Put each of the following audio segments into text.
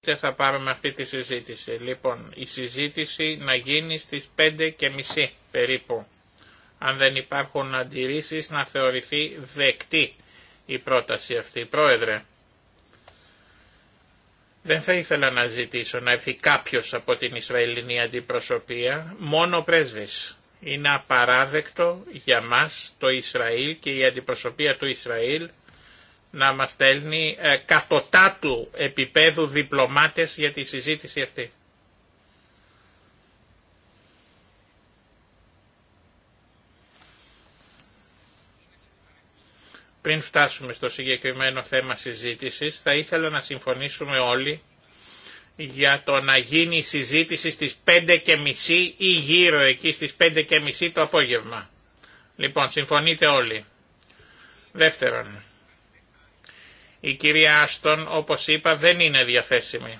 και θα πάρουμε αυτή τη συζήτηση. Λοιπόν, η συζήτηση να γίνει στις 5 και μισή περίπου. Αν δεν υπάρχουν αντιρρήσεις να θεωρηθεί δεκτή η πρόταση αυτή. Πρόεδρε, δεν θα ήθελα να ζητήσω να έρθει κάποιος από την Ισραηλινή αντιπροσωπεία, μόνο πρέσβης. Είναι απαράδεκτο για μας το Ισραήλ και η αντιπροσωπεία του Ισραήλ να μας στέλνει ε, κατωτάτου επίπεδου διπλωμάτες για τη συζήτηση αυτή. Πριν φτάσουμε στο συγκεκριμένο θέμα συζήτησης, θα ήθελα να συμφωνήσουμε όλοι για το να γίνει η συζήτηση στις 5.30 ή γύρω εκεί στις 5.30 το απόγευμα. Λοιπόν, συμφωνείτε όλοι. Δεύτερον, η κυρία Άστον, όπως είπα, δεν είναι διαθέσιμη.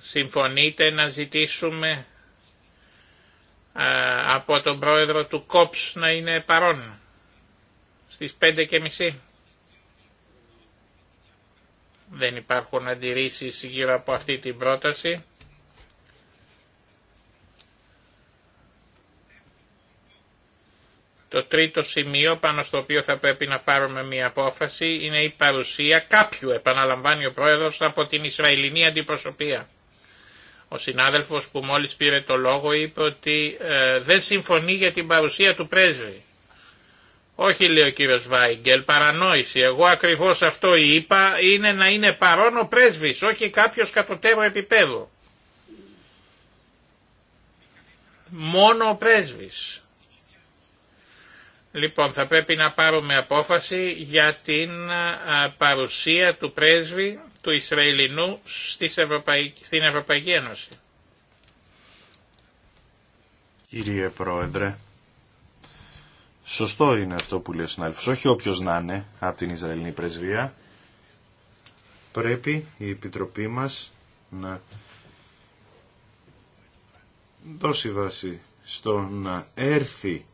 Συμφωνείτε να ζητήσουμε από τον πρόεδρο του ΚΟΠΣ να είναι παρόν στις 5 και μισή. Δεν υπάρχουν αντιρρήσεις γύρω από αυτή την πρόταση. Το τρίτο σημείο πάνω στο οποίο θα πρέπει να πάρουμε μια απόφαση είναι η παρουσία κάποιου, επαναλαμβάνει ο πρόεδρος, από την Ισραηλινή αντιπροσωπεία. Ο συνάδελφος που μόλις πήρε το λόγο είπε ότι ε, δεν συμφωνεί για την παρουσία του πρέσβη. Όχι λέει ο κύριος Βάιγκελ, παρανόηση. Εγώ ακριβώς αυτό είπα είναι να είναι παρόν ο πρέσβης, όχι κάποιος κατωτέρω επίπεδο. Μόνο ο πρέσβης. Λοιπόν, θα πρέπει να πάρουμε απόφαση για την παρουσία του πρέσβη του Ισραηλινού στην Ευρωπαϊκή Ένωση. Κύριε Πρόεδρε, σωστό είναι αυτό που λέει ο συνάδελφος. Όχι όποιος να είναι από την Ισραηλινή πρεσβεία. Πρέπει η Επιτροπή μας να δώσει βάση στο να έρθει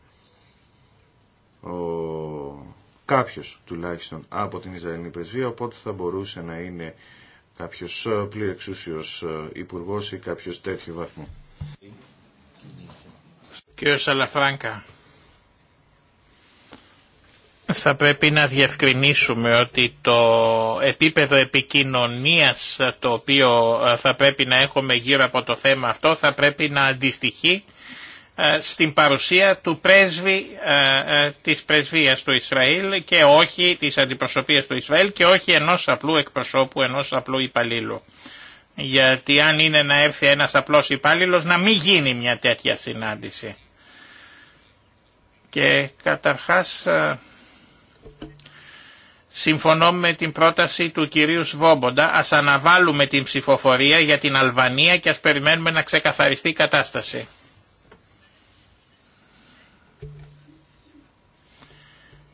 ο... κάποιος τουλάχιστον από την Ισραηλινή πρεσβεία, οπότε θα μπορούσε να είναι κάποιος ε, πλήρεξούσιος ε, υπουργός ή κάποιος τέτοιο βαθμού. Κύριο Σαλαφράγκα, θα πρέπει να διευκρινίσουμε ότι το επίπεδο επικοινωνίας ε, το οποίο θα πρέπει να έχουμε γύρω από το θέμα αυτό θα πρέπει να αντιστοιχεί ε, στην παρουσία του πρέσβη ε, ε, της πρεσβείας του Ισραήλ και όχι της αντιπροσωπείας του Ισραήλ και όχι ενός απλού εκπροσώπου, ενός απλού υπαλλήλου. Γιατί αν είναι να έρθει ένας απλός υπάλληλος να μην γίνει μια τέτοια συνάντηση. Και καταρχάς συμφωνώ με την πρόταση του κυρίου Σβόμποντα, ας αναβάλουμε την ψηφοφορία για την Αλβανία και ας περιμένουμε να ξεκαθαριστεί η κατάσταση.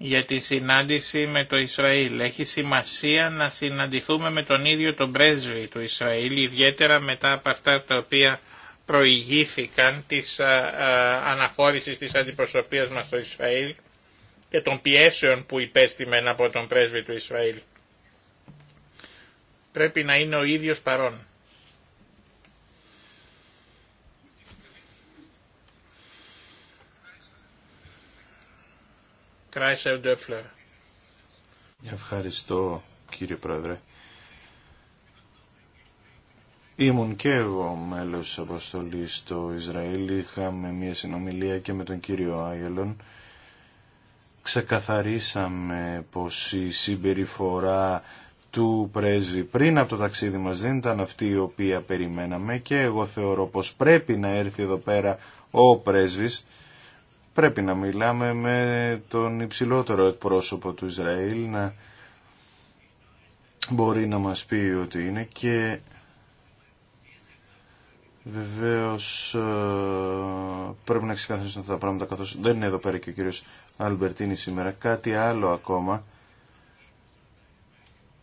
για τη συνάντηση με το Ισραήλ. Έχει σημασία να συναντηθούμε με τον ίδιο τον πρέσβη του Ισραήλ, ιδιαίτερα μετά από αυτά τα οποία προηγήθηκαν της αναχώρησης της αντιπροσωπείας μας στο Ισραήλ και των πιέσεων που υπέστημεν από τον πρέσβη του Ισραήλ. Πρέπει να είναι ο ίδιος παρόν. Ευχαριστώ κύριε Πρόεδρε. Ήμουν και εγώ μέλος αποστολή στο Ισραήλ. Είχαμε μια συνομιλία και με τον κύριο Άγελον. Ξεκαθαρίσαμε πως η συμπεριφορά του πρέσβη πριν από το ταξίδι μας δεν ήταν αυτή η οποία περιμέναμε και εγώ θεωρώ πως πρέπει να έρθει εδώ πέρα ο πρέσβης πρέπει να μιλάμε με τον υψηλότερο εκπρόσωπο του Ισραήλ να μπορεί να μας πει ότι είναι και βεβαίως ε, πρέπει να ξεκαθαρίσουν αυτά τα πράγματα καθώς δεν είναι εδώ πέρα και ο κύριος Αλμπερτίνη σήμερα. Κάτι άλλο ακόμα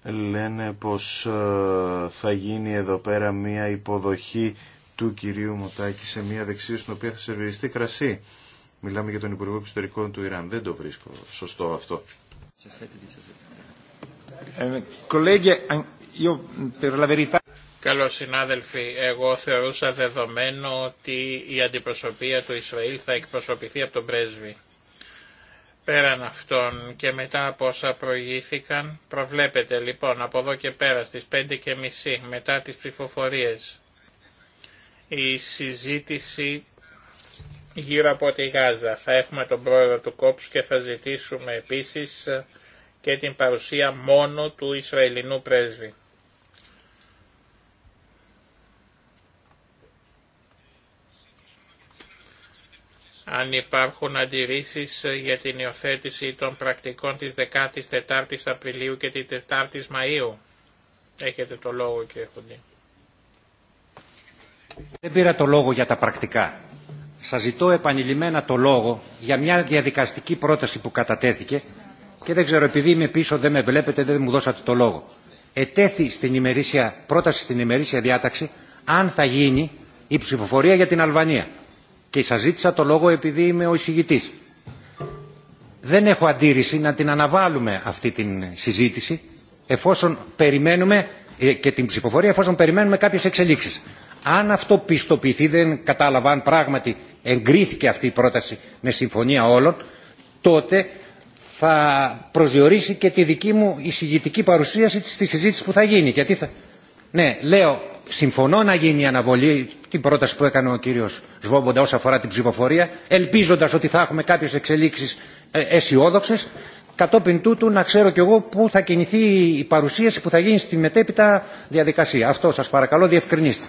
λένε πως ε, θα γίνει εδώ πέρα μια υποδοχή του κυρίου Μωτάκη σε μια δεξίωση στην οποία θα σερβιριστεί κρασί. Μιλάμε για τον Υπουργό Εξωτερικών του Ιράν. Δεν το βρίσκω σωστό αυτό. Ε, ε, Καλώ συνάδελφοι, εγώ θεωρούσα δεδομένο ότι η αντιπροσωπεία του Ισραήλ θα εκπροσωπηθεί από τον πρέσβη. Πέραν αυτών και μετά από όσα προηγήθηκαν, προβλέπετε λοιπόν από εδώ και πέρα στις 5.30 μετά τις ψηφοφορίες η συζήτηση γύρω από τη Γάζα. Θα έχουμε τον πρόεδρο του Κόψ και θα ζητήσουμε επίσης ε, και την παρουσία μόνο του Ισραηλινού πρέσβη. αν υπάρχουν αντιρρήσεις ε, για την υιοθέτηση των πρακτικών της 14ης Απριλίου και της 4ης Μαΐου. Έχετε το λόγο κύριε Χουντή. Δεν πήρα το λόγο για τα πρακτικά σας ζητώ επανειλημμένα το λόγο για μια διαδικαστική πρόταση που κατατέθηκε και δεν ξέρω επειδή είμαι πίσω δεν με βλέπετε δεν μου δώσατε το λόγο. Ετέθη στην ημερήσια, πρόταση στην ημερήσια διάταξη αν θα γίνει η ψηφοφορία για την Αλβανία. Και σας ζήτησα το λόγο επειδή είμαι ο εισηγητής. Δεν έχω αντίρρηση να την αναβάλουμε αυτή την συζήτηση εφόσον περιμένουμε ε, και την ψηφοφορία εφόσον περιμένουμε κάποιες εξελίξεις. Αν αυτό πιστοποιηθεί, δεν κατάλαβα αν πράγματι εγκρίθηκε αυτή η πρόταση με συμφωνία όλων, τότε θα προσδιορίσει και τη δική μου εισηγητική παρουσίαση στη συζήτηση που θα γίνει. Γιατί θα... Ναι, λέω, συμφωνώ να γίνει η αναβολή, την πρόταση που έκανε ο κύριος Σβόμποντα όσον αφορά την ψηφοφορία, ελπίζοντας ότι θα έχουμε κάποιες εξελίξεις ε, αισιόδοξε, κατόπιν τούτου να ξέρω κι εγώ πού θα κινηθεί η παρουσίαση που θα γίνει στη μετέπειτα διαδικασία. Αυτό σας παρακαλώ διευκρινίστε.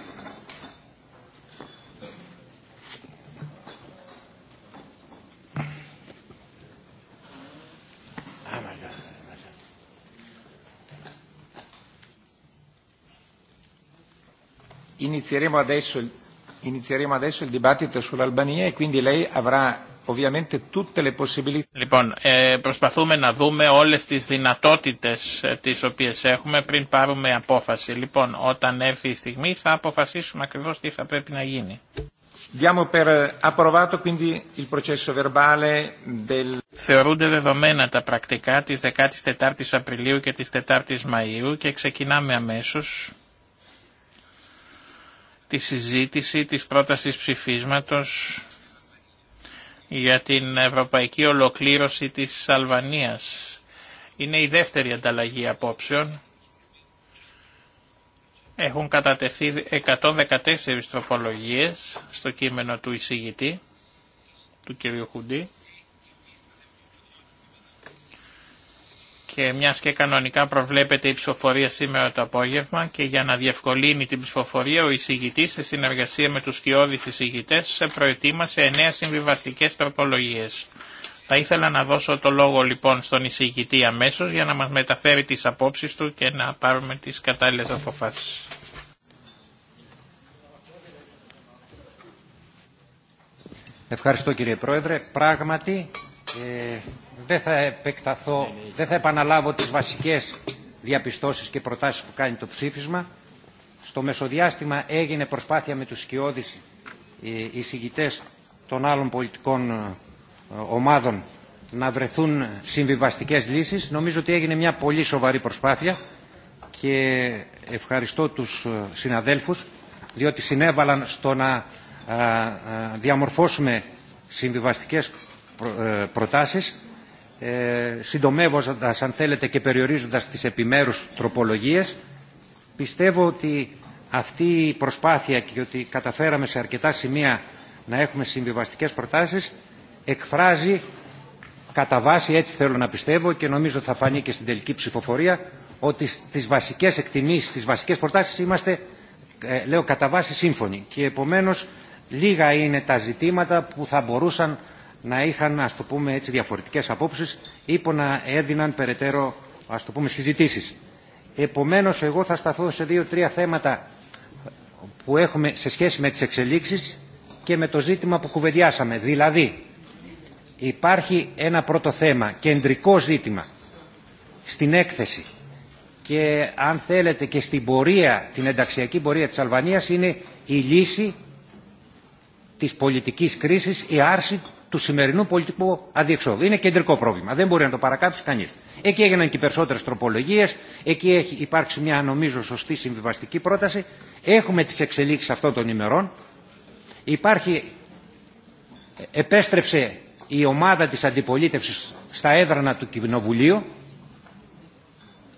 Inizieremo adesso Inizieremo adesso il dibattito sull'Albania e quindi lei avrà ovviamente tutte le possibilità. Λοιπόν, ε, προσπαθούμε να δούμε όλες τις δυνατότητες ε, τι οποίε έχουμε πριν πάρουμε απόφαση. Λοιπόν, όταν έρθει η στιγμή θα αποφασίσουμε ακριβώ τι θα πρέπει να γίνει. Diamo per approvato quindi il processo verbale del... Θεωρούνται δεδομένα τα πρακτικά της 14ης Απριλίου και της 4ης Μαΐου και ξεκινάμε αμέσως τη συζήτηση της πρότασης ψηφίσματος για την ευρωπαϊκή ολοκλήρωση της Αλβανίας. Είναι η δεύτερη ανταλλαγή απόψεων. Έχουν κατατεθεί 114 τροπολογίες στο κείμενο του εισηγητή, του κ. Χουντή. και μιας και κανονικά προβλέπεται η ψηφοφορία σήμερα το απόγευμα και για να διευκολύνει την ψηφοφορία ο εισηγητής σε συνεργασία με τους σκιώδεις εισηγητές προετοίμασε εννέα συμβιβαστικές τροπολογίες. Θα ήθελα να δώσω το λόγο λοιπόν στον εισηγητή αμέσως για να μας μεταφέρει τις απόψεις του και να πάρουμε τις κατάλληλες αποφάσεις. Ευχαριστώ κύριε Πρόεδρε. Πράγματι ε, δεν θα ναι, ναι, επαναλάβω τις βασικές διαπιστώσεις και προτάσεις που κάνει το ψήφισμα. Στο μεσοδιάστημα έγινε προσπάθεια με τους σκιώδεις ε, εισηγητές των άλλων πολιτικών ε, ομάδων να βρεθούν συμβιβαστικές λύσεις. Νομίζω ότι έγινε μια πολύ σοβαρή προσπάθεια και ευχαριστώ τους ε, συναδέλφους διότι συνέβαλαν στο να διαμορφώσουμε συμβιβαστικές προτάσεις ε, συντομεύοντας αν θέλετε και περιορίζοντας τις επιμέρους τροπολογίες πιστεύω ότι αυτή η προσπάθεια και ότι καταφέραμε σε αρκετά σημεία να έχουμε συμβιβαστικές προτάσεις εκφράζει κατά βάση έτσι θέλω να πιστεύω και νομίζω ότι θα φανεί και στην τελική ψηφοφορία ότι στις βασικές εκτιμήσεις, στις βασικές προτάσεις είμαστε ε, λέω κατά βάση σύμφωνοι και επομένως λίγα είναι τα ζητήματα που θα μπορούσαν να είχαν, ας το πούμε έτσι, διαφορετικές απόψεις ή που να έδιναν περαιτέρω, ας το πούμε, συζητήσεις. Επομένως, εγώ θα σταθώ σε δύο-τρία θέματα που έχουμε σε σχέση με τις εξελίξεις και με το ζήτημα που κουβεντιάσαμε. Δηλαδή, υπάρχει ένα πρώτο θέμα, κεντρικό ζήτημα, στην έκθεση και αν θέλετε και στην πορεία, την ενταξιακή πορεία της Αλβανίας είναι η λύση της πολιτικής κρίσης, η άρση του σημερινού πολιτικού αδιεξόδου. Είναι κεντρικό πρόβλημα. Δεν μπορεί να το παρακάψει κανεί. Εκεί έγιναν και περισσότερε τροπολογίε. Εκεί έχει υπάρξει μια νομίζω σωστή συμβιβαστική πρόταση. Έχουμε τι εξελίξει αυτών των ημερών. Υπάρχει, επέστρεψε η ομάδα της αντιπολίτευσης στα έδρανα του Κοινοβουλίου,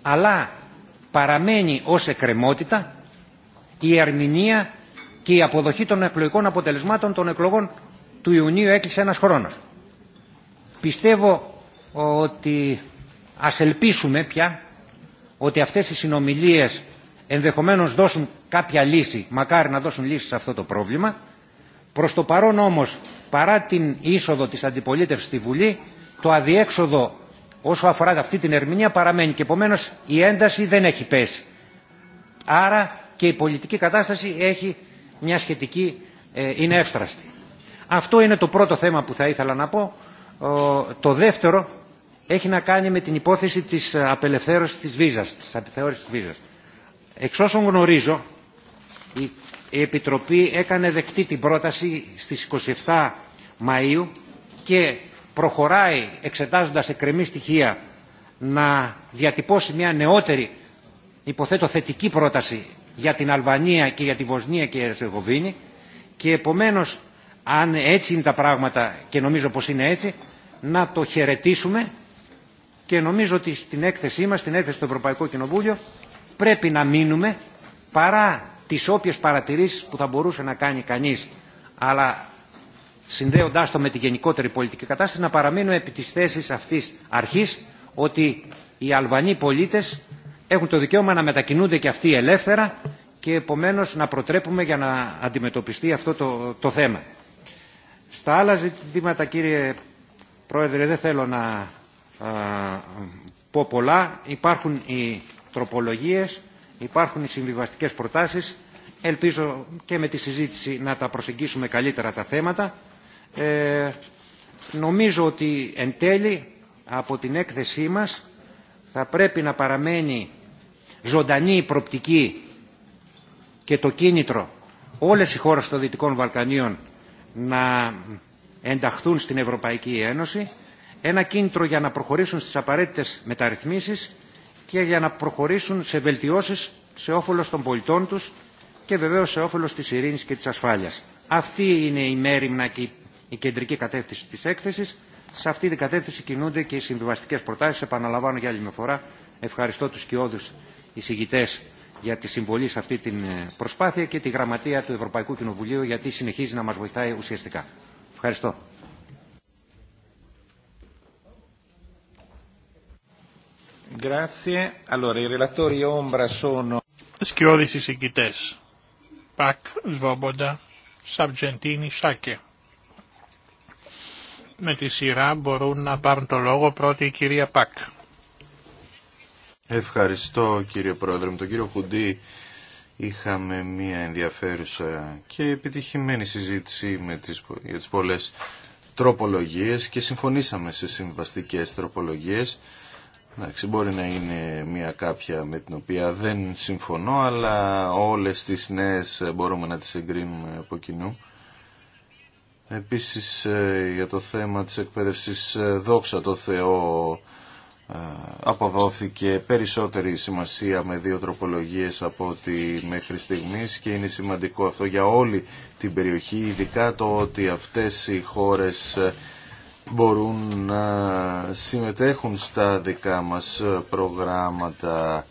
αλλά παραμένει ω εκκρεμότητα η ερμηνεία και η αποδοχή των εκλογικών αποτελεσμάτων των εκλογών του Ιουνίου έκλεισε ένας χρόνος. Πιστεύω ότι ας ελπίσουμε πια ότι αυτές οι συνομιλίες ενδεχομένως δώσουν κάποια λύση, μακάρι να δώσουν λύση σε αυτό το πρόβλημα. Προς το παρόν όμως, παρά την είσοδο της αντιπολίτευσης στη Βουλή, το αδιέξοδο όσο αφορά αυτή την ερμηνεία παραμένει και επομένως η ένταση δεν έχει πέσει. Άρα και η πολιτική κατάσταση έχει μια σχετική, ε, είναι εύστραστη. Αυτό είναι το πρώτο θέμα που θα ήθελα να πω. Το δεύτερο έχει να κάνει με την υπόθεση της απελευθέρωσης της βίζας, της απελευθέρωσης της βίζας. Εξ όσων γνωρίζω, η Επιτροπή έκανε δεκτή την πρόταση στις 27 Μαΐου και προχωράει εξετάζοντας εκκρεμή στοιχεία να διατυπώσει μια νεότερη υποθέτω θετική πρόταση για την Αλβανία και για τη Βοσνία και η Ερσεγοβίνη και επομένως αν έτσι είναι τα πράγματα και νομίζω πως είναι έτσι, να το χαιρετήσουμε και νομίζω ότι στην έκθεσή μας, στην έκθεση του Ευρωπαϊκού Κοινοβούλιο, πρέπει να μείνουμε παρά τις όποιες παρατηρήσεις που θα μπορούσε να κάνει κανείς, αλλά συνδέοντάς το με τη γενικότερη πολιτική κατάσταση, να παραμείνουμε επί της θέσης αυτής αρχής ότι οι Αλβανοί πολίτες έχουν το δικαίωμα να μετακινούνται και αυτοί ελεύθερα και επομένως να προτρέπουμε για να αντιμετωπιστεί αυτό το, το θέμα. Στα άλλα ζητήματα, κύριε Πρόεδρε, δεν θέλω να πω πολλά. Υπάρχουν οι τροπολογίες, υπάρχουν οι συμβιβαστικές προτάσεις. Ελπίζω και με τη συζήτηση να τα προσεγγίσουμε καλύτερα τα θέματα. Ε, νομίζω ότι εν τέλει από την έκθεσή μας θα πρέπει να παραμένει ζωντανή η προπτική και το κίνητρο όλες οι χώρες των Δυτικών Βαλκανίων να ενταχθούν στην Ευρωπαϊκή Ένωση, ένα κίνητρο για να προχωρήσουν στις απαραίτητες μεταρρυθμίσεις και για να προχωρήσουν σε βελτιώσεις σε όφελος των πολιτών τους και βεβαίως σε όφελος της ειρήνης και της ασφάλειας. Αυτή είναι η μέρημνα και η κεντρική κατεύθυνση της έκθεσης. Σε αυτή την κατεύθυνση κινούνται και οι συμβιβαστικές προτάσεις. Επαναλαμβάνω για άλλη μια φορά. Ευχαριστώ τους κοιόδους εισηγητές για τη συμβολή σε αυτή την ε, προσπάθεια και τη γραμματεία του Ευρωπαϊκού Κοινοβουλίου γιατί συνεχίζει να μας βοηθάει ουσιαστικά. Ευχαριστώ. Grazie. Allora, i relatori ombra sono... Σκιώδης εισηγητές. Πακ, Σβόμποντα, Σαρτζεντίνη, Σάκε. Με τη σειρά μπορούν να πάρουν το λόγο πρώτη η κυρία Πακ. Ευχαριστώ κύριε Πρόεδρε. Με τον κύριο Χουντή είχαμε μία ενδιαφέρουσα και επιτυχημένη συζήτηση με τις, για τις πολλές τροπολογίες και συμφωνήσαμε σε συμβαστικές τροπολογίες. Εντάξει, μπορεί να είναι μια κάποια με την οποία δεν συμφωνώ, αλλά όλες τις νέες μπορούμε να τις εγκρίνουμε από κοινού. Επίσης ε, για το θέμα της εκπαίδευσης ε, δόξα το Θεό ε, αποδόθηκε περισσότερη σημασία με δύο τροπολογίες από ό,τι μέχρι στιγμής και είναι σημαντικό αυτό για όλη την περιοχή, ειδικά το ότι αυτές οι χώρες μπορούν να συμμετέχουν στα δικά μας προγράμματα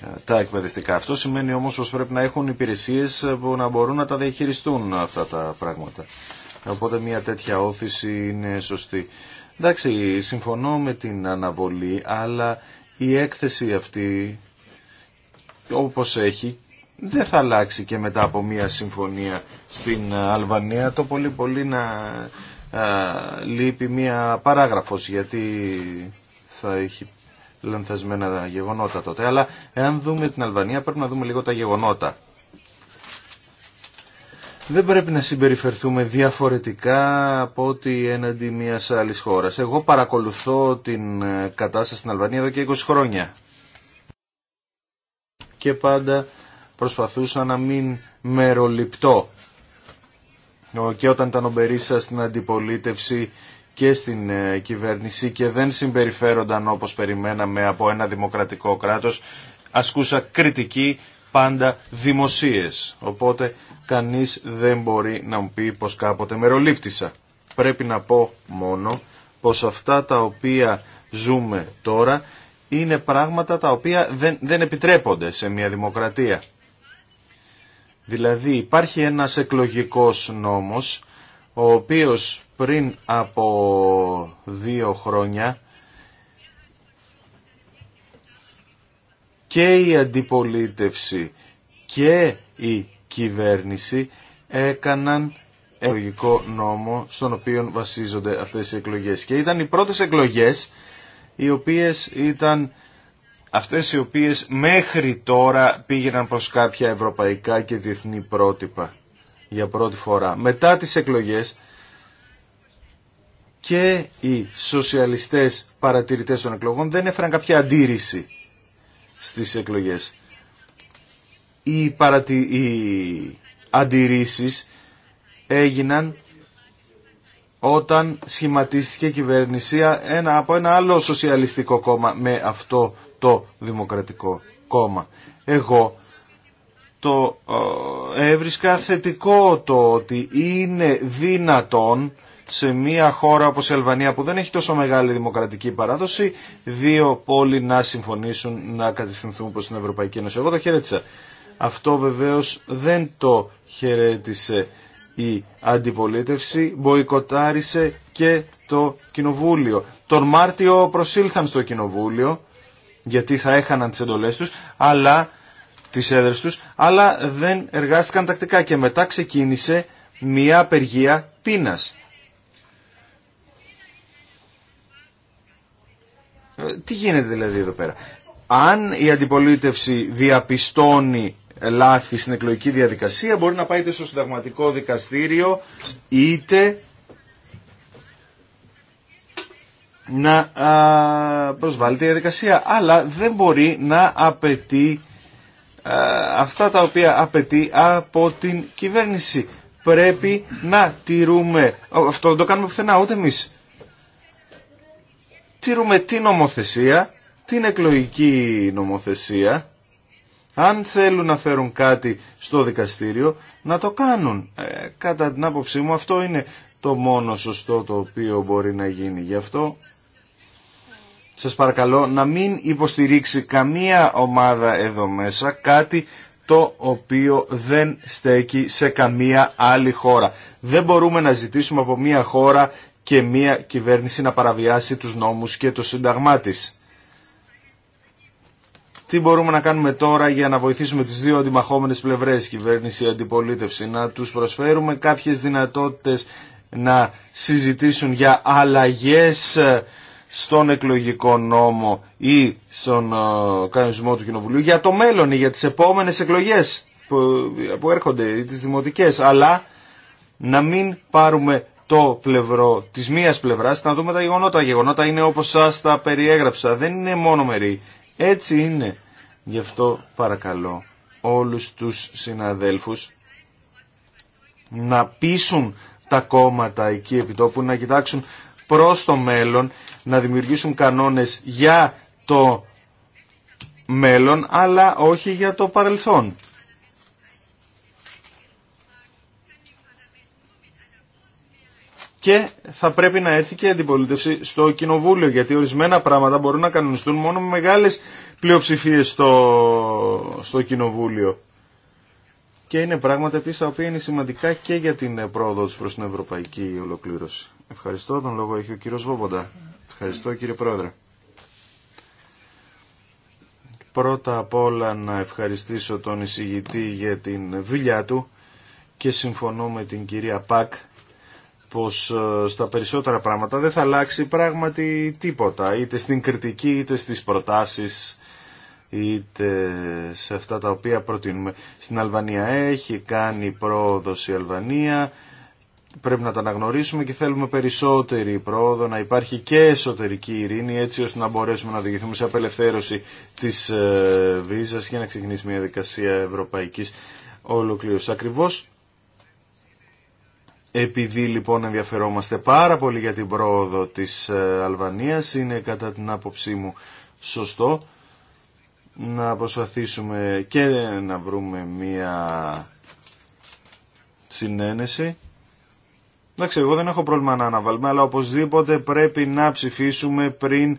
ε, τα εκπαιδευτικά. Αυτό σημαίνει όμως πως πρέπει να έχουν υπηρεσίες που να μπορούν να τα διαχειριστούν αυτά τα πράγματα. Οπότε μια τέτοια όθηση είναι σωστή. Εντάξει, συμφωνώ με την αναβολή, αλλά η έκθεση αυτή, όπως έχει, δεν θα αλλάξει και μετά από μια συμφωνία στην Αλβανία. Το πολύ πολύ να α, λείπει μια παράγραφος, γιατί θα έχει λανθασμένα γεγονότα τότε. Αλλά εάν δούμε την Αλβανία πρέπει να δούμε λίγο τα γεγονότα δεν πρέπει να συμπεριφερθούμε διαφορετικά από ότι έναντι μια άλλη χώρα. Εγώ παρακολουθώ την ε, κατάσταση στην Αλβανία εδώ και 20 χρόνια και πάντα προσπαθούσα να μην μεροληπτώ και όταν ήταν ο Μπερίσα στην αντιπολίτευση και στην ε, κυβέρνηση και δεν συμπεριφέρονταν όπως περιμέναμε από ένα δημοκρατικό κράτος ασκούσα κριτική πάντα δημοσίες. Οπότε κανείς δεν μπορεί να μου πει πως κάποτε μερολήπτησα. Πρέπει να πω μόνο πως αυτά τα οποία ζούμε τώρα είναι πράγματα τα οποία δεν, δεν επιτρέπονται σε μια δημοκρατία. Δηλαδή υπάρχει ένας εκλογικός νόμος ο οποίος πριν από δύο χρόνια και η αντιπολίτευση και η κυβέρνηση έκαναν εκλογικό νόμο στον οποίο βασίζονται αυτές οι εκλογές. Και ήταν οι πρώτες εκλογές οι οποίες ήταν αυτές οι οποίες μέχρι τώρα πήγαιναν προς κάποια ευρωπαϊκά και διεθνή πρότυπα για πρώτη φορά. Μετά τις εκλογές και οι σοσιαλιστές παρατηρητές των εκλογών δεν έφεραν κάποια αντίρρηση στις εκλογές. Οι, παρατη... οι αντιρρήσεις έγιναν όταν σχηματίστηκε κυβερνησία κυβέρνηση ένα, από ένα άλλο σοσιαλιστικό κόμμα με αυτό το δημοκρατικό κόμμα. Εγώ το ε, έβρισκα θετικό το ότι είναι δυνατόν σε μια χώρα όπως η Αλβανία που δεν έχει τόσο μεγάλη δημοκρατική παράδοση δύο πόλοι να συμφωνήσουν να κατευθυνθούν προς την Ευρωπαϊκή Ένωση. Εγώ το χαιρέτησα. Αυτό βεβαίως δεν το χαιρέτησε η αντιπολίτευση, μποϊκοτάρισε και το κοινοβούλιο. Τον Μάρτιο προσήλθαν στο κοινοβούλιο γιατί θα έχαναν τις εντολές τους, αλλά τις έδρες τους, αλλά δεν εργάστηκαν τακτικά και μετά ξεκίνησε μια απεργία πείνας. Ε, τι γίνεται δηλαδή εδώ πέρα. Αν η αντιπολίτευση διαπιστώνει λάθη στην εκλογική διαδικασία μπορεί να πάει είτε στο συνταγματικό δικαστήριο είτε να προσβάλλει τη διαδικασία αλλά δεν μπορεί να απαιτεί αυτά τα οποία απαιτεί από την κυβέρνηση πρέπει να τηρούμε αυτό δεν το κάνουμε πουθενά ούτε εμείς τηρούμε την νομοθεσία, την εκλογική νομοθεσία. Αν θέλουν να φέρουν κάτι στο δικαστήριο, να το κάνουν. Ε, κατά την άποψή μου αυτό είναι το μόνο σωστό το οποίο μπορεί να γίνει. Γι' αυτό σας παρακαλώ να μην υποστηρίξει καμία ομάδα εδώ μέσα κάτι το οποίο δεν στέκει σε καμία άλλη χώρα. Δεν μπορούμε να ζητήσουμε από μια χώρα και μία κυβέρνηση να παραβιάσει τους νόμους και το σύνταγμά της. Τι μπορούμε να κάνουμε τώρα για να βοηθήσουμε τις δύο αντιμαχόμενες πλευρές, κυβέρνηση και αντιπολίτευση, να τους προσφέρουμε κάποιες δυνατότητες να συζητήσουν για αλλαγές στον εκλογικό νόμο ή στον ε, κανονισμό του Κοινοβουλίου για το μέλλον ή για τις επόμενες εκλογές που έρχονται ή τις δημοτικές αλλά να μην πάρουμε το πλευρό τη μίας πλευράς, να δούμε τα γεγονότα. Τα γεγονότα είναι όπως σας τα περιέγραψα, δεν είναι μόνο μερι. Έτσι είναι. Γι' αυτό παρακαλώ όλους τους συναδέλφους να πείσουν τα κόμματα εκεί επιτόπου, να κοιτάξουν προς το μέλλον, να δημιουργήσουν κανόνες για το μέλλον, αλλά όχι για το παρελθόν. και θα πρέπει να έρθει και η αντιπολίτευση στο κοινοβούλιο γιατί ορισμένα πράγματα μπορούν να κανονιστούν μόνο με μεγάλες πλειοψηφίες στο, στο κοινοβούλιο. Και είναι πράγματα επίσης τα οποία είναι σημαντικά και για την πρόοδο τους προς την ευρωπαϊκή ολοκλήρωση. Ευχαριστώ. Τον λόγο έχει ο κύριος Βόμποντα. Ευχαριστώ κύριε Πρόεδρε. Πρώτα απ' όλα να ευχαριστήσω τον εισηγητή για την δουλειά του και συμφωνώ με την κυρία Πακ πως ε, στα περισσότερα πράγματα δεν θα αλλάξει πράγματι τίποτα, είτε στην κριτική, είτε στις προτάσεις, είτε σε αυτά τα οποία προτείνουμε. Στην Αλβανία έχει κάνει πρόόδο η Αλβανία, πρέπει να τα αναγνωρίσουμε και θέλουμε περισσότερη πρόοδο, να υπάρχει και εσωτερική ειρήνη, έτσι ώστε να μπορέσουμε να οδηγηθούμε σε απελευθέρωση της ε, βίζας για να ξεκινήσει μια δικασία ευρωπαϊκής ολοκλήρωσης. Ακριβώς επειδή λοιπόν ενδιαφερόμαστε πάρα πολύ για την πρόοδο της ε, Αλβανίας, είναι κατά την άποψή μου σωστό να προσπαθήσουμε και να βρούμε μία συνένεση. Εντάξει, εγώ δεν έχω πρόβλημα να αναβάλουμε, αλλά οπωσδήποτε πρέπει να ψηφίσουμε πριν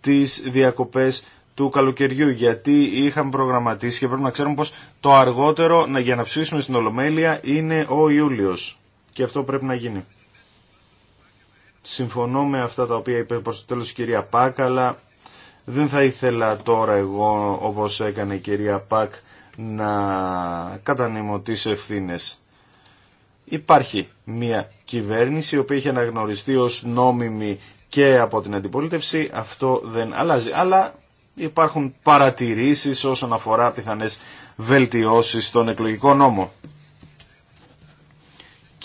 τις διακοπές του καλοκαιριού, γιατί είχαμε προγραμματίσει και πρέπει να ξέρουμε πως το αργότερο για να ψηφίσουμε στην Ολομέλεια είναι ο Ιούλιος. Και αυτό πρέπει να γίνει. Συμφωνώ με αυτά τα οποία είπε προς το τέλος η κυρία Πακ, αλλά δεν θα ήθελα τώρα εγώ, όπως έκανε η κυρία Πακ, να κατανείμω τις ευθύνες. Υπάρχει μια κυβέρνηση η οποία είχε αναγνωριστεί ως νόμιμη και από την αντιπολίτευση, αυτό δεν αλλάζει. Αλλά υπάρχουν παρατηρήσεις όσον αφορά πιθανές βελτιώσεις στον εκλογικό νόμο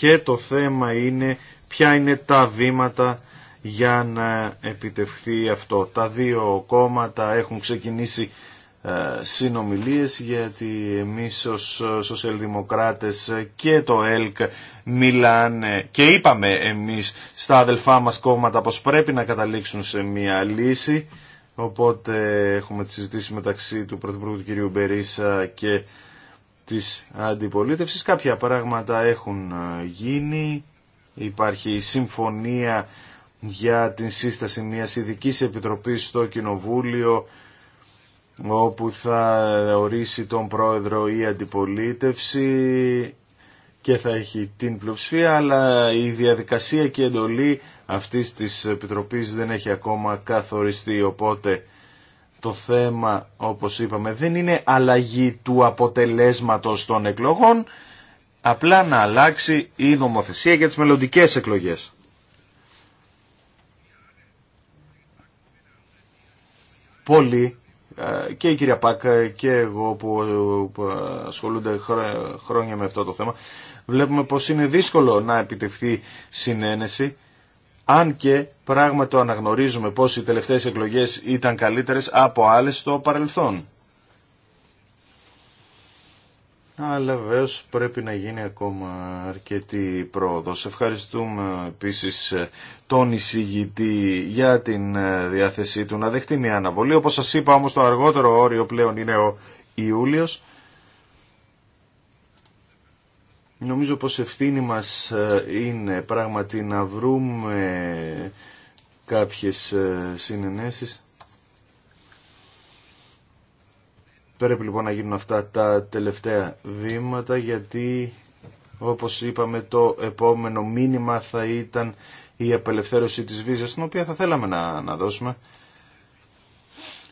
και το θέμα είναι ποια είναι τα βήματα για να επιτευχθεί αυτό. Τα δύο κόμματα έχουν ξεκινήσει ε, συνομιλίες γιατί εμείς ως σοσιαλδημοκράτες και το ΕΛΚ μιλάνε και είπαμε εμείς στα αδελφά μας κόμματα πως πρέπει να καταλήξουν σε μια λύση οπότε έχουμε τη συζήτηση μεταξύ του Πρωθυπουργού του κ. Μπερίσα και της αντιπολίτευσης. Κάποια πράγματα έχουν ε, γίνει. Υπάρχει συμφωνία για την σύσταση μιας ειδική επιτροπής στο Κοινοβούλιο όπου θα ορίσει τον πρόεδρο η αντιπολίτευση και θα έχει την πλειοψηφία, αλλά η διαδικασία και εντολή αυτής της επιτροπής δεν έχει ακόμα καθοριστεί, οπότε το θέμα, όπως είπαμε, δεν είναι αλλαγή του αποτελέσματος των εκλογών, απλά να αλλάξει η νομοθεσία για τις μελλοντικέ εκλογές. πολύ ε, και η κυρία Πάκα ε, και εγώ που ασχολούνται χρόνια με αυτό το θέμα, βλέπουμε πως είναι δύσκολο να επιτευχθεί συνένεση αν και πράγμα το αναγνωρίζουμε πως οι τελευταίες εκλογές ήταν καλύτερες από άλλες στο παρελθόν. Αλλά βεβαίω πρέπει να γίνει ακόμα αρκετή πρόοδος. Ευχαριστούμε επίσης τον εισηγητή για την διάθεσή του να δεχτεί μια αναβολή. Όπως σας είπα όμως το αργότερο όριο πλέον είναι ο Ιούλιος Νομίζω πως ευθύνη μας ε, είναι πράγματι να βρούμε κάποιες ε, συνενέσεις. Πρέπει λοιπόν να γίνουν αυτά τα τελευταία βήματα γιατί όπως είπαμε το επόμενο μήνυμα θα ήταν η απελευθέρωση της βίζας την οποία θα θέλαμε να, να δώσουμε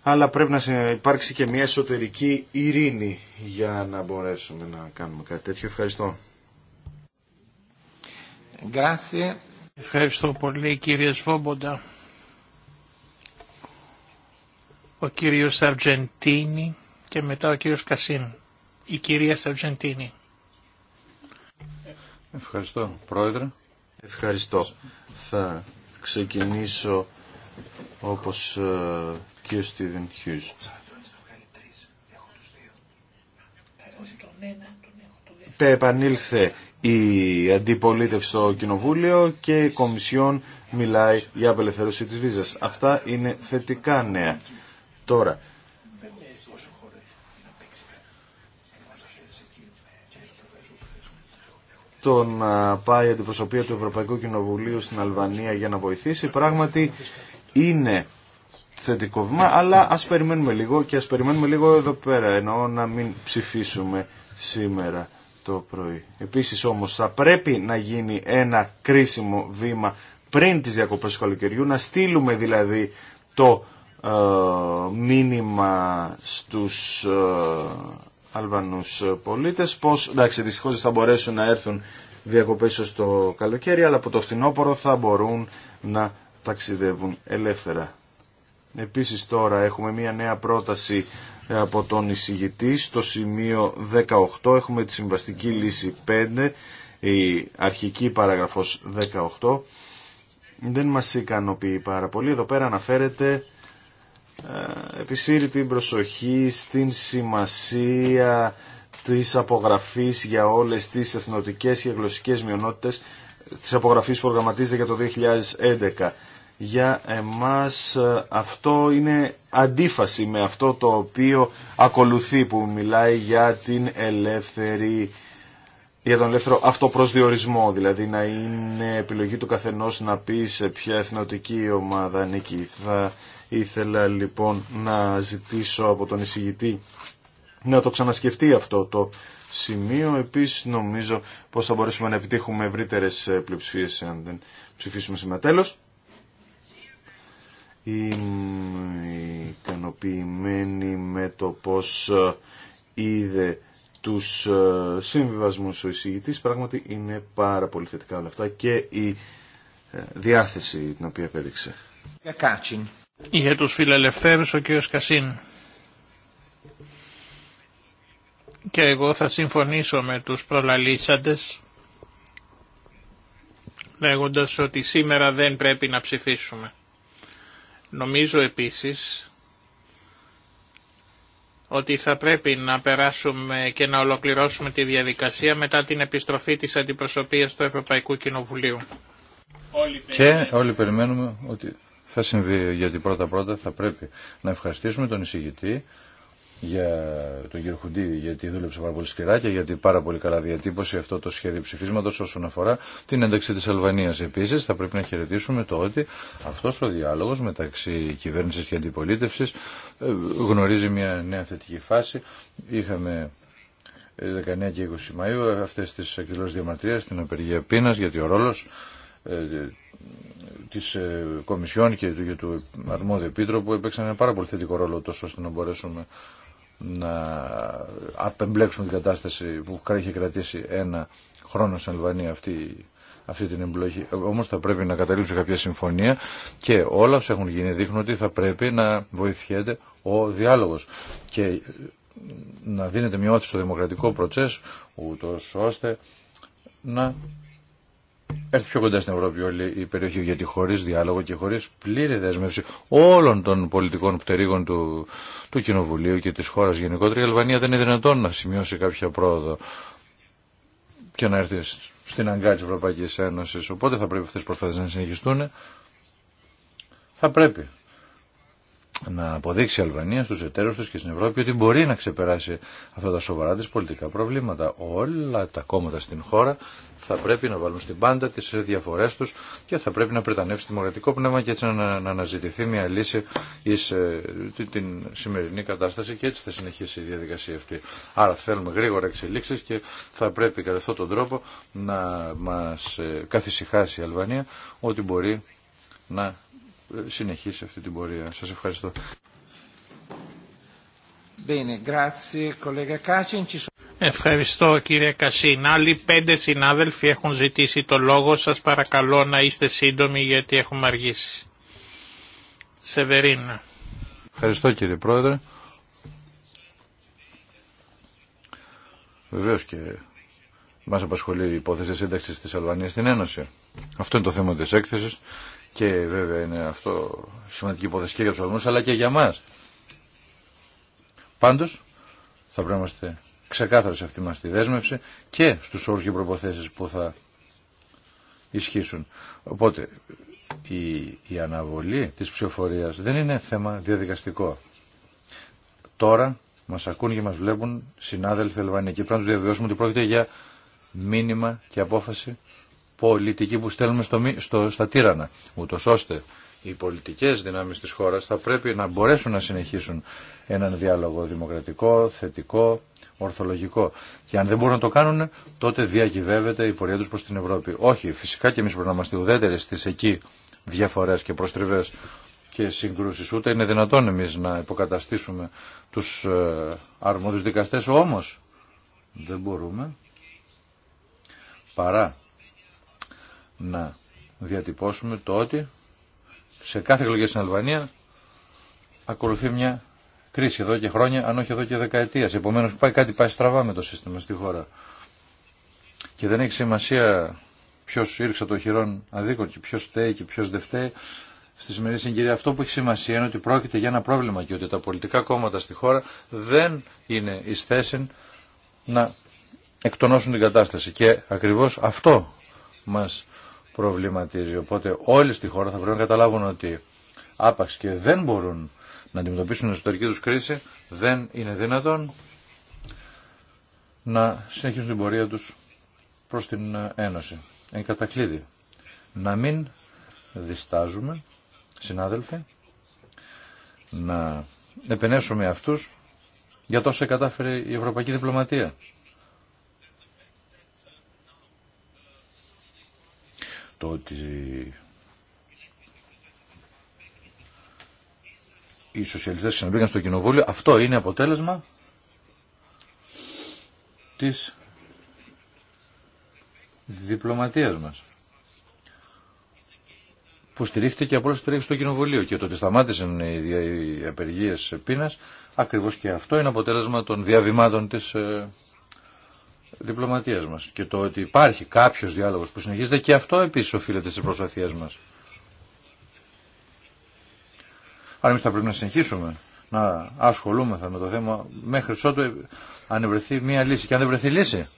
αλλά πρέπει να υπάρξει και μια εσωτερική ειρήνη για να μπορέσουμε να κάνουμε κάτι τέτοιο. Ευχαριστώ. Ευχαριστώ πολύ κύριε Σβόμποντα. Ο κύριος Σαρτζεντίνη και μετά ο κύριος Κασίν. Η κυρία Σαρτζεντίνη. Ευχαριστώ πρόεδρε. Ευχαριστώ. Θα ξεκινήσω όπως ε, και ο Στίβεν Χιούς. επανήλθε η αντιπολίτευση στο Κοινοβούλιο και η Κομισιόν μιλάει για απελευθέρωση της βίζας. Αυτά είναι θετικά νέα. Τώρα, το να πάει αντιπροσωπεία του Ευρωπαϊκού Κοινοβουλίου στην Αλβανία για να βοηθήσει πράγματι είναι θετικό βήμα, αλλά ας περιμένουμε λίγο και ας περιμένουμε λίγο εδώ πέρα, ενώ να μην ψηφίσουμε σήμερα το πρωί. Επίσης όμως θα πρέπει να γίνει ένα κρίσιμο βήμα πριν τις διακοπές του καλοκαιριού, να στείλουμε δηλαδή το ε, μήνυμα στους ε, Αλβανούς πολίτες, πως εντάξει δυστυχώς θα μπορέσουν να έρθουν διακοπές ως το καλοκαίρι, αλλά από το φθινόπωρο θα μπορούν να ταξιδεύουν ελεύθερα. Επίσης τώρα έχουμε μια νέα πρόταση από τον εισηγητή. Στο σημείο 18 έχουμε τη συμβαστική λύση 5, η αρχική παραγραφός 18. Δεν μας ικανοποιεί πάρα πολύ. Εδώ πέρα αναφέρεται ε, επισύρει την προσοχή στην σημασία της απογραφής για όλες τις εθνοτικές και γλωσσικές μειονότητες της απογραφής που προγραμματίζεται για το 2011 για εμάς ε, αυτό είναι αντίφαση με αυτό το οποίο ακολουθεί που μιλάει για την ελεύθερη για τον ελεύθερο αυτοπροσδιορισμό, δηλαδή να είναι επιλογή του καθενός να πει σε ποια εθνοτική ομάδα νίκη. Θα ήθελα λοιπόν να ζητήσω από τον εισηγητή να το ξανασκεφτεί αυτό το σημείο. Επίσης νομίζω πως θα μπορέσουμε να επιτύχουμε ευρύτερες ε, πλειοψηφίες αν δεν ψηφίσουμε σήμερα. Τέλος. Είμαι ικανοποιημένη με το πώς ε, είδε τους ε, συμβιβασμούς ο εισηγητής. Πράγματι είναι πάρα πολύ θετικά όλα αυτά και η ε, διάθεση την οποία επέδειξε. Για τους φιλελευθέρους ο κ. Κασίν. Και εγώ θα συμφωνήσω με τους προλαλήσαντες λέγοντας ότι σήμερα δεν πρέπει να ψηφίσουμε. Νομίζω επίσης ότι θα πρέπει να περάσουμε και να ολοκληρώσουμε τη διαδικασία μετά την επιστροφή της αντιπροσωπείας του Ευρωπαϊκού Κοινοβουλίου. Και όλοι περιμένουμε ότι θα συμβεί, γιατί πρώτα-πρώτα θα πρέπει να ευχαριστήσουμε τον εισηγητή για τον κύριο Χουντή, γιατί δούλεψε πάρα πολύ σκληρά και γιατί πάρα πολύ καλά διατύπωσε αυτό το σχέδιο ψηφίσματος όσον αφορά την ένταξη της Αλβανίας. Επίσης θα πρέπει να χαιρετήσουμε το ότι αυτός ο διάλογος μεταξύ κυβέρνησης και αντιπολίτευσης ε, γνωρίζει μια νέα θετική φάση. Είχαμε 19 ε, και 20 Μαΐου αυτές τις εκδηλώσεις διαμαρτυρίας, την απεργία πείνας, γιατί ο ρόλος ε, της Κομισιόν και του, και του αρμόδιου επίτροπου έπαιξαν ένα πάρα πολύ θετικό ρόλο τόσο ώστε να μπορέσουμε να απεμπλέξουν την κατάσταση που είχε κρατήσει ένα χρόνο στην Αλβανία αυτή, αυτή την εμπλοκή. Όμως θα πρέπει να καταλήξουν κάποια συμφωνία και όλα όσα έχουν γίνει δείχνουν ότι θα πρέπει να βοηθιέται ο διάλογος και να δίνεται μια όθηση στο δημοκρατικό προτσές ούτως ώστε να έρθει πιο κοντά στην Ευρώπη όλη η περιοχή, γιατί χωρί διάλογο και χωρί πλήρη δέσμευση όλων των πολιτικών πτερήγων του, του Κοινοβουλίου και τη χώρα γενικότερα, η Αλβανία δεν είναι δυνατόν να σημειώσει κάποια πρόοδο και να έρθει στην αγκά τη Ευρωπαϊκή Ένωση. Οπότε θα πρέπει αυτέ τι προσπάθειε να συνεχιστούν. Θα πρέπει να αποδείξει η Αλβανία στους εταίρους της και στην Ευρώπη ότι μπορεί να ξεπεράσει αυτά τα σοβαρά της πολιτικά προβλήματα. Όλα τα κόμματα στην χώρα θα πρέπει να βάλουν στην πάντα τις διαφορές τους και θα πρέπει να πρετανεύσει δημοκρατικό πνεύμα και έτσι να, αναζητηθεί μια λύση εις ε, την σημερινή κατάσταση και έτσι θα συνεχίσει η διαδικασία αυτή. Άρα θέλουμε γρήγορα εξελίξεις και θα πρέπει κατά αυτόν τον τρόπο να μας ε, καθησυχάσει η Αλβανία ότι μπορεί να συνεχίσει αυτή την πορεία. Σας ευχαριστώ. Ευχαριστώ κύριε Κασίν. Άλλοι πέντε συνάδελφοι έχουν ζητήσει το λόγο. Σας παρακαλώ να είστε σύντομοι γιατί έχουμε αργήσει. Σεβερίνα. Ευχαριστώ κύριε Πρόεδρε. Βεβαίω και μα απασχολεί η υπόθεση σύνταξη τη Αλβανία στην Ένωση. Αυτό είναι το θέμα τη έκθεση. Και βέβαια είναι αυτό σημαντική υπόθεση και για τους αγνούς, αλλά και για μας. Πάντως, θα πρέπει να είμαστε ξεκάθαροι σε αυτή μας τη δέσμευση και στους όρους και προποθέσεις που θα ισχύσουν. Οπότε, η, η αναβολή της ψηφοφορίας δεν είναι θέμα διαδικαστικό. Τώρα μας ακούν και μας βλέπουν συνάδελφοι Ελβανοί και πρέπει να τους διαβιώσουμε ότι πρόκειται για μήνυμα και απόφαση πολιτική που στέλνουμε στο, στο, στα τύρανα, ούτω ώστε οι πολιτικέ δυνάμει τη χώρα θα πρέπει να μπορέσουν να συνεχίσουν έναν διάλογο δημοκρατικό, θετικό, ορθολογικό. Και αν δεν μπορούν να το κάνουν, τότε διακυβεύεται η πορεία του προ την Ευρώπη. Όχι, φυσικά και εμεί πρέπει να είμαστε ουδέτερε στι εκεί διαφορέ και προστριβέ και συγκρούσει. Ούτε είναι δυνατόν εμεί να υποκαταστήσουμε τους ε, αρμόδιου δικαστέ. Όμω δεν μπορούμε παρά να διατυπώσουμε το ότι σε κάθε εκλογή στην Αλβανία ακολουθεί μια κρίση εδώ και χρόνια, αν όχι εδώ και δεκαετία. Επομένω, πάει κάτι πάει στραβά με το σύστημα στη χώρα. Και δεν έχει σημασία ποιο ήρξε το χειρόν αδίκο και ποιο φταίει και ποιο δεν φταίει. Στη σημερινή συγκυρία αυτό που έχει σημασία είναι ότι πρόκειται για ένα πρόβλημα και ότι τα πολιτικά κόμματα στη χώρα δεν είναι ει θέση να εκτονώσουν την κατάσταση. Και ακριβώς αυτό μας προβληματίζει. Οπότε όλοι στη χώρα θα πρέπει να καταλάβουν ότι άπαξ και δεν μπορούν να αντιμετωπίσουν την εσωτερική τους κρίση, δεν είναι δυνατόν να συνεχίσουν την πορεία τους προς την Ένωση. Εν κατακλείδη, να μην διστάζουμε, συνάδελφοι, να επενέσουμε αυτούς για τόσο κατάφερε η ευρωπαϊκή διπλωματία. το ότι οι σοσιαλιστές συνεπήκαν στο κοινοβούλιο. Αυτό είναι αποτέλεσμα της διπλωματίας μας που στηρίχθηκε και απλώς τις στο κοινοβουλίο και το ότι σταμάτησαν οι απεργίες πείνας ακριβώς και αυτό είναι αποτέλεσμα των διαβημάτων της ε, διπλωματίας μας και το ότι υπάρχει κάποιος διάλογος που συνεχίζεται και αυτό επίσης οφείλεται στις προσπαθίες μας. Άρα εμείς θα πρέπει να συνεχίσουμε να ασχολούμεθα με το θέμα μέχρι ότου αν βρεθεί μια λύση. Και αν δεν βρεθεί λύση,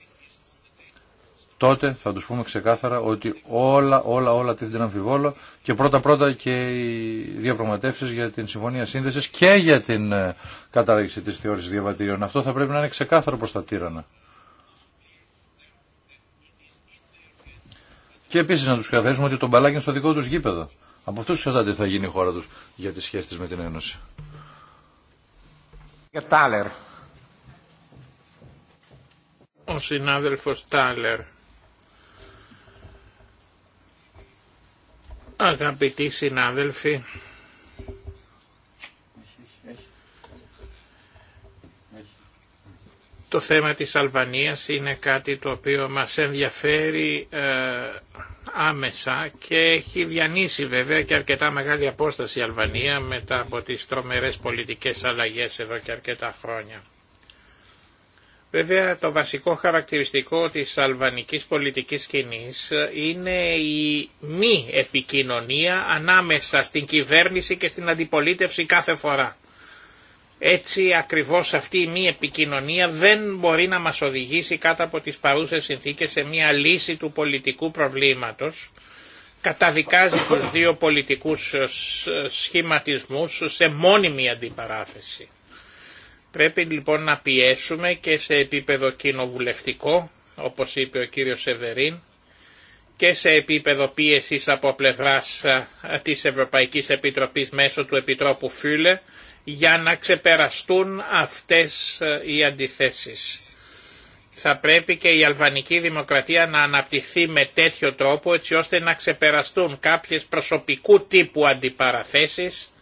τότε θα τους πούμε ξεκάθαρα ότι όλα, όλα, όλα τίθενται να αμφιβόλω και πρώτα-πρώτα και οι διαπραγματεύσεις για την Συμφωνία Σύνδεσης και για την ε, κατάργηση της θεώρησης διαβατήριων. Αυτό θα πρέπει να είναι ξεκάθαρο προ τα τύρανα. Και επίση να του καθαρίσουμε ότι τον μπαλάκι στο δικό του γήπεδο. Από αυτού εξαρτάται τι θα γίνει η χώρα του για τι σχέσει με την Ένωση. Ο συνάδελφο Τάλερ. Αγαπητοί συνάδελφοι, το θέμα της Αλβανίας είναι κάτι το οποίο μας ενδιαφέρει ε, άμεσα και έχει διανύσει βέβαια και αρκετά μεγάλη απόσταση η Αλβανία μετά από τις τρομερές πολιτικές αλλαγές εδώ και αρκετά χρόνια. Βέβαια το βασικό χαρακτηριστικό της αλβανικής πολιτικής σκηνής είναι η μη επικοινωνία ανάμεσα στην κυβέρνηση και στην αντιπολίτευση κάθε φορά. Έτσι ακριβώς αυτή η μη επικοινωνία δεν μπορεί να μας οδηγήσει κάτω από τις παρούσες συνθήκες σε μια λύση του πολιτικού προβλήματος. Καταδικάζει τους δύο πολιτικούς σχηματισμούς σε μόνιμη αντιπαράθεση. Πρέπει λοιπόν να πιέσουμε και σε επίπεδο κοινοβουλευτικό, όπως είπε ο κύριος Σεβερίν, και σε επίπεδο πίεσης από πλευράς ε, της Ευρωπαϊκής Επιτροπής μέσω του Επιτρόπου Φούλε για να ξεπεραστούν αυτές ε, οι αντιθέσεις. Θα πρέπει και η αλβανική δημοκρατία να αναπτυχθεί με τέτοιο τρόπο έτσι ώστε να ξεπεραστούν κάποιες προσωπικού τύπου αντιπαραθέσεις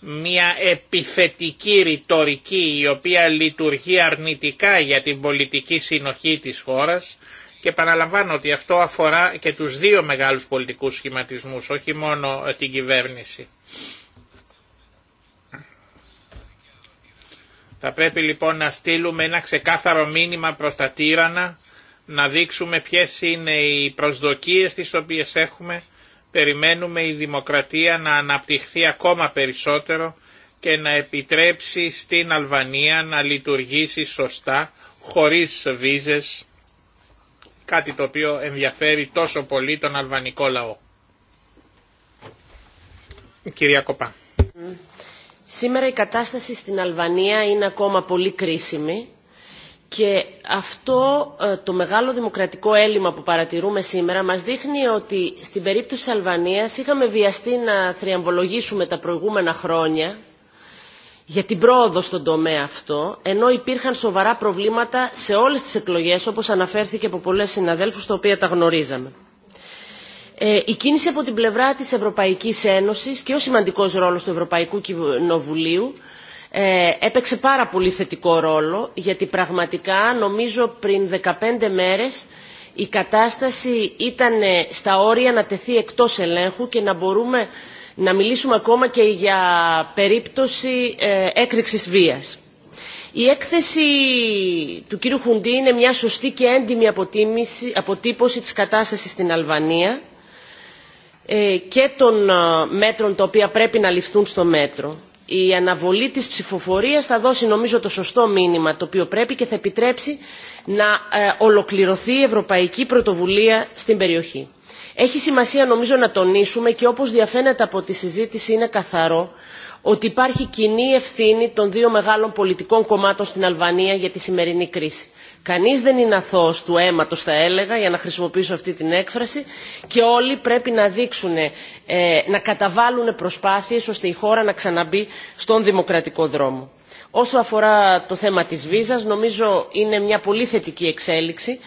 μια επιθετική ρητορική η οποία λειτουργεί αρνητικά για την πολιτική συνοχή της χώρας και παραλαμβάνω ότι αυτό αφορά και τους δύο μεγάλους πολιτικούς σχηματισμούς, όχι μόνο ε, την κυβέρνηση. Θα πρέπει λοιπόν να στείλουμε ένα ξεκάθαρο μήνυμα προς τα τύρανα, να δείξουμε ποιες είναι οι προσδοκίες τις οποίες έχουμε. Περιμένουμε η δημοκρατία να αναπτυχθεί ακόμα περισσότερο και να επιτρέψει στην Αλβανία να λειτουργήσει σωστά, χωρίς βίζες, κάτι το οποίο ενδιαφέρει τόσο πολύ τον αλβανικό λαό. Κυρία Σήμερα η κατάσταση στην Αλβανία είναι ακόμα πολύ κρίσιμη και αυτό ε, το μεγάλο δημοκρατικό έλλειμμα που παρατηρούμε σήμερα μας δείχνει ότι στην περίπτωση της Αλβανίας είχαμε βιαστεί να θριαμβολογήσουμε τα προηγούμενα χρόνια για την πρόοδο στον τομέα αυτό, ενώ υπήρχαν σοβαρά προβλήματα σε όλες τις εκλογές, όπως αναφέρθηκε από πολλές συναδέλφους, τα οποία τα γνωρίζαμε. Ε, η κίνηση από την πλευρά της Ευρωπαϊκής Ένωσης και ο σημαντικός ρόλος του Ευρωπαϊκού Κοινοβουλίου ε, έπαιξε πάρα πολύ θετικό ρόλο γιατί πραγματικά νομίζω πριν 15 μέρες η κατάσταση ήταν ε, στα όρια να τεθεί εκτός ελέγχου και να μπορούμε να μιλήσουμε ακόμα και για περίπτωση έκρηξης βίας. Η έκθεση του κύριου Χουντή είναι μια σωστή και έντιμη αποτύπωση της κατάστασης στην Αλβανία ε, και των ε, μέτρων τα οποία πρέπει να ληφθούν στο μέτρο. Η αναβολή της ψηφοφορίας θα δώσει νομίζω το σωστό μήνυμα το οποίο πρέπει και θα επιτρέψει να ε, ολοκληρωθεί η Ευρωπαϊκή Πρωτοβουλία στην περιοχή. Έχει σημασία νομίζω να τονίσουμε και όπως διαφαίνεται από τη συζήτηση είναι καθαρό ότι υπάρχει κοινή ευθύνη των δύο μεγάλων πολιτικών κομμάτων στην Αλβανία για τη σημερινή κρίση. Κανείς δεν είναι αθώος του αίματος θα έλεγα για να χρησιμοποιήσω αυτή την έκφραση και όλοι πρέπει να δείξουν, ε, να καταβάλουν προσπάθειες ώστε η χώρα να ξαναμπεί στον δημοκρατικό δρόμο. Όσο αφορά το θέμα της βίζας νομίζω είναι μια πολύ θετική εξέλιξη.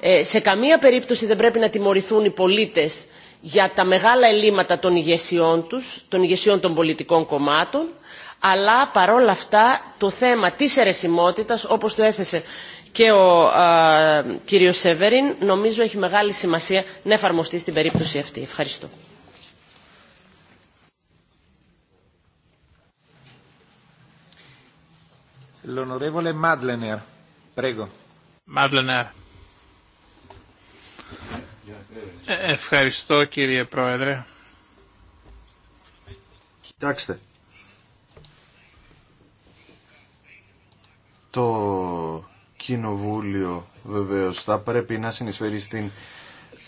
Ε, σε καμία περίπτωση δεν πρέπει να τιμωρηθούν οι πολίτες για τα μεγάλα ελλείμματα των ηγεσιών τους, των ηγεσιών των πολιτικών κομμάτων αλλά παρόλα αυτά το θέμα της αιρεσιμότητας όπως το έθεσε και ο κύριος Σεβερίν νομίζω έχει μεγάλη σημασία να εφαρμοστεί στην περίπτωση αυτή. Ευχαριστώ. L'onorevole Madlener, prego. Madlener. Ε, ευχαριστώ κύριε Πρόεδρε. Κοιτάξτε. Το Κοινοβούλιο βεβαίως θα πρέπει να συνεισφέρει στην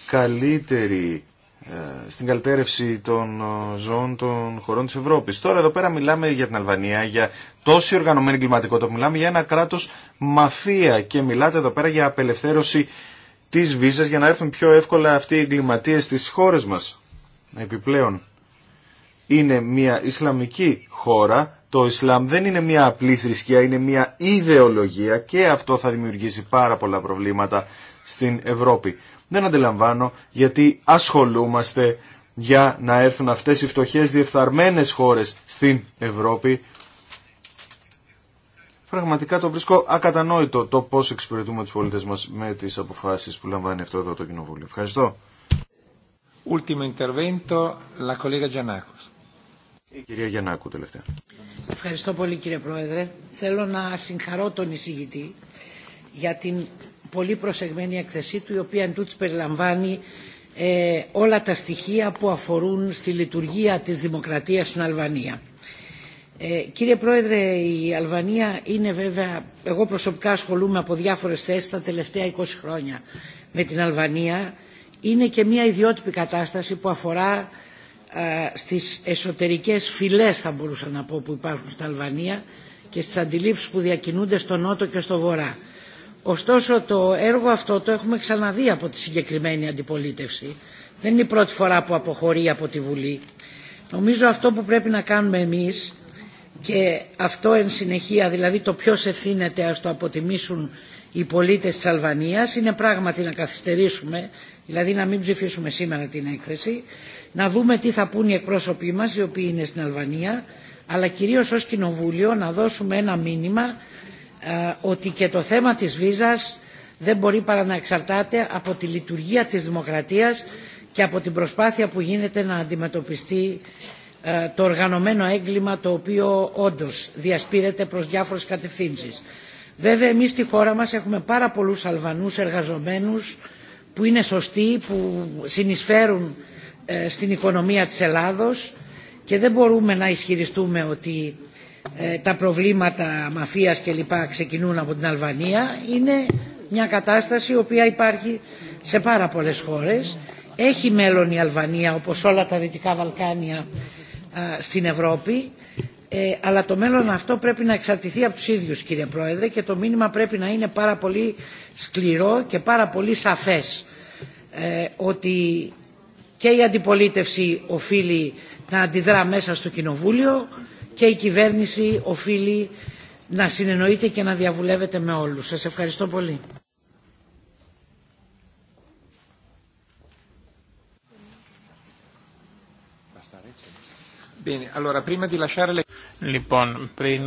καλύτερη ε, στην καλτέρευση των ε, ζώων των χωρών της Ευρώπης. Τώρα εδώ πέρα μιλάμε για την Αλβανία, για τόση οργανωμένη εγκληματικότητα που μιλάμε για ένα κράτος μαφία και μιλάτε εδώ πέρα για απελευθέρωση της βίζας για να έρθουν πιο εύκολα αυτοί οι εγκληματίες στις χώρες μας. Επιπλέον είναι μια Ισλαμική χώρα το Ισλάμ δεν είναι μια απλή θρησκεία, είναι μια ιδεολογία και αυτό θα δημιουργήσει πάρα πολλά προβλήματα στην Ευρώπη. Δεν αντιλαμβάνω γιατί ασχολούμαστε για να έρθουν αυτές οι φτωχές διεφθαρμένες χώρες στην Ευρώπη. Πραγματικά το βρίσκω ακατανόητο το πώς εξυπηρετούμε τους πολίτες μας με τις αποφάσεις που λαμβάνει αυτό εδώ το Κοινοβούλιο. Ευχαριστώ. Ultimo intervento, la collega η κυρία Γιαννάκου τελευταία. Ευχαριστώ πολύ κύριε Πρόεδρε. Θέλω να συγχαρώ τον εισηγητή για την πολύ προσεγμένη εκθεσή του η οποία εν περιλαμβάνει ε, όλα τα στοιχεία που αφορούν στη λειτουργία της δημοκρατίας στην Αλβανία. Ε, κύριε Πρόεδρε, η Αλβανία είναι βέβαια... Εγώ προσωπικά ασχολούμαι από διάφορες θέσεις τα τελευταία 20 χρόνια με την Αλβανία. Είναι και μια ιδιότυπη κατάσταση που αφορά ε, στις εσωτερικές φυλές θα μπορούσα να πω που υπάρχουν στην Αλβανία και στις αντιλήψεις που διακινούνται στο νότο και στο βορρά. Ωστόσο το έργο αυτό το έχουμε ξαναδεί από τη συγκεκριμένη αντιπολίτευση. Δεν είναι η πρώτη φορά που αποχωρεί από τη Βουλή. Νομίζω αυτό που πρέπει να κάνουμε εμείς και αυτό εν συνεχεία, δηλαδή το ποιο ευθύνεται ας το αποτιμήσουν οι πολίτες της Αλβανίας, είναι πράγματι να καθυστερήσουμε, δηλαδή να μην ψηφίσουμε σήμερα την έκθεση, να δούμε τι θα πούν οι εκπρόσωποι μας οι οποίοι είναι στην Αλβανία αλλά κυρίως ως Κοινοβούλιο να δώσουμε ένα μήνυμα ε, ότι και το θέμα της βίζας δεν μπορεί παρά να εξαρτάται από τη λειτουργία της δημοκρατίας και από την προσπάθεια που γίνεται να αντιμετωπιστεί ε, το οργανωμένο έγκλημα το οποίο όντως διασπείρεται προς διάφορες κατευθύνσεις. Βέβαια εμείς στη χώρα μας έχουμε πάρα πολλούς Αλβανούς εργαζομένους που είναι σωστοί, που συνεισφέρουν ε, στην οικονομία της Ελλάδος και δεν μπορούμε να ισχυριστούμε ότι ε, τα προβλήματα μαφίας και λοιπά ξεκινούν από την Αλβανία. Είναι μια κατάσταση η οποία υπάρχει σε πάρα πολλές χώρες. Έχει μέλλον η Αλβανία όπως όλα τα Δυτικά Βαλκάνια στην Ευρώπη ε, αλλά το μέλλον αυτό πρέπει να εξαρτηθεί από τους ίδιους κύριε Πρόεδρε και το μήνυμα πρέπει να είναι πάρα πολύ σκληρό και πάρα πολύ σαφές ότι και η αντιπολίτευση οφείλει να αντιδρά μέσα στο Κοινοβούλιο και η κυβέρνηση οφείλει να συνεννοείται και να διαβουλεύεται με όλους. Σας ευχαριστώ πολύ. Λοιπόν, πριν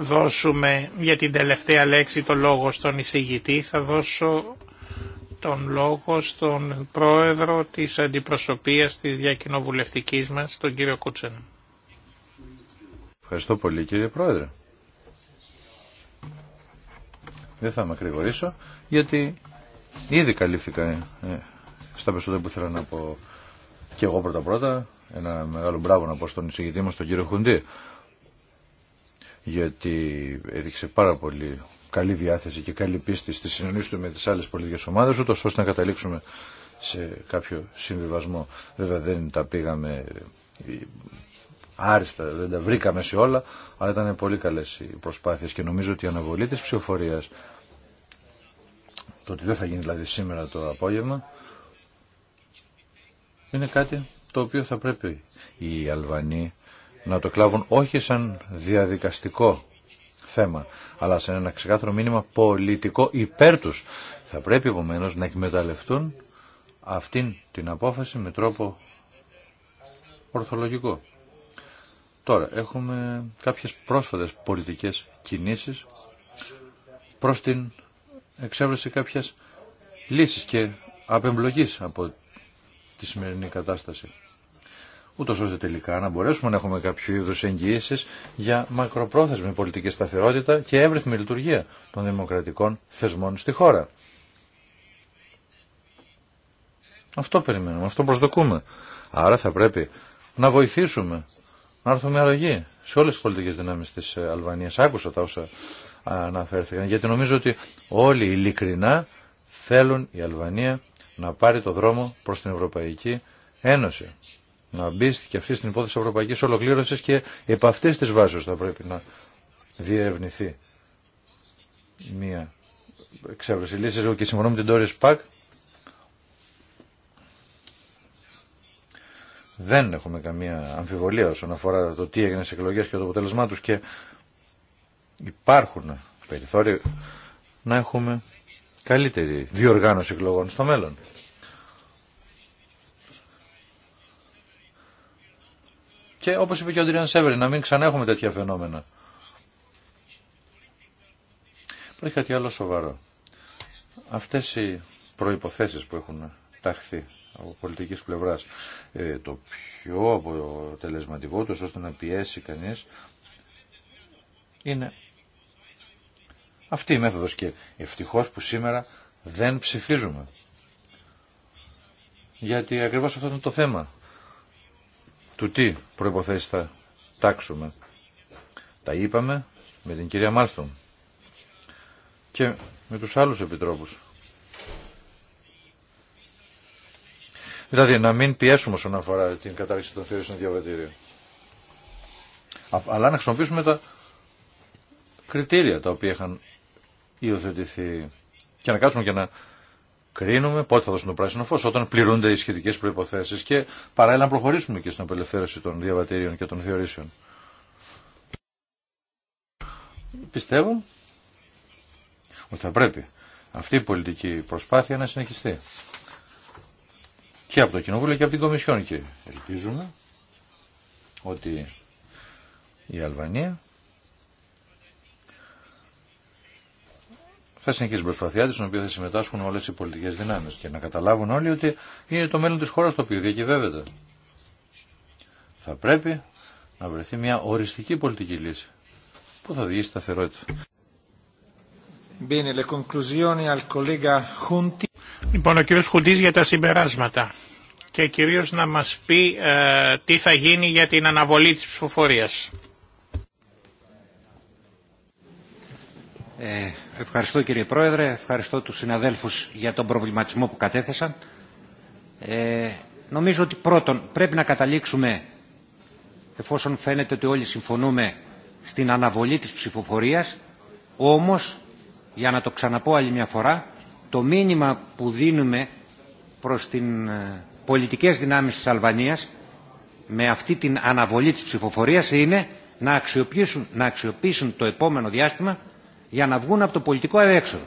δώσουμε για την τελευταία λέξη το λόγο στον εισηγητή, θα δώσω τον λόγο στον πρόεδρο της αντιπροσωπείας της διακοινοβουλευτικής μας, τον κύριο Κούτσεν. Ευχαριστώ πολύ κύριε πρόεδρε. Δεν θα με ακρηγορήσω γιατί ήδη καλύφθηκα ε, στα περισσότερα που ήθελα να πω και εγώ πρώτα πρώτα. Ένα μεγάλο μπράβο να πω στον εισηγητή μας τον κύριο Χουντή γιατί έδειξε πάρα πολύ καλή διάθεση και καλή πίστη στη συνεννόηση του με τις άλλες πολιτικές ομάδες, ούτως ώστε να καταλήξουμε σε κάποιο συμβιβασμό. Βέβαια δεν τα πήγαμε ε, άριστα, δεν τα βρήκαμε σε όλα, αλλά ήταν πολύ καλές οι προσπάθειες και νομίζω ότι η αναβολή της ψηφοφορίας, το ότι δεν θα γίνει δηλαδή σήμερα το απόγευμα, είναι κάτι το οποίο θα πρέπει οι Αλβανοί να το κλάβουν όχι σαν διαδικαστικό θέμα, αλλά σε ένα ξεκάθαρο μήνυμα πολιτικό υπέρ τους. Θα πρέπει επομένω να εκμεταλλευτούν αυτήν την απόφαση με τρόπο ορθολογικό. Τώρα, έχουμε κάποιες πρόσφατες πολιτικές κινήσεις προς την εξέβρεση κάποιες λύσεις και απεμπλογής από τη σημερινή κατάσταση ούτω ώστε τελικά να μπορέσουμε να έχουμε κάποιο είδου εγγυήσει για μακροπρόθεσμη πολιτική σταθερότητα και εύρυθμη λειτουργία των δημοκρατικών θεσμών στη χώρα. Αυτό περιμένουμε, αυτό προσδοκούμε. Άρα θα πρέπει να βοηθήσουμε, να έρθουμε αρρωγή σε όλε τι πολιτικέ δυνάμεις τη Αλβανία, Άκουσα τα όσα αναφέρθηκαν, γιατί νομίζω ότι όλοι ειλικρινά θέλουν η Αλβανία να πάρει το δρόμο προς την Ευρωπαϊκή Ένωση να μπει και αυτή στην υπόθεση ευρωπαϊκή ολοκλήρωση και επ' αυτέ τη βάση θα πρέπει να διερευνηθεί μία εξέβρεση λύση. Εγώ και συμφωνώ με την Τόρι Πακ. Δεν έχουμε καμία αμφιβολία όσον αφορά το τι έγινε στι εκλογέ και το αποτέλεσμά του και υπάρχουν περιθώρια να έχουμε καλύτερη διοργάνωση εκλογών στο μέλλον. και όπως είπε και ο Αντριάν Σέβερη, να μην ξανά έχουμε τέτοια φαινόμενα. Υπάρχει κάτι άλλο σοβαρό. Αυτές οι προϋποθέσεις που έχουν ταχθεί από πολιτικής πλευράς, ε, το πιο αποτελεσματικό του ώστε να πιέσει κανεί είναι αυτή η μέθοδος και ευτυχώς που σήμερα δεν ψηφίζουμε. Γιατί ακριβώς αυτό είναι το θέμα του τι προϋποθέσεις θα τάξουμε. Τα είπαμε με την κυρία Μάλστον και με τους άλλους επιτρόπους. Δηλαδή να μην πιέσουμε όσον αφορά την κατάρριξη των θεωρήσεων διαβατήριων. Αλλά να χρησιμοποιήσουμε τα κριτήρια τα οποία είχαν υιοθετηθεί και να κάτσουμε και να κρίνουμε πότε θα δώσουμε το πράσινο φως όταν πληρούνται οι σχετικές προϋποθέσεις και παράλληλα να προχωρήσουμε και στην απελευθέρωση των διαβατήριων και των θεωρήσεων. Πιστεύω ότι θα πρέπει αυτή η πολιτική προσπάθεια να συνεχιστεί και από το Κοινοβούλιο και από την Κομισιόν και ελπίζουμε ότι η Αλβανία θα συνεχίσει η τη, στην οποία θα συμμετάσχουν όλε οι πολιτικέ δυνάμει και να καταλάβουν όλοι ότι είναι το μέλλον τη χώρα το οποίο διακυβεύεται. Θα πρέπει να βρεθεί μια οριστική πολιτική λύση που θα διηγήσει σταθερότητα. Λοιπόν, ο κύριος Χουντής για τα συμπεράσματα και κυρίως να μας πει ε, τι θα γίνει για την αναβολή της ψηφοφορίας. Ε, Ευχαριστώ κύριε Πρόεδρε, ευχαριστώ τους συναδέλφους για τον προβληματισμό που κατέθεσαν. Ε, νομίζω ότι πρώτον πρέπει να καταλήξουμε, εφόσον φαίνεται ότι όλοι συμφωνούμε, στην αναβολή της ψηφοφορίας, όμως, για να το ξαναπώ άλλη μια φορά, το μήνυμα που δίνουμε προς την ε, πολιτικές δυνάμεις της Αλβανίας με αυτή την αναβολή της ψηφοφορίας είναι να αξιοποιήσουν, να αξιοποιήσουν το επόμενο διάστημα για να βγουν από το πολιτικό αδέξοδο.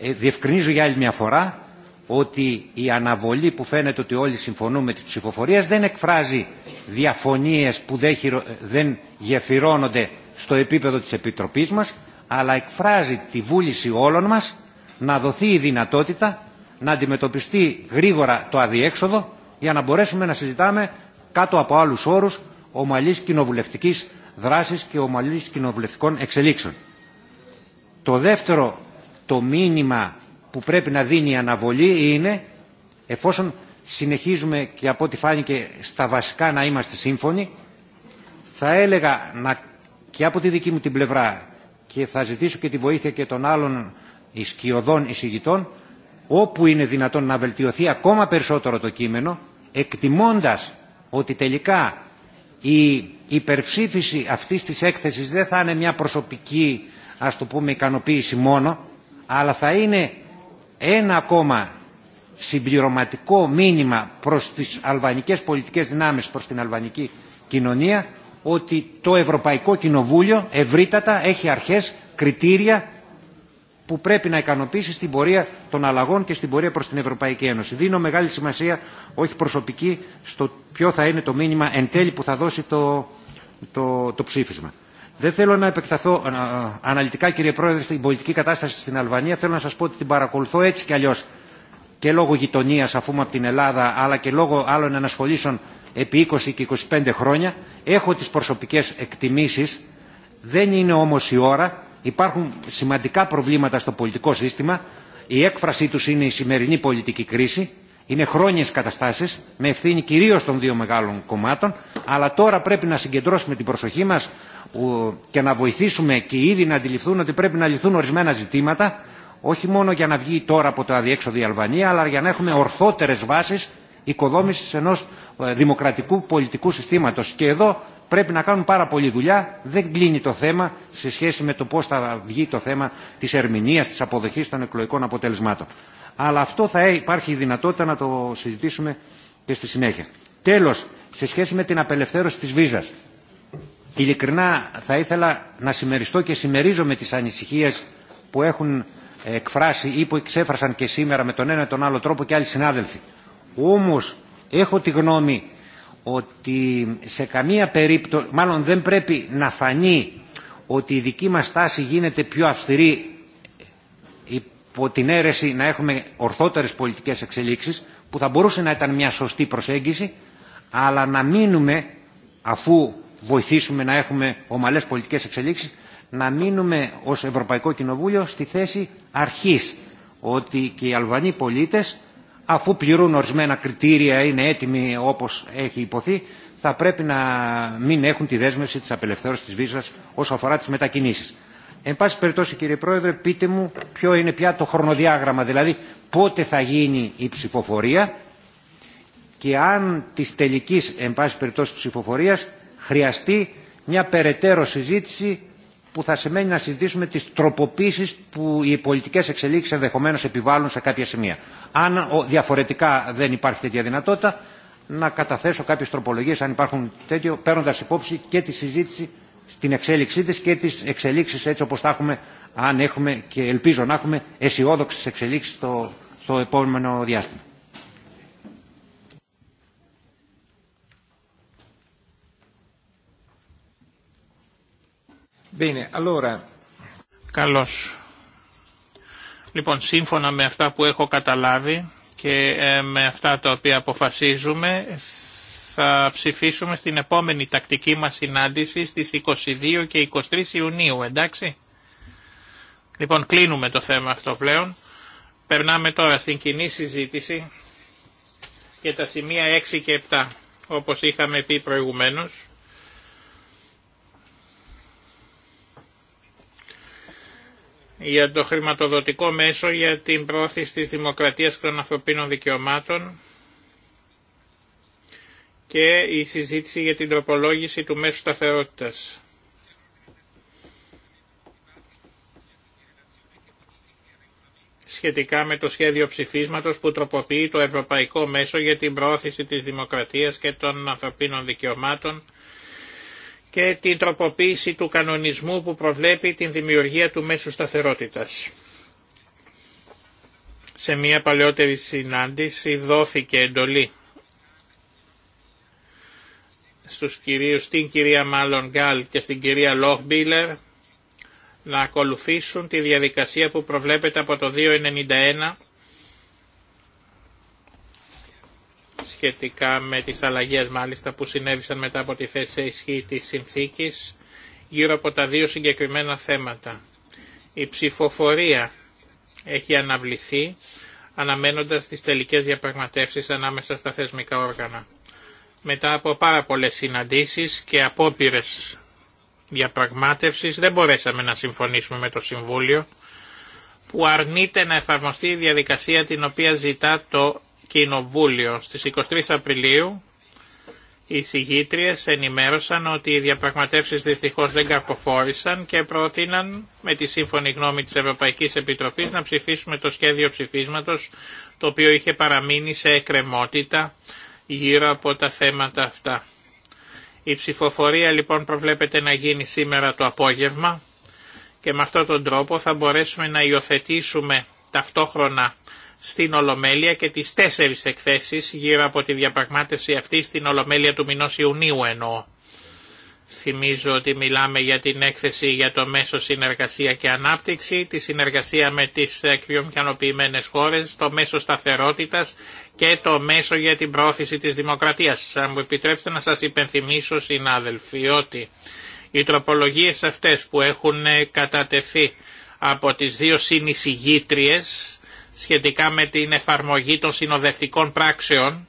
Ε, διευκρινίζω για άλλη μια φορά ότι η αναβολή που φαίνεται ότι όλοι συμφωνούμε με τις ψηφοφορίες δεν εκφράζει διαφωνίες που δεν, γεφυρώνονται στο επίπεδο της Επιτροπής μας, αλλά εκφράζει τη βούληση όλων μας να δοθεί η δυνατότητα να αντιμετωπιστεί γρήγορα το αδιέξοδο για να μπορέσουμε να συζητάμε κάτω από άλλους όρους ομαλής κοινοβουλευτικής δράσης και ομαλής κοινοβουλευτικών εξελίξεων. Το δεύτερο το μήνυμα που πρέπει να δίνει η αναβολή είναι εφόσον συνεχίζουμε και από ό,τι φάνηκε στα βασικά να είμαστε σύμφωνοι θα έλεγα να, και από τη δική μου την πλευρά και θα ζητήσω και τη βοήθεια και των άλλων ισκιωδών εισηγητών όπου είναι δυνατόν να βελτιωθεί ακόμα περισσότερο το κείμενο εκτιμώντας ότι τελικά η υπερψήφιση αυτής της έκθεσης δεν θα είναι μια προσωπική ας το πούμε ικανοποίηση μόνο, αλλά θα είναι ένα ακόμα συμπληρωματικό μήνυμα προς τις αλβανικές πολιτικές δυνάμεις, προς την αλβανική κοινωνία, ότι το Ευρωπαϊκό Κοινοβούλιο ευρύτατα έχει αρχές, κριτήρια που πρέπει να ικανοποιήσει στην πορεία των αλλαγών και στην πορεία προς την Ευρωπαϊκή Ένωση. Δίνω μεγάλη σημασία, όχι προσωπική, στο ποιο θα είναι το μήνυμα εν τέλει που θα δώσει το, το, το ψήφισμα. Δεν θέλω να επεκταθώ ε, ε, αναλυτικά, κύριε Πρόεδρε, στην πολιτική κατάσταση στην Αλβανία. Θέλω να σα πω ότι την παρακολουθώ έτσι κι αλλιώ και λόγω γειτονία, αφού είμαι από την Ελλάδα, αλλά και λόγω άλλων ενασχολήσεων επί 20 και 25 χρόνια. Έχω τι προσωπικέ εκτιμήσει. Δεν είναι όμω η ώρα. Υπάρχουν σημαντικά προβλήματα στο πολιτικό σύστημα. Η έκφρασή του είναι η σημερινή πολιτική κρίση είναι χρόνιες καταστάσεις, με ευθύνη κυρίως των δύο μεγάλων κομμάτων, αλλά τώρα πρέπει να συγκεντρώσουμε την προσοχή μας και να βοηθήσουμε και ήδη να αντιληφθούν ότι πρέπει να λυθούν ορισμένα ζητήματα, όχι μόνο για να βγει τώρα από το αδιέξοδο η Αλβανία, αλλά για να έχουμε ορθότερες βάσεις οικοδόμησης ενός ε, δημοκρατικού πολιτικού συστήματος. Και εδώ πρέπει να κάνουν πάρα πολλή δουλειά. Δεν κλείνει το θέμα σε σχέση με το πώ θα βγει το θέμα τη ερμηνεία, τη αποδοχή των εκλογικών αποτελεσμάτων. Αλλά αυτό θα υπάρχει η δυνατότητα να το συζητήσουμε και στη συνέχεια. Τέλο, σε σχέση με την απελευθέρωση τη βίζα. Ειλικρινά θα ήθελα να συμμεριστώ και με τις ανησυχίες που έχουν ε, εκφράσει ή που εξέφρασαν και σήμερα με τον ένα ή τον άλλο τρόπο και άλλοι συνάδελφοι. Όμως έχω τη γνώμη ότι σε καμία περίπτωση, μάλλον δεν πρέπει να φανεί ότι η δική μας τάση γίνεται πιο αυστηρή υπό την αίρεση να έχουμε ορθότερες πολιτικές εξελίξεις που θα μπορούσε να ήταν μια σωστή προσέγγιση αλλά να μείνουμε αφού βοηθήσουμε να έχουμε ομαλές πολιτικές εξελίξεις να μείνουμε ως Ευρωπαϊκό Κοινοβούλιο στη θέση αρχής ότι και οι Αλβανοί πολίτες αφού πληρούν ορισμένα κριτήρια, είναι έτοιμοι όπως έχει υποθεί, θα πρέπει να μην έχουν τη δέσμευση της απελευθέρωσης της βίζας όσο αφορά τις μετακινήσεις. Εν πάση περιπτώσει κύριε Πρόεδρε, πείτε μου ποιο είναι πια το χρονοδιάγραμμα, δηλαδή πότε θα γίνει η ψηφοφορία και αν της τελικής εν πάση περιπτώσει ψηφοφορίας χρειαστεί μια περαιτέρω συζήτηση που θα σημαίνει να συζητήσουμε τις τροποποίησεις που οι πολιτικές εξελίξεις ενδεχομένως επιβάλλουν σε κάποια σημεία. Αν διαφορετικά δεν υπάρχει τέτοια δυνατότητα, να καταθέσω κάποιες τροπολογίες, αν υπάρχουν τέτοιο, παίρνοντα υπόψη και τη συζήτηση στην εξέλιξή της και τις εξελίξεις έτσι όπως θα έχουμε, αν έχουμε και ελπίζω να έχουμε αισιόδοξε εξελίξεις στο επόμενο διάστημα. Bene, Καλώς. Λοιπόν, σύμφωνα με αυτά που έχω καταλάβει και ε, με αυτά τα οποία αποφασίζουμε, θα ψηφίσουμε στην επόμενη τακτική μας συνάντηση στις 22 και 23 Ιουνίου, εντάξει. Λοιπόν, κλείνουμε το θέμα αυτό πλέον. Περνάμε τώρα στην κοινή συζήτηση και τα σημεία 6 και 7, όπως είχαμε πει προηγουμένως. για το χρηματοδοτικό μέσο για την πρόθεση της δημοκρατίας και των ανθρωπίνων δικαιωμάτων και η συζήτηση για την τροπολόγηση του μέσου σταθερότητα. σχετικά με το σχέδιο ψηφίσματος που τροποποιεί το Ευρωπαϊκό Μέσο για την πρόθεση της Δημοκρατίας και των Ανθρωπίνων Δικαιωμάτων και την τροποποίηση του κανονισμού που προβλέπει την δημιουργία του μέσου σταθερότητας. Σε μια παλαιότερη συνάντηση δόθηκε εντολή στους κυρίους, στην κυρία Μάλλον Γκάλ και στην κυρία Λόχμπίλερ να ακολουθήσουν τη διαδικασία που προβλέπεται από το 291 σχετικά με τις αλλαγές μάλιστα που συνέβησαν μετά από τη θέση ισχύ της συνθήκης γύρω από τα δύο συγκεκριμένα θέματα. Η ψηφοφορία έχει αναβληθεί αναμένοντας τις τελικές διαπραγματεύσεις ανάμεσα στα θεσμικά όργανα. Μετά από πάρα πολλές συναντήσεις και απόπειρες διαπραγμάτευσης δεν μπορέσαμε να συμφωνήσουμε με το Συμβούλιο που αρνείται να εφαρμοστεί η διαδικασία την οποία ζητά το Κοινοβούλιο. Στις 23 Απριλίου οι συγγήτριες ενημέρωσαν ότι οι διαπραγματεύσεις δυστυχώς δεν καρποφόρησαν και πρότειναν με τη σύμφωνη γνώμη της Ευρωπαϊκής Επιτροπής να ψηφίσουμε το σχέδιο ψηφίσματος το οποίο είχε παραμείνει σε εκκρεμότητα γύρω από τα θέματα αυτά. Η ψηφοφορία λοιπόν προβλέπεται να γίνει σήμερα το απόγευμα και με αυτόν τον τρόπο θα μπορέσουμε να υιοθετήσουμε ταυτόχρονα στην Ολομέλεια και τις τέσσερις εκθέσεις γύρω από τη διαπραγμάτευση αυτή στην Ολομέλεια του μηνός Ιουνίου εννοώ. Θυμίζω ότι μιλάμε για την έκθεση για το μέσο συνεργασία και ανάπτυξη, τη συνεργασία με τις εκβιομηχανοποιημένες χώρες, το μέσο σταθερότητας και το μέσο για την πρόθεση της δημοκρατίας. Αν μου επιτρέψετε να σας υπενθυμίσω συνάδελφοι ότι οι τροπολογίες αυτές που έχουν κατατεθεί από τις δύο συνεισηγήτριες σχετικά με την εφαρμογή των συνοδευτικών πράξεων.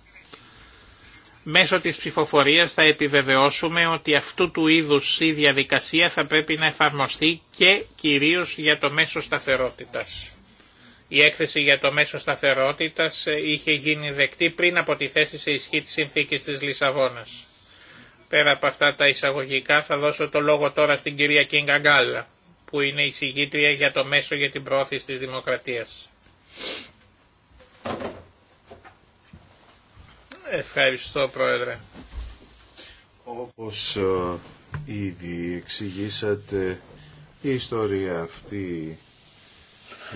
Μέσω της ψηφοφορίας θα επιβεβαιώσουμε ότι αυτού του είδους η διαδικασία θα πρέπει να εφαρμοστεί και κυρίως για το μέσο σταθερότητας. Η έκθεση για το μέσο σταθερότητας είχε γίνει δεκτή πριν από τη θέση σε ισχύ της συνθήκης της Λισαβόνας. Πέρα από αυτά τα εισαγωγικά θα δώσω το λόγο τώρα στην κυρία Κίνγκα που είναι η συγγήτρια για το μέσο για την πρόθεση της δημοκρατίας. Ευχαριστώ Πρόεδρε. Όπως ε, ήδη εξηγήσατε η ιστορία αυτή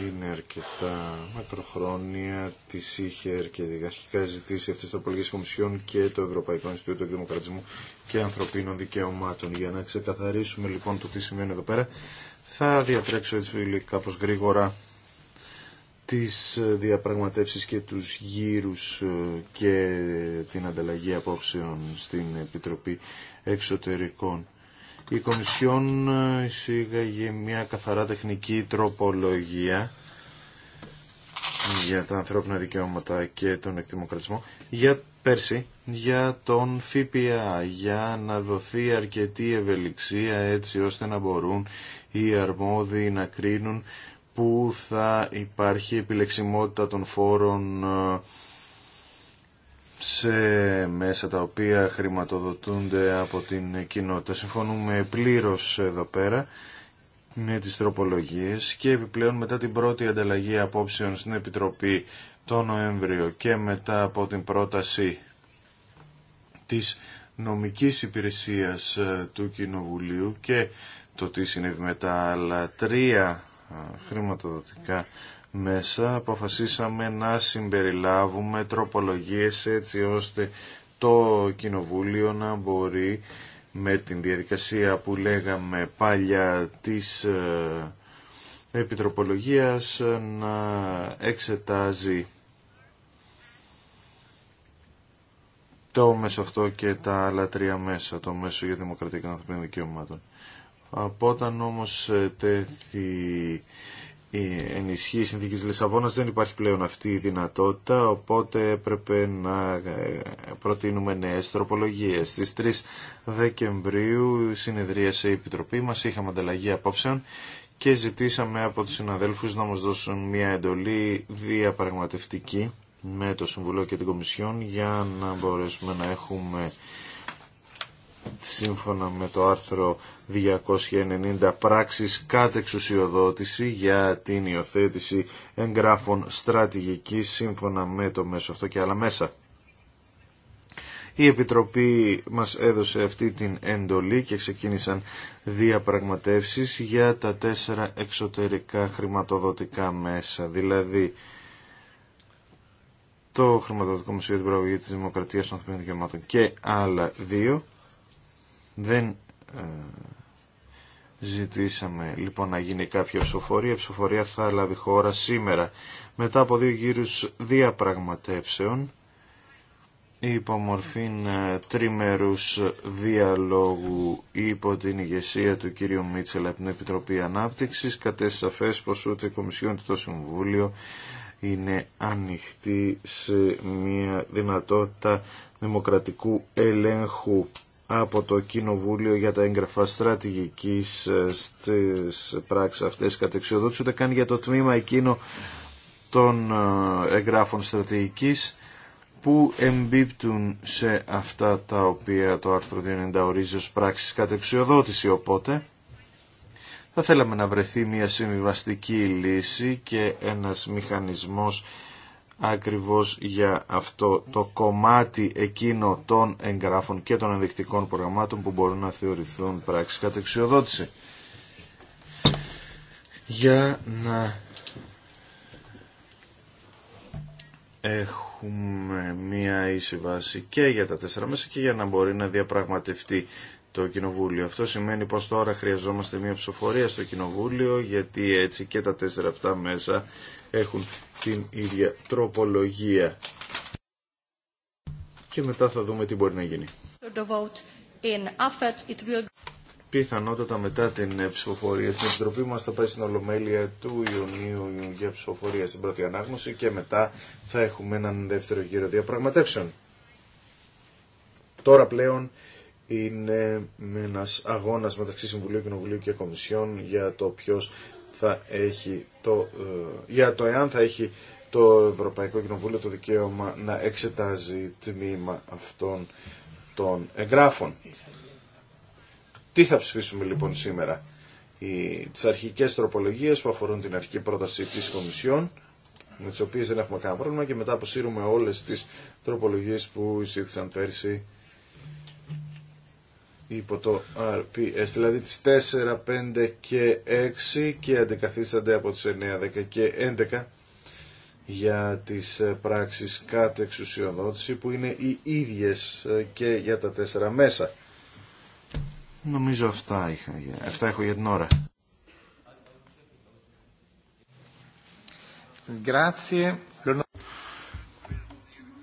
είναι αρκετά μακροχρόνια, της είχε και αρχικά ζητήσει αυτές Πολιτική κομισιών και το Ευρωπαϊκό Ινστιτούτο Δημοκρατισμού και Ανθρωπίνων Δικαιωμάτων. Για να ξεκαθαρίσουμε λοιπόν το τι σημαίνει εδώ πέρα, θα διατρέξω έτσι κάπως γρήγορα τις ε, διαπραγματεύσεις και τους γύρους ε, και την ανταλλαγή απόψεων στην Επιτροπή Εξωτερικών. Η Κομισιόν ε, εισήγαγε μια καθαρά τεχνική τροπολογία για τα ανθρώπινα δικαιώματα και τον εκδημοκρατισμό για πέρσι, για τον ΦΠΑ, για να δοθεί αρκετή ευελιξία έτσι ώστε να μπορούν οι αρμόδιοι να κρίνουν που θα υπάρχει επιλεξιμότητα των φόρων ε, σε μέσα τα οποία χρηματοδοτούνται από την κοινότητα. Συμφωνούμε πλήρως εδώ πέρα με τις τροπολογίες και επιπλέον μετά την πρώτη ανταλλαγή απόψεων στην Επιτροπή το Νοέμβριο και μετά από την πρόταση της νομικής υπηρεσίας ε, του Κοινοβουλίου και το τι συνέβη με τα άλλα τρία χρηματοδοτικά μέσα αποφασίσαμε να συμπεριλάβουμε τροπολογίες έτσι ώστε το Κοινοβούλιο να μπορεί με την διαδικασία που λέγαμε παλιά της ε, Επιτροπολογίας να εξετάζει το μέσο αυτό και τα άλλα τρία μέσα, το μέσο για δημοκρατία και ανθρωπίνων δικαιωμάτων. Από όταν όμως ε, τέθη η ενισχύ συνθήκη της Λισαβόνας δεν υπάρχει πλέον αυτή η δυνατότητα οπότε έπρεπε να ε, προτείνουμε νέες τροπολογίες. Στις 3 Δεκεμβρίου συνεδρίασε η Επιτροπή μας, είχαμε ανταλλαγή απόψεων και ζητήσαμε από τους συναδέλφους να μας δώσουν μια εντολή διαπραγματευτική με το Συμβουλό και την Κομισιόν για να μπορέσουμε να έχουμε σύμφωνα με το άρθρο 290 πράξεις κάτ εξουσιοδότηση για την υιοθέτηση εγγράφων στρατηγικής σύμφωνα με το μέσο αυτό και άλλα μέσα. Η Επιτροπή μας έδωσε αυτή την εντολή και ξεκίνησαν διαπραγματεύσεις για τα τέσσερα εξωτερικά χρηματοδοτικά μέσα, δηλαδή το Χρηματοδοτικό Μουσείο της της Δημοκρατίας των Ανθρωπίνων Δικαιωμάτων και άλλα δύο δεν ε, ζητήσαμε λοιπόν να γίνει κάποια ψηφοφορία. Η ψηφοφορία θα λάβει χώρα σήμερα. Μετά από δύο γύρους διαπραγματεύσεων υπομορφήν ε, τριμερούς διαλόγου υπό την ηγεσία του κύριου Μίτσελ από την Επιτροπή Ανάπτυξης κατέστη πως ούτε η Κομισιόν το Συμβούλιο είναι ανοιχτή σε μια δυνατότητα δημοκρατικού ελέγχου από το Κοινοβούλιο για τα έγγραφα στρατηγικής ε, στις πράξεις αυτές κατεξιοδότηση ούτε καν για το τμήμα εκείνο των ε, εγγράφων στρατηγικής που εμπίπτουν σε αυτά τα οποία το άρθρο 290 ορίζει ως πράξεις κατεξιοδότηση. Οπότε θα θέλαμε να βρεθεί μια συμβιβαστική λύση και ένας μηχανισμός ακριβώς για αυτό το κομμάτι εκείνο των εγγράφων και των ενδεικτικών προγραμμάτων που μπορούν να θεωρηθούν πράξη κατεξιοδότηση. Για να έχουμε μία ίση βάση και για τα τέσσερα μέσα και για να μπορεί να διαπραγματευτεί το Κοινοβούλιο. Αυτό σημαίνει πως τώρα χρειαζόμαστε μια ψηφοφορία στο Κοινοβούλιο γιατί έτσι και τα τέσσερα αυτά μέσα έχουν την ίδια τροπολογία. Και μετά θα δούμε τι μπορεί να γίνει. Πιθανότατα μετά την ε, ψηφοφορία στην Επιτροπή μας θα πάει στην Ολομέλεια του Ιουνίου για ψηφοφορία στην πρώτη ανάγνωση και μετά θα έχουμε έναν δεύτερο γύρο διαπραγματεύσεων. Τώρα πλέον είναι με ένας αγώνας μεταξύ Συμβουλίου, Κοινοβουλίου και Κομισιών για το ποιος θα έχει το, ε, για το εάν θα έχει το Ευρωπαϊκό Κοινοβούλιο το δικαίωμα να εξετάζει τμήμα αυτών των εγγράφων. Τι θα ψηφίσουμε λοιπόν σήμερα. Οι, τις αρχικές τροπολογίες που αφορούν την αρχική πρόταση της Κομισιόν με τις οποίες δεν έχουμε κανένα πρόβλημα και μετά αποσύρουμε όλες τις τροπολογίες που εισήχθησαν πέρσι υπό το RPS, δηλαδή τις 4, 5 και 6 και αντικαθίστανται από τις 9, 10 και 11 για τις ε, πράξεις κάτω εξουσιοδότηση που είναι οι ίδιες ε, και για τα τέσσερα μέσα. Νομίζω αυτά, είχα, αυτά έχω για την ώρα.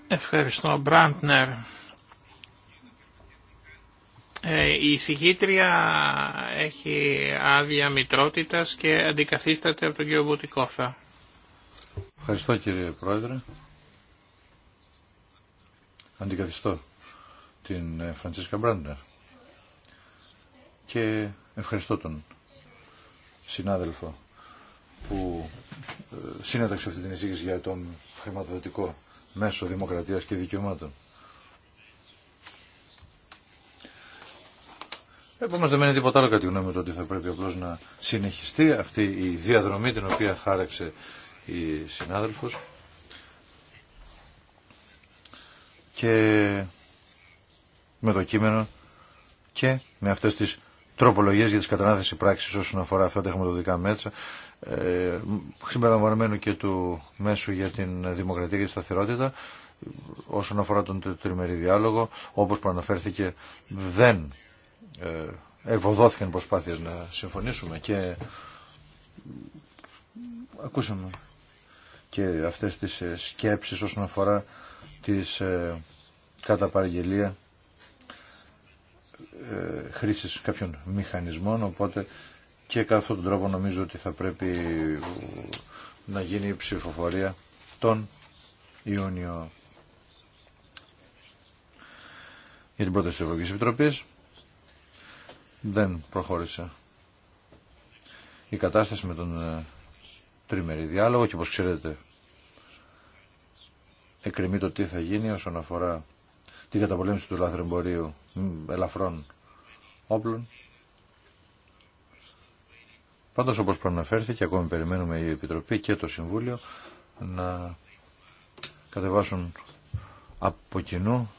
Ευχαριστώ, Μπραντνερ. Ε, η συγχύτρια έχει άδεια μητρότητας και αντικαθίσταται από τον κύριο Μπουτικόφα. Ευχαριστώ κύριε Πρόεδρε. Αντικαθιστώ την ε, Φραντσίσκα Μπράντερ και ευχαριστώ τον συνάδελφο που ε, συνέταξε αυτή την εισήγηση για τον χρηματοδοτικό μέσο δημοκρατίας και δικαιωμάτων. Επομένω δεν μένει τίποτα άλλο κατά τη γνώμη μου ότι θα πρέπει απλώ να συνεχιστεί αυτή η διαδρομή την οποία χάραξε η συνάδελφο. και με το κείμενο και με αυτές τις τροπολογίες για τις κατανάθεση πράξεις όσον αφορά αυτά τα χρηματοδοτικά μέτρα ε, συμπεριλαμβανομένου και του μέσου για την δημοκρατία και τη σταθερότητα ε, όσον αφορά τον τριμερή διάλογο όπως προαναφέρθηκε δεν ε, ευωδόθηκαν προσπάθειες να συμφωνήσουμε και ακούσαμε και αυτές τις ε, σκέψεις όσον αφορά τις ε, κατά παραγγελία χρήσης κάποιων μηχανισμών οπότε και κατά αυτόν τον τρόπο νομίζω ότι θα πρέπει να γίνει η ψηφοφορία τον Ιούνιο για την πρόταση της δεν προχώρησε η κατάσταση με τον ε, τριμερή διάλογο και όπως ξέρετε εκκρεμεί το τι θα γίνει όσον αφορά την καταπολέμηση του λαθρεμπορίου ελαφρών όπλων. Πάντως όπως προαναφέρθηκε ακόμη περιμένουμε η Επιτροπή και το Συμβούλιο να κατεβάσουν από κοινού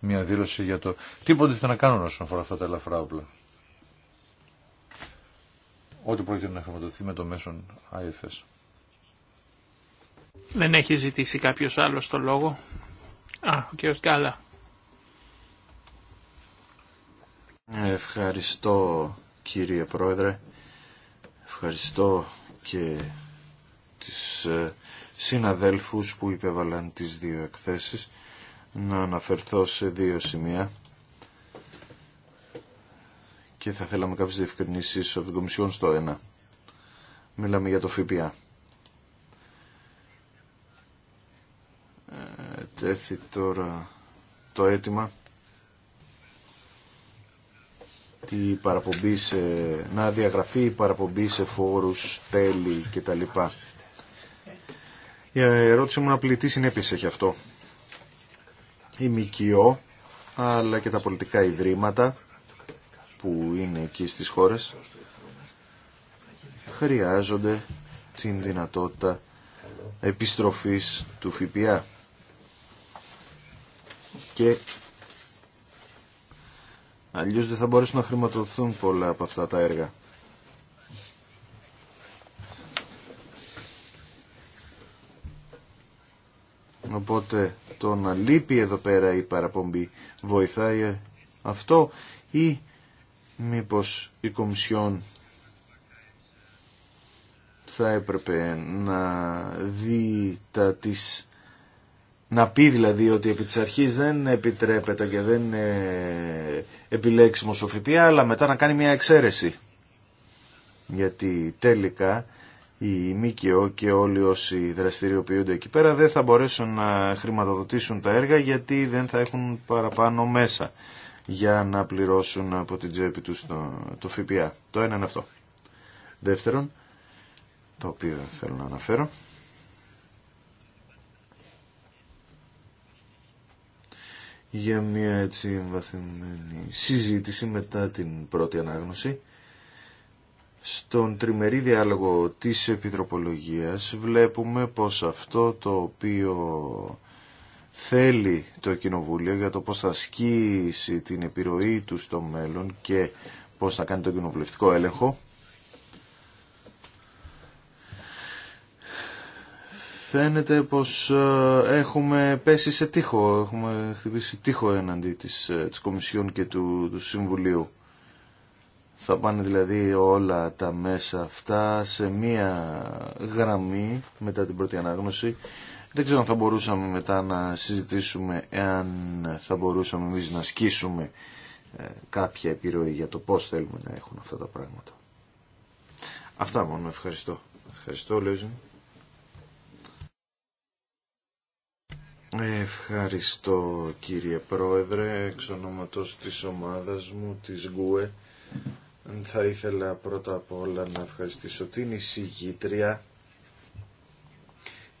μια δήλωση για το τι θα να κάνουν όσον αφορά αυτά τα ελαφρά όπλα. Ό,τι πρόκειται να χρηματοδοθεί με το μέσον IFS. Δεν έχει ζητήσει κάποιος άλλος το λόγο. Α, ο κ. Γκάλα. Ευχαριστώ κύριε Πρόεδρε. Ευχαριστώ και τις ε, συναδέλφους που υπέβαλαν τις δύο εκθέσεις να αναφερθώ σε δύο σημεία και θα θέλαμε κάποιες διευκρινήσεις από την Κομισιόν στο ένα. Μιλάμε για το ΦΠΑ. Ε, τέθη τώρα το αίτημα τη παραπομπή σε, να διαγραφεί η παραπομπή σε φόρους, τέλη κτλ. Η ερώτηση μου να τι συνέπειες έχει αυτό η ΜΚΙΟ αλλά και τα πολιτικά ιδρύματα που είναι εκεί στις χώρες χρειάζονται την δυνατότητα επιστροφής του ΦΠΑ και αλλιώς δεν θα μπορέσουν να χρηματοδοθούν πολλά από αυτά τα έργα. Οπότε το να λείπει εδώ πέρα η παραπομπή βοηθάει αυτό ή μήπως η Κομισιόν θα έπρεπε να δει τα της να πει δηλαδή ότι επί της αρχής δεν επιτρέπεται και δεν είναι επιλέξιμος ο ΦΠΑ αλλά μετά να κάνει μια εξαίρεση γιατί τελικά οι ΜΚΟ και όλοι όσοι δραστηριοποιούνται εκεί πέρα δεν θα μπορέσουν να χρηματοδοτήσουν τα έργα γιατί δεν θα έχουν παραπάνω μέσα για να πληρώσουν από την τσέπη τους το, το ΦΠΑ. Το ένα είναι αυτό. Δεύτερον, το οποίο θέλω να αναφέρω, για μια έτσι συζήτηση μετά την πρώτη ανάγνωση στον τριμερή διάλογο της Επιτροπολογίας βλέπουμε πως αυτό το οποίο θέλει το Κοινοβούλιο για το πώς θα ασκήσει την επιρροή του στο μέλλον και πώς θα κάνει τον κοινοβουλευτικό έλεγχο φαίνεται πως θα ε, κανει το κοινοβουλευτικο ελεγχο πέσει σε τείχο, έχουμε χτυπήσει τείχο εναντί της, ε, της Κομισιόν και του, του Συμβουλίου. Θα πάνε δηλαδή όλα τα μέσα αυτά σε μία γραμμή μετά την πρώτη ανάγνωση. Δεν ξέρω αν θα μπορούσαμε μετά να συζητήσουμε εάν θα μπορούσαμε εμεί να σκίσουμε ε, κάποια επιρροή για το πώς θέλουμε να έχουν αυτά τα πράγματα. Αυτά μόνο. Ευχαριστώ. Ευχαριστώ, Λέζιν. Ευχαριστώ κύριε Πρόεδρε, εξ ονόματος της ομάδας μου, της ΓΚΟΕ. Θα ήθελα πρώτα απ' όλα να ευχαριστήσω την εισηγήτρια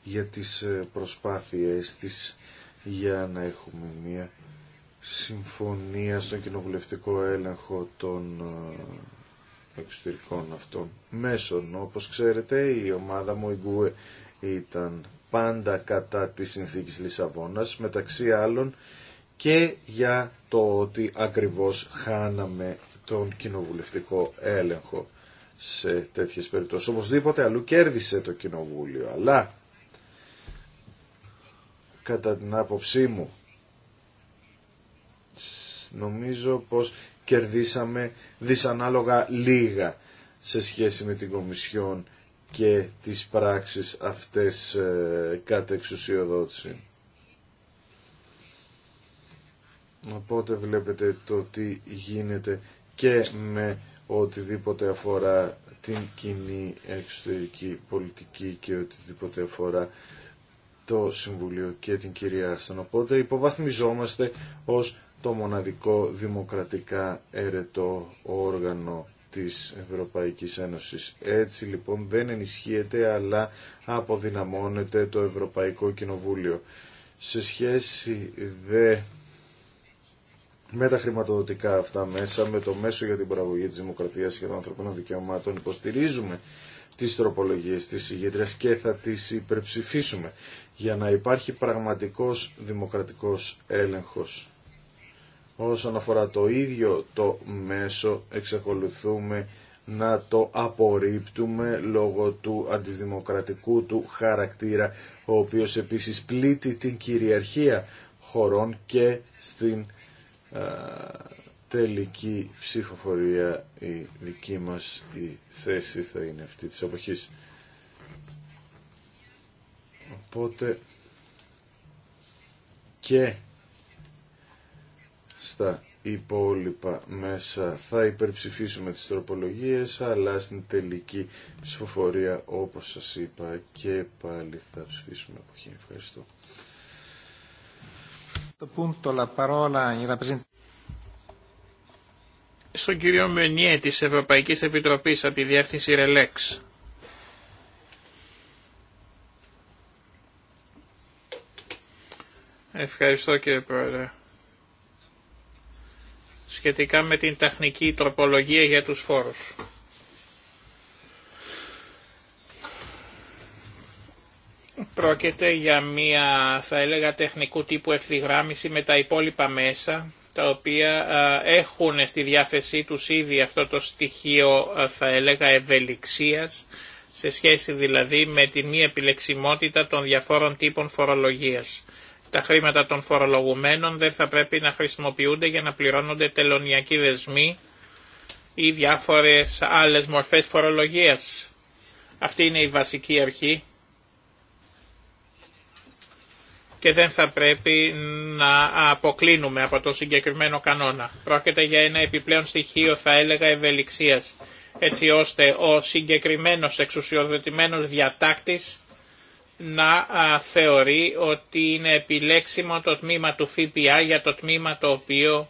για τις ε, προσπάθειες της για να έχουμε μια συμφωνία στον κοινοβουλευτικό έλεγχο των ε, εξωτερικών αυτών μέσων. Όπως ξέρετε η ομάδα μου η Γκουε ήταν πάντα κατά της συνθήκης Λισαβόνας μεταξύ άλλων και για το ότι ακριβώς χάναμε τον κοινοβουλευτικό έλεγχο σε τέτοιες περιπτώσεις. Οπωσδήποτε αλλού κέρδισε το κοινοβούλιο, αλλά κατά την άποψή μου νομίζω πως κερδίσαμε δυσανάλογα λίγα σε σχέση με την Κομισιόν και τις πράξεις αυτές ε, κατ' εξουσιοδότηση. Οπότε βλέπετε το τι γίνεται και με οτιδήποτε αφορά την κοινή εξωτερική πολιτική και οτιδήποτε αφορά το Συμβουλίο και την κυρία Άρστον. Οπότε υποβαθμιζόμαστε ως το μοναδικό δημοκρατικά έρετο όργανο της Ευρωπαϊκής Ένωσης. Έτσι λοιπόν δεν ενισχύεται αλλά αποδυναμώνεται το Ευρωπαϊκό Κοινοβούλιο. Σε σχέση δε με τα χρηματοδοτικά αυτά μέσα, με το μέσο για την παραγωγή της δημοκρατίας και των ανθρωπίνων δικαιωμάτων υποστηρίζουμε τις τροπολογίες της ηγετρίας και θα τις υπερψηφίσουμε για να υπάρχει πραγματικός δημοκρατικός έλεγχος. Όσον αφορά το ίδιο το μέσο εξακολουθούμε να το απορρίπτουμε λόγω του αντιδημοκρατικού του χαρακτήρα ο οποίος επίσης πλήττει την κυριαρχία χωρών και στην ε, τελική ψηφοφορία η δική μας η θέση θα είναι αυτή της εποχής Οπότε και στα υπόλοιπα μέσα θα υπερψηφίσουμε τις τροπολογίες αλλά στην τελική ψηφοφορία όπως σας είπα και πάλι θα ψηφίσουμε Ευχαριστώ. Στον κύριο Μενιέ τη Ευρωπαϊκή Επιτροπή, από τη Διεύθυνση Ρελέξ. Ευχαριστώ κύριε Πρόεδρε. Σχετικά με την τεχνική τροπολογία για τους φόρους. Πρόκειται για μια θα έλεγα τεχνικού τύπου ευθυγράμμιση με τα υπόλοιπα μέσα τα οποία έχουν στη διάθεσή τους ήδη αυτό το στοιχείο θα έλεγα ευελιξίας σε σχέση δηλαδή με τη μη επιλεξιμότητα των διαφόρων τύπων φορολογίας. Τα χρήματα των φορολογουμένων δεν θα πρέπει να χρησιμοποιούνται για να πληρώνονται τελωνιακοί δεσμοί ή διάφορες άλλες μορφές φορολογίας. Αυτή είναι η βασική αρχή και δεν θα πρέπει να αποκλίνουμε από το συγκεκριμένο κανόνα. Πρόκειται για ένα επιπλέον στοιχείο θα έλεγα ευελιξίας έτσι ώστε ο συγκεκριμένος εξουσιοδοτημένος διατάκτης να θεωρεί ότι είναι επιλέξιμο το τμήμα του ΦΠΑ για το τμήμα το οποίο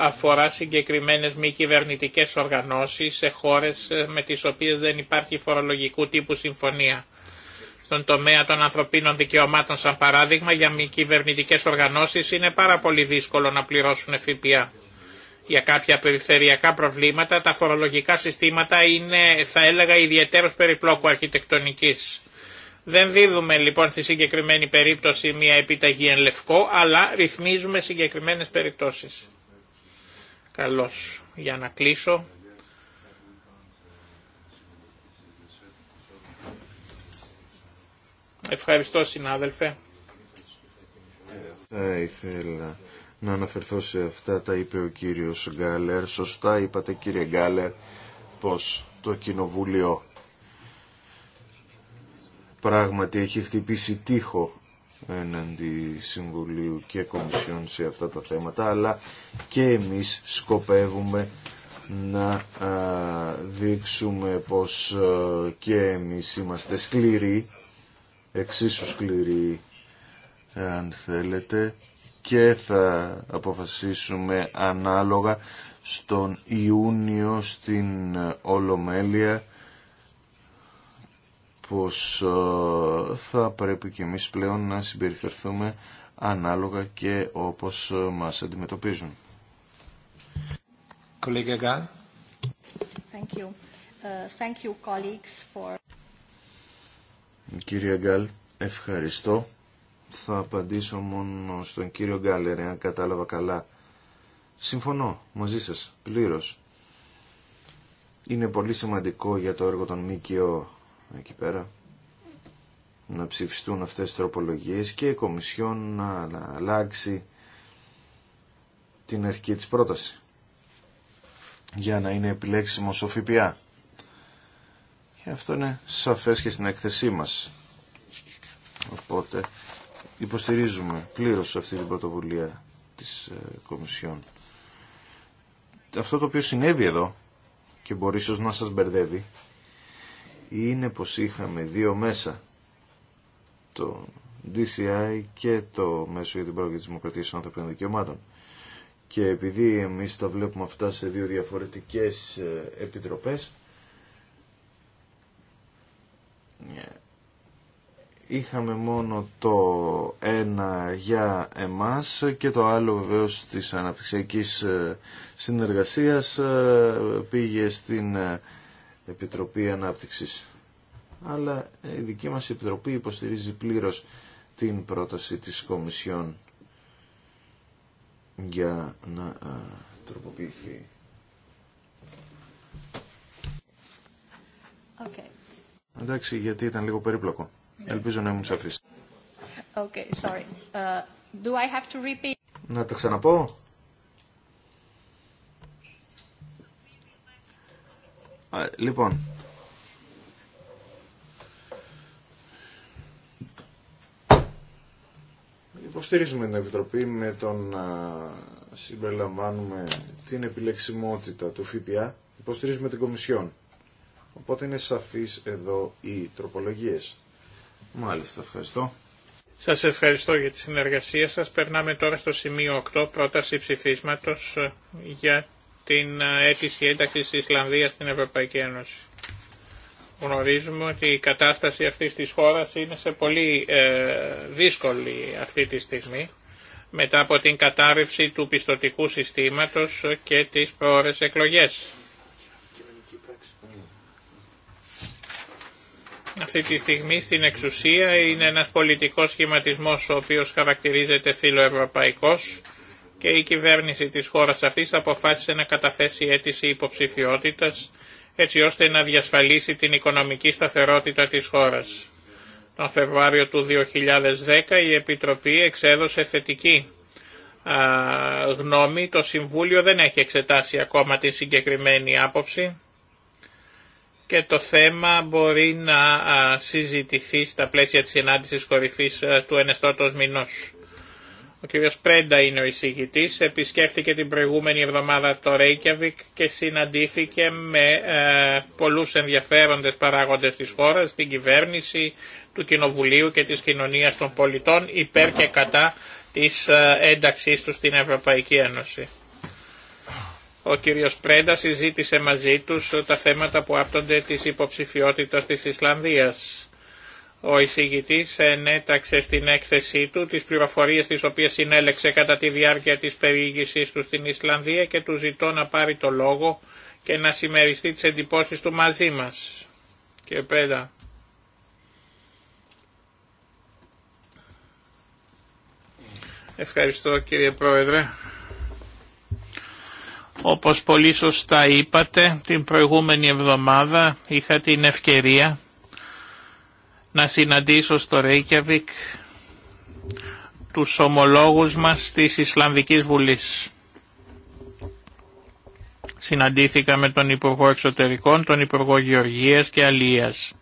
αφορά συγκεκριμένες μη κυβερνητικέ οργανώσεις σε χώρες ε, με τις οποίες δεν υπάρχει φορολογικού τύπου συμφωνία στον τομέα των ανθρωπίνων δικαιωμάτων σαν παράδειγμα για μη κυβερνητικέ οργανώσεις είναι πάρα πολύ δύσκολο να πληρώσουν ΦΠΑ. Για κάποια περιφερειακά προβλήματα τα φορολογικά συστήματα είναι θα έλεγα ιδιαίτερος περιπλόκου αρχιτεκτονικής. Δεν δίδουμε λοιπόν στη συγκεκριμένη περίπτωση μια επιταγή εν λευκό, αλλά ρυθμίζουμε συγκεκριμένες περιπτώσεις. Καλώς. Για να κλείσω. Ευχαριστώ συνάδελφε. Θα ήθελα να αναφερθώ σε αυτά τα είπε ο κύριος Γκάλερ. Σωστά είπατε κύριε Γκάλερ πως το κοινοβούλιο πράγματι έχει χτυπήσει τείχο εναντί Συμβουλίου και Κομισιόν σε αυτά τα θέματα, αλλά και εμείς σκοπεύουμε να δείξουμε πως και εμείς είμαστε σκληροί εξίσου σκληρή αν θέλετε και θα αποφασίσουμε ανάλογα στον Ιούνιο στην Ολομέλεια πως ε, θα πρέπει και εμείς πλέον να συμπεριφερθούμε ανάλογα και όπως ε, μας αντιμετωπίζουν. Thank you. Uh, thank you, colleagues, for... Κύριε Γκάλ, ευχαριστώ. Θα απαντήσω μόνο στον κύριο Γκάλερ, αν κατάλαβα καλά. Συμφωνώ μαζί σας, πλήρως. Είναι πολύ σημαντικό για το έργο των ΜΚΟ εκεί πέρα να ψηφιστούν αυτές τις τροπολογίες και η Κομισιόν να αλλάξει την αρχική της πρόταση για να είναι επιλέξιμος ο ΦΠΑ. Και αυτό είναι σαφές και στην έκθεσή μας. Οπότε υποστηρίζουμε πλήρως αυτή την πρωτοβουλία της ε, Κομισιόν. Αυτό το οποίο συνέβη εδώ και μπορεί ίσως να σας μπερδεύει είναι πως είχαμε δύο μέσα το DCI και το Μέσο για την Πρόοδο της Δημοκρατίας των Ανθρωπίνων Δικαιωμάτων και επειδή εμείς τα βλέπουμε αυτά σε δύο διαφορετικές ε, επιτροπές ε, είχαμε μόνο το ένα για εμάς και το άλλο βεβαίως της αναπτυξιακής ε, συνεργασίας ε, πήγε στην Επιτροπή Ανάπτυξης. Αλλά η δική μας Επιτροπή υποστηρίζει πλήρως την πρόταση της Κομισιόν για να τροποποιηθεί. Okay. Εντάξει, γιατί ήταν λίγο περίπλοκο. Ελπίζω να ήμουν σαφής. Okay, sorry. Uh, do I have to repeat? Να τα ξαναπώ. Α, λοιπόν. Υποστηρίζουμε την Επιτροπή με τον να συμπεριλαμβάνουμε την επιλεξιμότητα του ΦΠΑ. Υποστηρίζουμε την Κομισιόν. Οπότε είναι σαφείς εδώ οι τροπολογίες. Μάλιστα, ευχαριστώ. Σας ευχαριστώ για τη συνεργασία σας. Περνάμε τώρα στο σημείο 8, πρόταση ψηφίσματος ε, για την ε, αίτηση ένταξης της Ισλανδίας στην Ευρωπαϊκή Ένωση. Γνωρίζουμε ότι η κατάσταση αυτής της χώρας είναι σε πολύ ε, δύσκολη αυτή τη στιγμή μετά από την κατάρρευση του πιστοτικού συστήματος και τις προώρες εκλογές. Αυτή τη στιγμή στην εξουσία είναι ένας πολιτικός σχηματισμός ο οποίος χαρακτηρίζεται φιλοευρωπαϊκός και η κυβέρνηση της χώρας αυτής αποφάσισε να καταθέσει αίτηση υποψηφιότητας έτσι ώστε να διασφαλίσει την οικονομική σταθερότητα της χώρας. Τον Φεβρουάριο του 2010 η Επιτροπή εξέδωσε θετική γνώμη. Το Συμβούλιο δεν έχει εξετάσει ακόμα τη συγκεκριμένη άποψη και το θέμα μπορεί να συζητηθεί στα πλαίσια της συνάντησης κορυφής του ενεστώτος μηνός. Ο κ. Πρέντα είναι ο εισηγητής, επισκέφθηκε την προηγούμενη εβδομάδα το Ρέικιαβικ και συναντήθηκε με ε, πολλούς ενδιαφέροντες παράγοντες της χώρας, την κυβέρνηση, του Κοινοβουλίου και της κοινωνίας των πολιτών υπέρ και κατά της ένταξής τους στην Ευρωπαϊκή Ένωση. Ο κύριος Πρέντα συζήτησε μαζί τους τα θέματα που άπτονται της υποψηφιότητας της Ισλανδίας. Ο εισηγητής ενέταξε στην έκθεσή του τις πληροφορίες τις οποίες συνέλεξε κατά τη διάρκεια της περιήγησής του στην Ισλανδία και του ζητώ να πάρει το λόγο και να συμμεριστεί τις εντυπώσεις του μαζί μας. Και πέρα. Ευχαριστώ κύριε Πρόεδρε. Όπως πολύ σωστά είπατε, την προηγούμενη εβδομάδα είχα την ευκαιρία να συναντήσω στο Ρέικιαβικ τους ομολόγους μας της Ισλανδικής Βουλής. Συναντήθηκα με τον Υπουργό Εξωτερικών, τον Υπουργό Γεωργίας και Αλίας.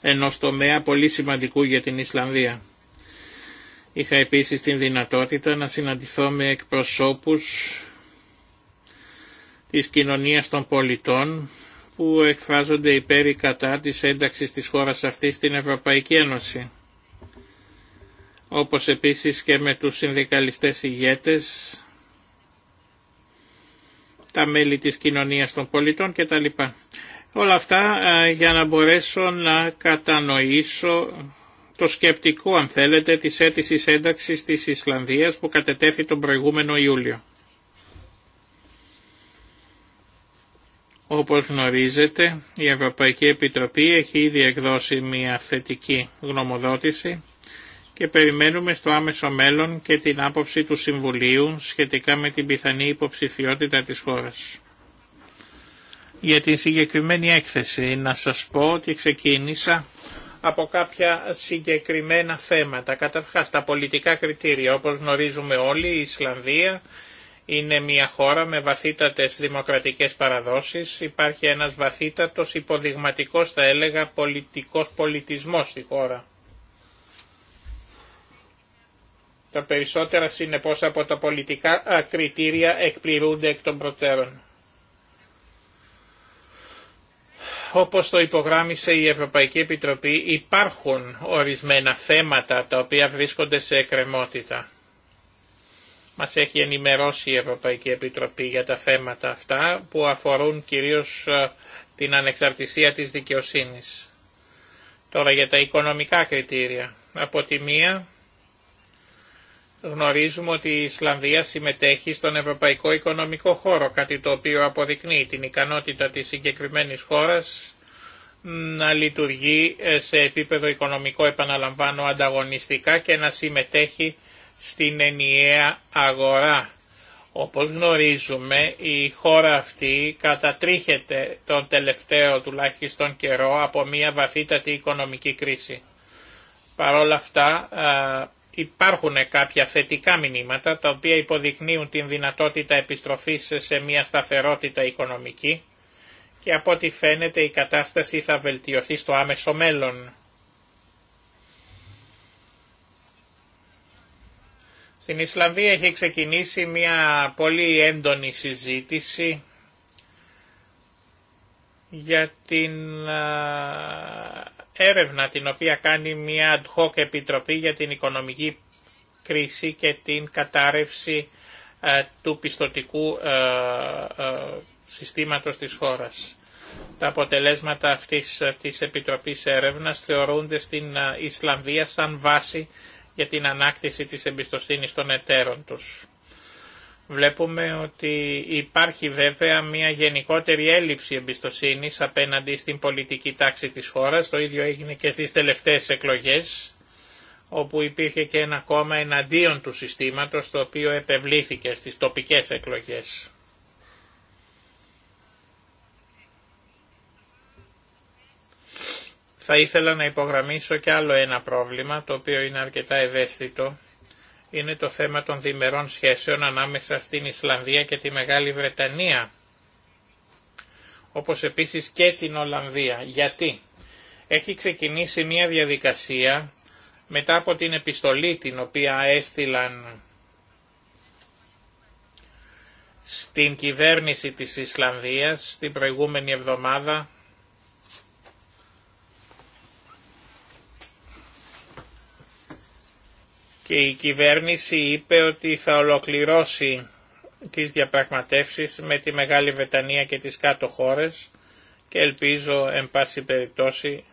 Ενός τομέα πολύ σημαντικού για την Ισλανδία. Είχα επίσης την δυνατότητα να συναντηθώ με εκπροσώπους της κοινωνίας των πολιτών που εκφράζονται υπέρ ή κατά της ένταξης της χώρας αυτής στην Ευρωπαϊκή Ένωση. Όπως επίσης και με τους συνδικαλιστές ηγέτες, τα μέλη της κοινωνίας των πολιτών κτλ. Όλα αυτά ε, για να μπορέσω να κατανοήσω το σκεπτικό αν θέλετε της αίτησης ένταξης της Ισλανδίας που κατετέθη τον προηγούμενο Ιούλιο. Όπως γνωρίζετε, η Ευρωπαϊκή Επιτροπή έχει ήδη εκδώσει μια θετική γνωμοδότηση και περιμένουμε στο άμεσο μέλλον και την άποψη του Συμβουλίου σχετικά με την πιθανή υποψηφιότητα της χώρας. Για την συγκεκριμένη έκθεση να σας πω ότι ξεκίνησα από κάποια συγκεκριμένα θέματα. Καταρχάς τα πολιτικά κριτήρια, όπως γνωρίζουμε όλοι, η Ισλανδία είναι μια χώρα με βαθύτατες δημοκρατικές παραδόσεις, υπάρχει ένας βαθύτατος υποδειγματικός θα έλεγα πολιτικός πολιτισμός στη χώρα. Τα περισσότερα συνεπώς από τα πολιτικά κριτήρια εκπληρούνται εκ των προτέρων. Όπως το υπογράμμισε η Ευρωπαϊκή Επιτροπή υπάρχουν ορισμένα θέματα τα οποία βρίσκονται σε εκκρεμότητα. Μας έχει ενημερώσει η Ευρωπαϊκή Επιτροπή για τα θέματα αυτά που αφορούν κυρίως ε, την ανεξαρτησία της δικαιοσύνης. Τώρα για τα οικονομικά κριτήρια. Από τη μία Γνωρίζουμε ότι η Ισλανδία συμμετέχει στον Ευρωπαϊκό Οικονομικό Χώρο, κάτι το οποίο αποδεικνύει την ικανότητα της συγκεκριμένης χώρας να λειτουργεί ε, σε επίπεδο οικονομικό, επαναλαμβάνω, ανταγωνιστικά και να συμμετέχει στην ενιαία αγορά. Όπως γνωρίζουμε η χώρα αυτή κατατρίχεται τον τελευταίο τουλάχιστον καιρό από μια βαθύτατη οικονομική κρίση. Παρ' αυτά ε, υπάρχουν κάποια θετικά μηνύματα τα οποία υποδεικνύουν την δυνατότητα επιστροφής σε μια σταθερότητα οικονομική και από ό,τι φαίνεται η κατάσταση θα βελτιωθεί στο άμεσο μέλλον. Στην Ισλανδία έχει ξεκινήσει μια πολύ έντονη συζήτηση για την έρευνα την οποία κάνει μια ad hoc επιτροπή για την οικονομική κρίση και την κατάρρευση ε, του πιστοτικού ε, ε, συστήματος της χώρας. Τα αποτελέσματα αυτής της Επιτροπής Έρευνας θεωρούνται στην Ισλανδία σαν βάση για την ανάκτηση της εμπιστοσύνης των εταίρων τους. Βλέπουμε ότι υπάρχει βέβαια μια γενικότερη έλλειψη εμπιστοσύνης απέναντι στην πολιτική τάξη της χώρας. Το ίδιο έγινε και στις τελευταίες εκλογές, όπου υπήρχε και ένα κόμμα εναντίον του συστήματος, το οποίο επευλήθηκε στις τοπικές εκλογές. Θα ήθελα να υπογραμμίσω και άλλο ένα πρόβλημα, το οποίο είναι αρκετά ευαίσθητο είναι το θέμα των διμερών σχέσεων ανάμεσα στην Ισλανδία και τη Μεγάλη Βρετανία, όπως επίσης και την Ολλανδία. Γιατί έχει ξεκινήσει μια διαδικασία μετά από την επιστολή την οποία έστειλαν στην κυβέρνηση της Ισλανδίας την προηγούμενη εβδομάδα και η κυβέρνηση είπε ότι θα ολοκληρώσει τις διαπραγματεύσεις με τη Μεγάλη Βετανία και τις κάτω χώρες και ελπίζω εν πάση περιπτώσει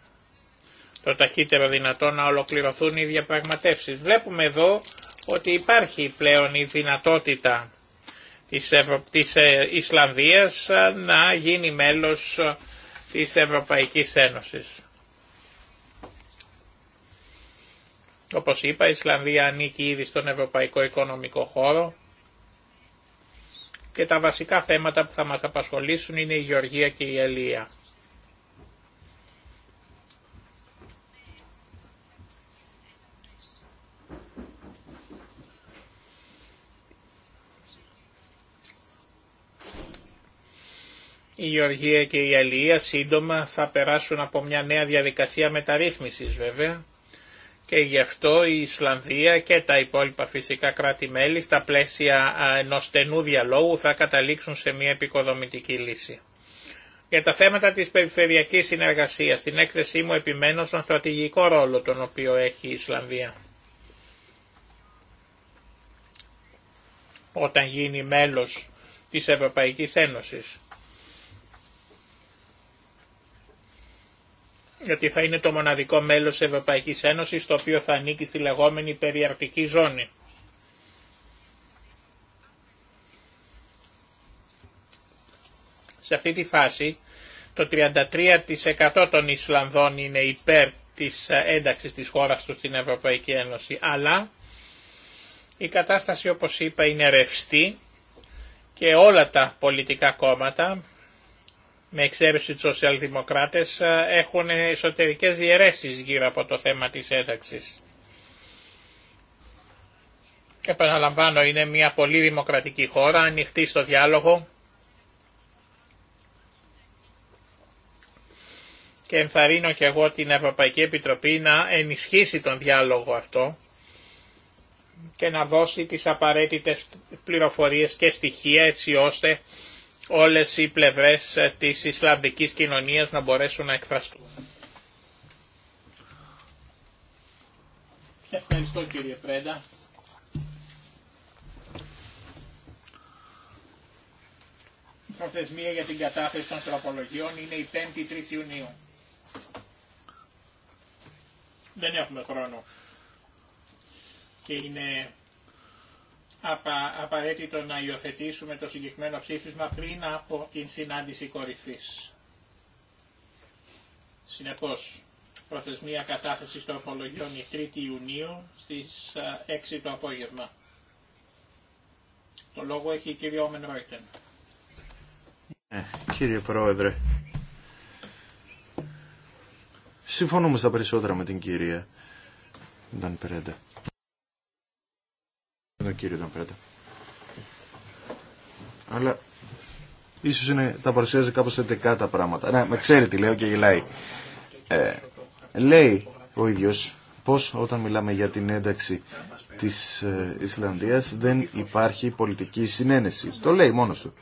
το ταχύτερο δυνατό να ολοκληρωθούν οι διαπραγματεύσεις. Βλέπουμε εδώ ότι υπάρχει πλέον η δυνατότητα της, Ευρω... της ε, Ισλανδίας να γίνει μέλος της Ευρωπαϊκής Ένωσης. Όπως είπα, η Ισλανδία ανήκει ήδη στον Ευρωπαϊκό Οικονομικό Χώρο και τα βασικά θέματα που θα μας απασχολήσουν είναι η Γεωργία και η Ελία. Η Γεωργία και η Αλία σύντομα θα περάσουν από μια νέα διαδικασία μεταρρύθμισης βέβαια και γι' αυτό η Ισλανδία και τα υπόλοιπα φυσικά κράτη-μέλη στα πλαίσια ενός στενού διαλόγου θα καταλήξουν σε μια επικοδομητική λύση. Για τα θέματα της περιφερειακής συνεργασίας, στην έκθεσή μου επιμένω στον στρατηγικό ρόλο τον οποίο έχει η Ισλανδία. Όταν γίνει μέλος της Ευρωπαϊκής Ένωσης. γιατί θα είναι το μοναδικό μέλος της Ευρωπαϊκής Ένωσης το οποίο θα ανήκει στη λεγόμενη περιαρτική ζώνη. Σε αυτή τη φάση το 33% των Ισλανδών είναι υπέρ της ένταξης της χώρας του στην Ευρωπαϊκή Ένωση, αλλά η κατάσταση όπως είπα είναι ρευστή και όλα τα πολιτικά κόμματα με εξαίρεση τους σοσιαλδημοκράτες, ε, έχουν εσωτερικές διαιρέσεις γύρω από το θέμα της ένταξης. Επαναλαμβάνω, είναι μια πολύ δημοκρατική χώρα, ανοιχτή στο διάλογο και ενθαρρύνω και εγώ την Ευρωπαϊκή Επιτροπή να ενισχύσει τον διάλογο αυτό και να δώσει τις απαραίτητες πληροφορίες και στοιχεία έτσι ώστε όλες οι πλευρές ε, της Ισλαμικής κοινωνίας να μπορέσουν να εκφραστούν. Ευχαριστώ κύριε Πρέντα. Η Προθεσμία για την κατάθεση των τροπολογιών είναι η 5η 3 Ιουνίου. Δεν έχουμε χρόνο. Και είναι απαραίτητο να υιοθετήσουμε το συγκεκριμένο ψήφισμα πριν από την συνάντηση κορυφής. Συνεπώς, προθεσμία κατάθεσης των απολογιών η 3η Ιουνίου στις 6 ε, το απόγευμα. Το λόγο έχει η κυρία Όμεν Ρόιτεν. Ε, κύριε Πρόεδρε, συμφωνούμε στα περισσότερα με την κυρία Νταν Περέντα τον κύριο Αλλά ίσως είναι, τα παρουσιάζει κάπως θετικά τα πράγματα. Ναι, με ξέρει τι λέω και γελάει. Ε, λέει ο ίδιος πως όταν μιλάμε για την ένταξη της ε, Ισλανδίας δεν υπάρχει πολιτική συνένεση. Το λέει μόνος του.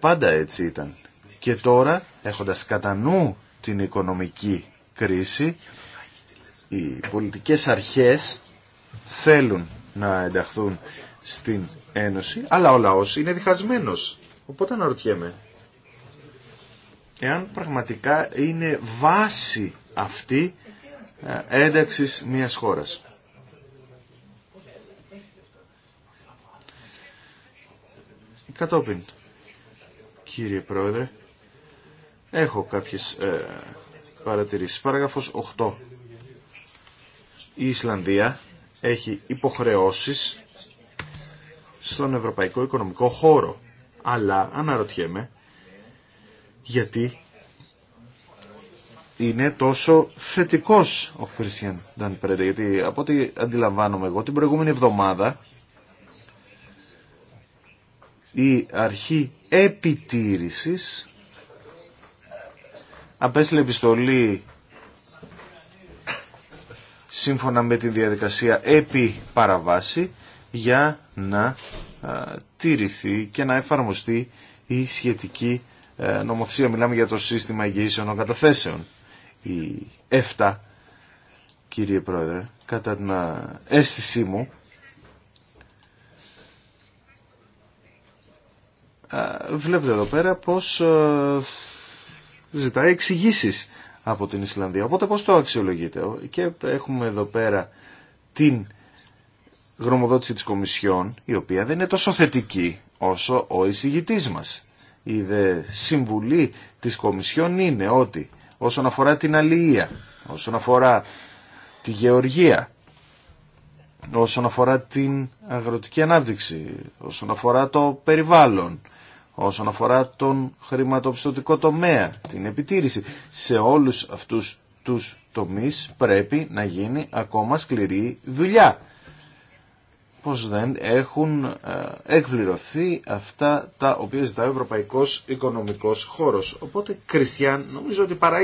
Πάντα έτσι ήταν. Και τώρα, έχοντας κατά νου την οικονομική κρίση, οι πολιτικές αρχές θέλουν να ενταχθούν στην Ένωση, αλλά ο λαός είναι διχασμένος. Οπότε αναρωτιέμαι, εάν πραγματικά είναι βάση αυτή ε, ένταξης μιας χώρας. Κατόπιν, κύριε Πρόεδρε, έχω κάποιες ε, παρατηρήσεις. Παράγραφος 8. Η Ισλανδία έχει υποχρεώσεις στον Ευρωπαϊκό Οικονομικό Χώρο. Αλλά αναρωτιέμαι γιατί είναι τόσο θετικός ο Χριστιαν Ντανπρέντε. Γιατί από ό,τι αντιλαμβάνομαι εγώ την προηγούμενη εβδομάδα η αρχή επιτήρησης απέστειλε επιστολή σύμφωνα με τη διαδικασία επί παραβάση για να τηρηθεί και να εφαρμοστεί η σχετική ε, νομοθεσία. Μιλάμε για το σύστημα εγγυήσεων καταθέσεων. Η 7, κύριε Πρόεδρε, κατά την αίσθησή μου, βλέπετε εδώ πέρα πως ζητάει εξηγήσει από την Ισλανδία. Οπότε πώς το αξιολογείτε. Και έχουμε εδώ πέρα την γνωμοδότηση της Κομισιόν, η οποία δεν είναι τόσο θετική όσο ο εισηγητής μας. Η δε συμβουλή της Κομισιόν είναι ότι όσον αφορά την αλληλεία, όσον αφορά τη γεωργία, όσον αφορά την αγροτική ανάπτυξη, όσον αφορά το περιβάλλον, όσον αφορά τον χρηματοπιστωτικό τομέα, την επιτήρηση. Σε όλους αυτούς τους τομείς πρέπει να γίνει ακόμα σκληρή δουλειά. Πώς δεν έχουν ε, εκπληρωθεί αυτά τα οποία ζητάει ο Ευρωπαϊκός Οικονομικός Χώρος. Οπότε, Κριστιαν, νομίζω ότι παρά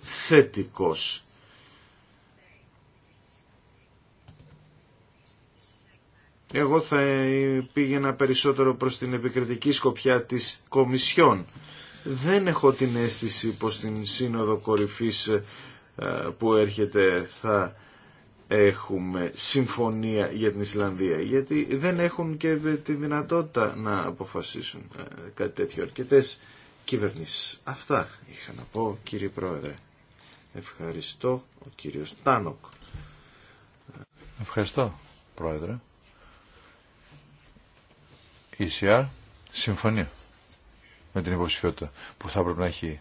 θετικός. Εγώ θα πήγαινα περισσότερο προς την επικριτική σκοπιά της Κομισιόν. Δεν έχω την αίσθηση πως την Σύνοδο Κορυφής ε, που έρχεται θα έχουμε συμφωνία για την Ισλανδία γιατί δεν έχουν και τη δυνατότητα να αποφασίσουν ε, κάτι τέτοιο αρκετέ κυβερνήσει. Αυτά είχα να πω κύριε Πρόεδρε. Ευχαριστώ ο κύριος Τάνοκ. Ευχαριστώ Πρόεδρε. ECR συμφωνεί με την υποψηφιότητα που θα έπρεπε να έχει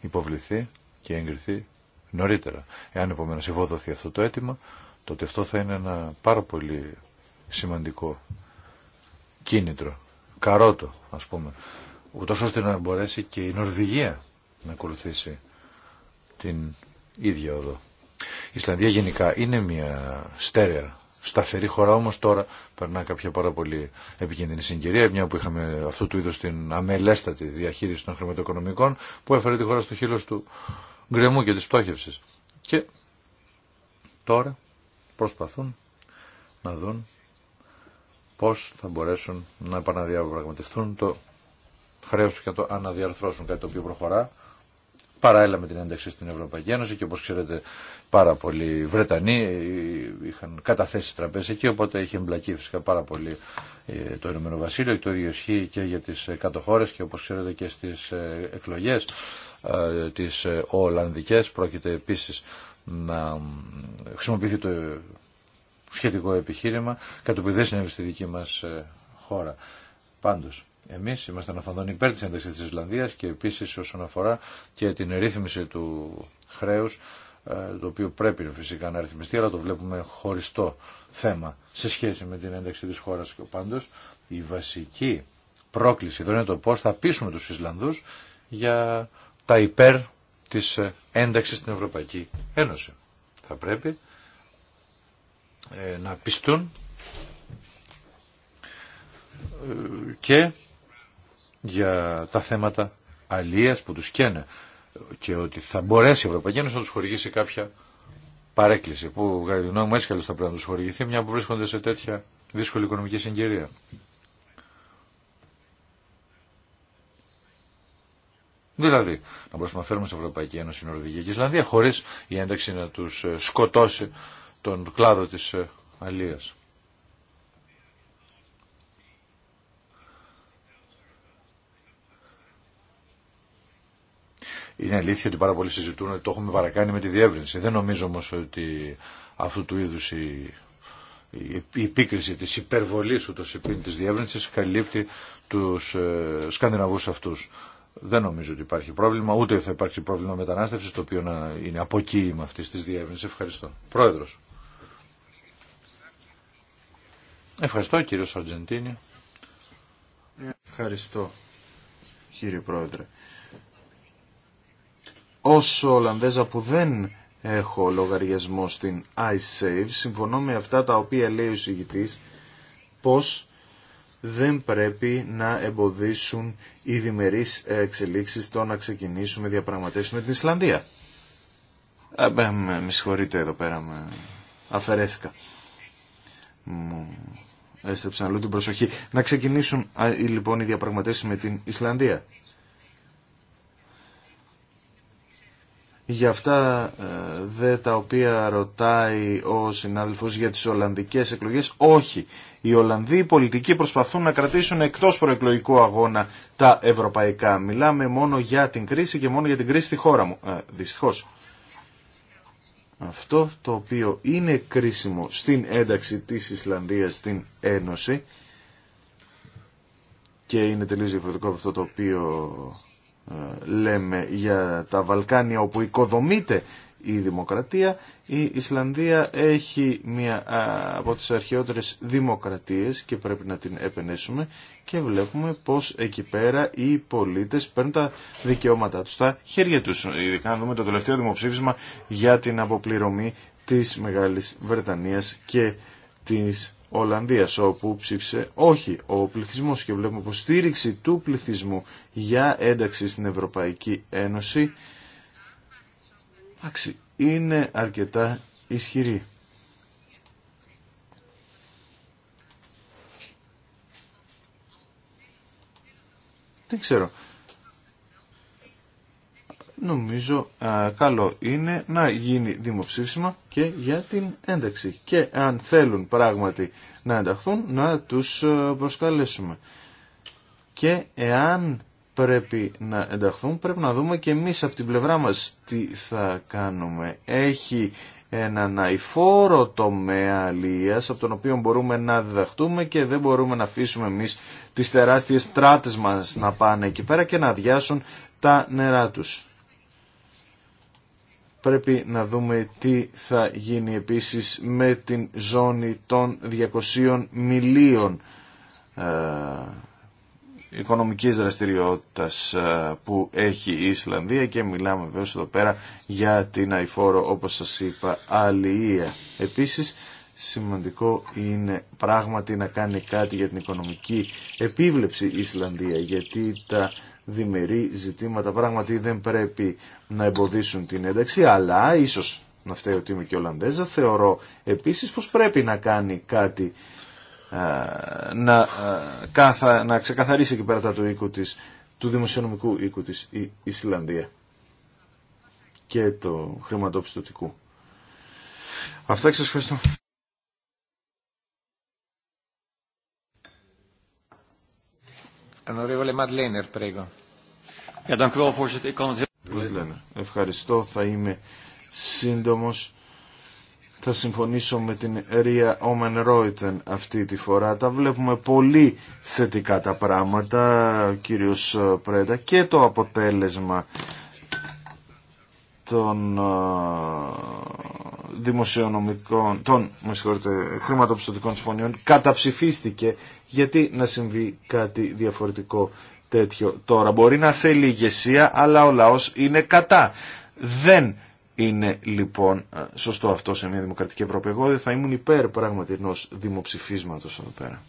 υποβληθεί και εγκριθεί νωρίτερα. Εάν επομένω ευοδοθεί αυτό το αίτημα, τότε αυτό θα είναι ένα πάρα πολύ σημαντικό κίνητρο, καρότο ας πούμε, ούτως ώστε να μπορέσει και η Νορβηγία να ακολουθήσει την ίδια οδό. Η Ισλανδία γενικά είναι μια στέρεα σταθερή χώρα όμως τώρα περνά κάποια πάρα πολύ επικίνδυνη συγκυρία, μια που είχαμε αυτού του είδους την αμελέστατη διαχείριση των χρηματοοικονομικών που έφερε τη χώρα στο χείλος του γκρεμού και της πτώχευσης. Και τώρα προσπαθούν να δουν πώς θα μπορέσουν να επαναδιαπραγματευτούν το χρέος του και να το αναδιαρθρώσουν κάτι το οποίο προχωρά παράλληλα με την ένταξη στην Ευρωπαϊκή Ένωση και όπως ξέρετε πάρα πολλοί Βρετανοί είχαν καταθέσει τραπέζι εκεί οπότε είχε εμπλακεί φυσικά πάρα πολύ ε, το Ηνωμένο Βασίλειο και το ίδιο ισχύει και για τις ε, κάτω και όπως ξέρετε και στις ε, εκλογές τις Ολλανδικές πρόκειται επίσης να χρησιμοποιηθεί το σχετικό επιχείρημα κατ' δεν συνέβη στη δική μας χώρα. Πάντως, εμείς είμαστε φανδόν υπέρ της ένταξης της Ισλανδίας και επίσης όσον αφορά και την ρύθμιση του χρέους ε, το οποίο πρέπει φυσικά να ρυθμιστεί αλλά το βλέπουμε χωριστό θέμα σε σχέση με την ένταξη της χώρας. Και πάντως η βασική πρόκληση εδώ είναι το πώς θα πείσουμε τους Ισλανδούς για τα υπέρ της ε, ένταξης στην Ευρωπαϊκή Ένωση. Θα πρέπει ε, να πιστούν και για τα θέματα αλίας που τους καίνε και ότι θα μπορέσει η Ευρωπαϊκή Ένωση να τους χορηγήσει κάποια παρέκκληση που γνώμη μου θα πρέπει να τους χορηγηθεί μια που βρίσκονται σε τέτοια δύσκολη οικονομική συγκυρία. Δηλαδή, να μπορούμε να φέρουμε στην Ευρωπαϊκή Ένωση Νορβηγία και Ισλανδία χωρί η ένταξη να του σκοτώσει τον κλάδο τη ε, αλίας. είναι αλήθεια ότι πάρα πολλοί συζητούν ότι το έχουμε παρακάνει με τη διεύρυνση. Δεν νομίζω όμω ότι αυτού του είδου η, η, η επίκριση τη υπερβολή ούτω πριν τη διεύρυνση καλύπτει του ε, Σκανδιναβού αυτού. Δεν νομίζω ότι υπάρχει πρόβλημα, ούτε θα υπάρξει πρόβλημα μετανάστευση, το οποίο να είναι αποκύημα αυτή τη διεύρυνση. Ευχαριστώ. Πρόεδρο. Ευχαριστώ κύριο Σαρτζεντίνη. Ευχαριστώ κύριε Πρόεδρε όσο Ολλανδέζα που δεν έχω λογαριασμό στην iSave, συμφωνώ με αυτά τα οποία λέει ο συγητή πως δεν πρέπει να εμποδίσουν οι διμερείς εξελίξεις το να ξεκινήσουμε διαπραγματεύσεις με την Ισλανδία. ε με, συγχωρείτε εδώ πέρα, με αφαιρέθηκα. Μου έστρεψαν αλλού την προσοχή. Να ξεκινήσουν λοιπόν οι διαπραγματεύσεις με την Ισλανδία. για αυτά ε, δε τα οποία ρωτάει ο συνάδελφος για τις Ολλανδικές εκλογές. Όχι. Οι Ολλανδοί πολιτικοί προσπαθούν να κρατήσουν εκτός προεκλογικού αγώνα τα ευρωπαϊκά. Μιλάμε μόνο για την κρίση και μόνο για την κρίση στη χώρα μου. Ε, δυστυχώς. Αυτό το οποίο είναι κρίσιμο στην ένταξη της Ισλανδίας στην Ένωση και είναι τελείως διαφορετικό από αυτό το οποίο ε, λέμε για τα Βαλκάνια όπου οικοδομείται η δημοκρατία. Η Ισλανδία έχει μία από τις αρχαιότερες δημοκρατίες και πρέπει να την επενέσουμε και βλέπουμε πως εκεί πέρα οι πολίτες παίρνουν τα δικαιώματά τους στα χέρια τους. Ειδικά να δούμε το τελευταίο δημοψήφισμα για την αποπληρωμή της Μεγάλης Βρετανίας και της Ολλανδίας όπου ψήφισε όχι ο πληθυσμός και βλέπουμε πως στήριξη του πληθυσμού για ένταξη στην Ευρωπαϊκή Ένωση είναι αρκετά ισχυρή. Δεν ξέρω νομίζω καλό είναι να γίνει δημοψήφισμα και για την ένταξη. Και αν θέλουν πράγματι να ενταχθούν, να τους προσκαλέσουμε. Και εάν πρέπει να ενταχθούν, πρέπει να δούμε και εμείς από την πλευρά μας τι θα κάνουμε. Έχει έναν αηφόρο τομέα αλίας από τον οποίο μπορούμε να διδαχτούμε και δεν μπορούμε να αφήσουμε εμείς τις τεράστιες στράτες μας να πάνε εκεί πέρα και να αδειάσουν τα νερά τους. Πρέπει να δούμε τι θα γίνει επίσης με την ζώνη των 200 μιλίων ε, οικονομικής δραστηριότητας ε, που έχει η Ισλανδία και μιλάμε βέβαια εδώ πέρα για την αηφόρο όπως σας είπα αλληλεία. Επίσης σημαντικό είναι πράγματι να κάνει κάτι για την οικονομική επίβλεψη η Ισλανδία γιατί τα διμερεί ζητήματα πράγματι δεν πρέπει να εμποδίσουν την ένταξη, αλλά ίσως να φταίει ότι είμαι και Ολλανδέζα, θεωρώ επίσης πως πρέπει να κάνει κάτι να, να ξεκαθαρίσει εκεί πέρα τα του της, του δημοσιονομικού οίκου της η Ισλανδία και το χρηματοπιστωτικού. Αυτά και σας ευχαριστώ. Ευχαριστώ, θα είμαι σύντομος. Θα συμφωνήσω με την Ρία Όμεν Ρόιτεν αυτή τη φορά. Τα βλέπουμε πολύ θετικά τα πράγματα, κύριος Πρέντα, και το αποτέλεσμα των δημοσιονομικών, των χρηματοπιστωτικών συμφωνιών καταψηφίστηκε γιατί να συμβεί κάτι διαφορετικό τέτοιο τώρα. Μπορεί να θέλει ηγεσία αλλά ο λαός είναι κατά. Δεν είναι λοιπόν σωστό αυτό σε μια δημοκρατική Ευρώπη. Εγώ δεν θα ήμουν υπέρ πράγματι ενό δημοψηφίσματος εδώ πέρα.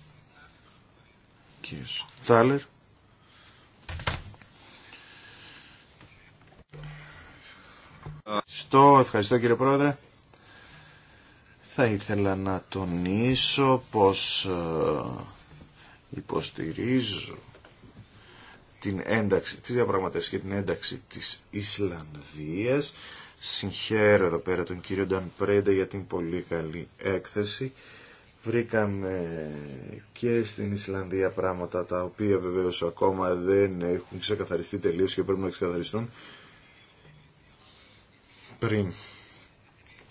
Κύριος Τάλερ. Στο ευχαριστώ κύριε Πρόεδρε. Θα ήθελα να τονίσω πως ε, υποστηρίζω την ένταξη της διαπραγματεύσης και την ένταξη της Ισλανδίας. Συγχαίρω εδώ πέρα τον κύριο Νταν για την πολύ καλή έκθεση. Βρήκαμε και στην Ισλανδία πράγματα τα οποία βεβαίως ακόμα δεν έχουν ξεκαθαριστεί τελείως και πρέπει να ξεκαθαριστούν πριν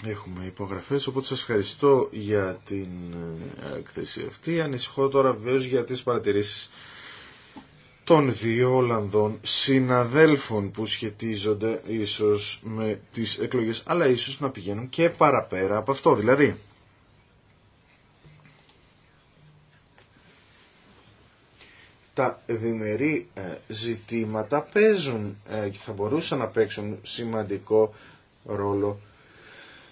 Έχουμε υπογραφές, οπότε σας ευχαριστώ για την ε, εκθέση αυτή. Ανησυχώ τώρα βεβαίως για τις παρατηρήσεις των δύο Ολλανδών συναδέλφων που σχετίζονται ίσως με τις εκλογές, αλλά ίσως να πηγαίνουν και παραπέρα από αυτό. Δηλαδή, τα διμερεί ζητήματα παίζουν ε, και θα μπορούσαν να παίξουν σημαντικό ρόλο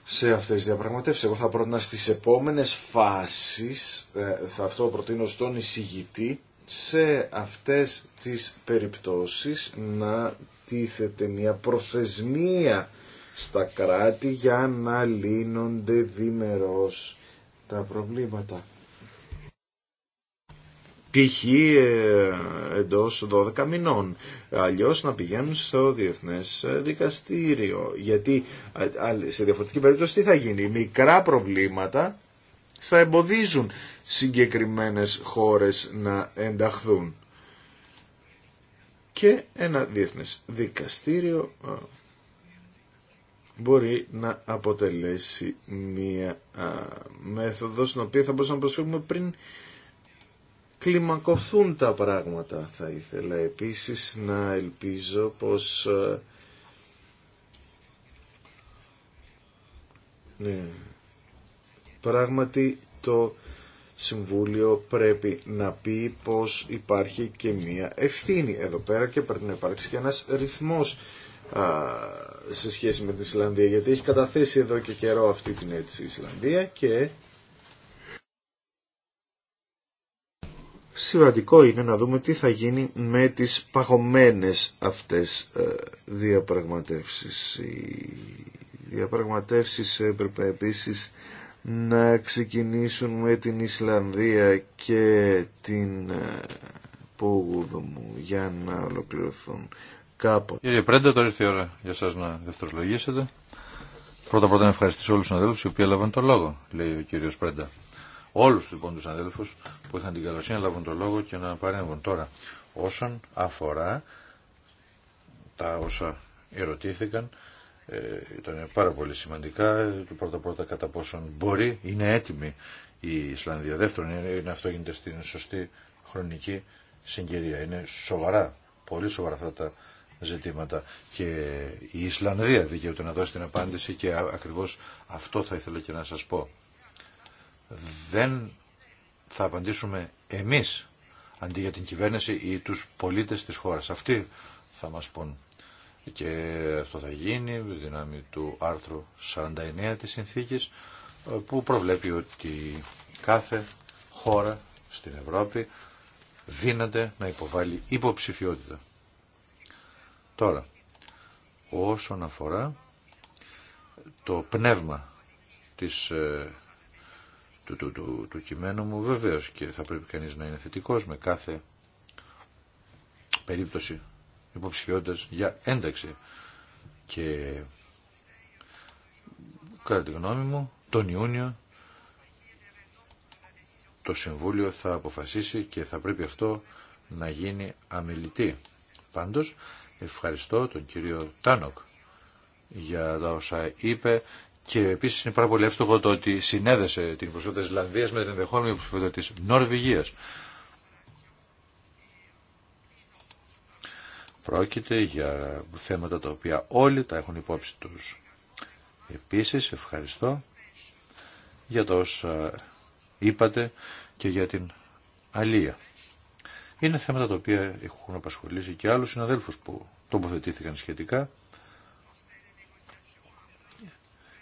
σε αυτές τις διαπραγματεύσεις. Εγώ θα πρότεινα στις επόμενες φάσεις, ε, θα αυτό προτείνω στον εισηγητή, σε αυτές τις περιπτώσεις να τίθεται μια προθεσμία στα κράτη για να λύνονται διμερώς τα προβλήματα π.χ. Ε, εντός 12 μηνών. Αλλιώς να πηγαίνουν στο Διεθνές Δικαστήριο. Γιατί σε διαφορετική περίπτωση τι θα γίνει. Μικρά προβλήματα θα εμποδίζουν συγκεκριμένες χώρες να ενταχθούν. Και ένα Διεθνές Δικαστήριο μπορεί να αποτελέσει μία μέθοδος στην οποία θα μπορούσαμε να προσφύγουμε πριν κλιμακωθούν τα πράγματα θα ήθελα επίσης να ελπίζω πως ε, ναι, πράγματι το Συμβούλιο πρέπει να πει πως υπάρχει και μία ευθύνη εδώ πέρα και πρέπει να υπάρξει και ένας ρυθμός σε σχέση με την Ισλανδία γιατί έχει καταθέσει εδώ και καιρό αυτή την έτσι η Ισλανδία και σημαντικό είναι να δούμε τι θα γίνει με τις παγωμένες αυτές ε, διαπραγματεύσεις. Οι διαπραγματεύσεις έπρεπε επίσης να ξεκινήσουν με την Ισλανδία και την ε, μου για να ολοκληρωθούν κάποτε. Κύριε Πρέντα, τώρα ήρθε η ώρα για σας να δευτερολογήσετε. Πρώτα πρώτα να ευχαριστήσω όλους τους αδέλφους οι οποίοι έλαβαν τον λόγο, λέει ο κύριος Πρέντα όλους λοιπόν τους αδέλφους που είχαν την καλοσύνη να λάβουν το λόγο και να παρέμβουν τώρα όσον αφορά τα όσα ερωτήθηκαν ε, ήταν πάρα πολύ σημαντικά πρώτα πρώτα κατά πόσον μπορεί είναι έτοιμη η Ισλανδία δεύτερον είναι, αυτό γίνεται στην σωστή χρονική συγκυρία είναι σοβαρά, πολύ σοβαρά αυτά τα ζητήματα και η Ισλανδία δικαιούται να δώσει την απάντηση και ακριβώς αυτό θα ήθελα και να σας πω δεν θα απαντήσουμε εμείς αντί για την κυβέρνηση ή τους πολίτες της χώρας. Αυτοί θα μας πούν. Και αυτό θα γίνει δυνάμει του άρθρου 49 της συνθήκης που προβλέπει ότι κάθε χώρα στην Ευρώπη δύναται να υποβάλει υποψηφιότητα. Τώρα, όσον αφορά το πνεύμα της ε, του, του, κειμένου μου. Βεβαίως και θα πρέπει κανείς να είναι θετικός με κάθε περίπτωση υποψηφιότητας για ένταξη. Και κατά τη γνώμη μου, τον Ιούνιο το Συμβούλιο θα αποφασίσει και θα πρέπει αυτό να γίνει αμελητή. Πάντως, ευχαριστώ τον κύριο Τάνοκ για τα όσα είπε, και επίση είναι πάρα πολύ εύστοχο το ότι συνέδεσε την προσφυγή τη Ισλανδία με την ενδεχόμενη προσφυγή τη Νορβηγία. Πρόκειται για θέματα τα οποία όλοι τα έχουν υπόψη τους. Επίσης ευχαριστώ για το όσα είπατε και για την αλία. Είναι θέματα τα οποία έχουν απασχολήσει και άλλους συναδέλφους που τοποθετήθηκαν σχετικά.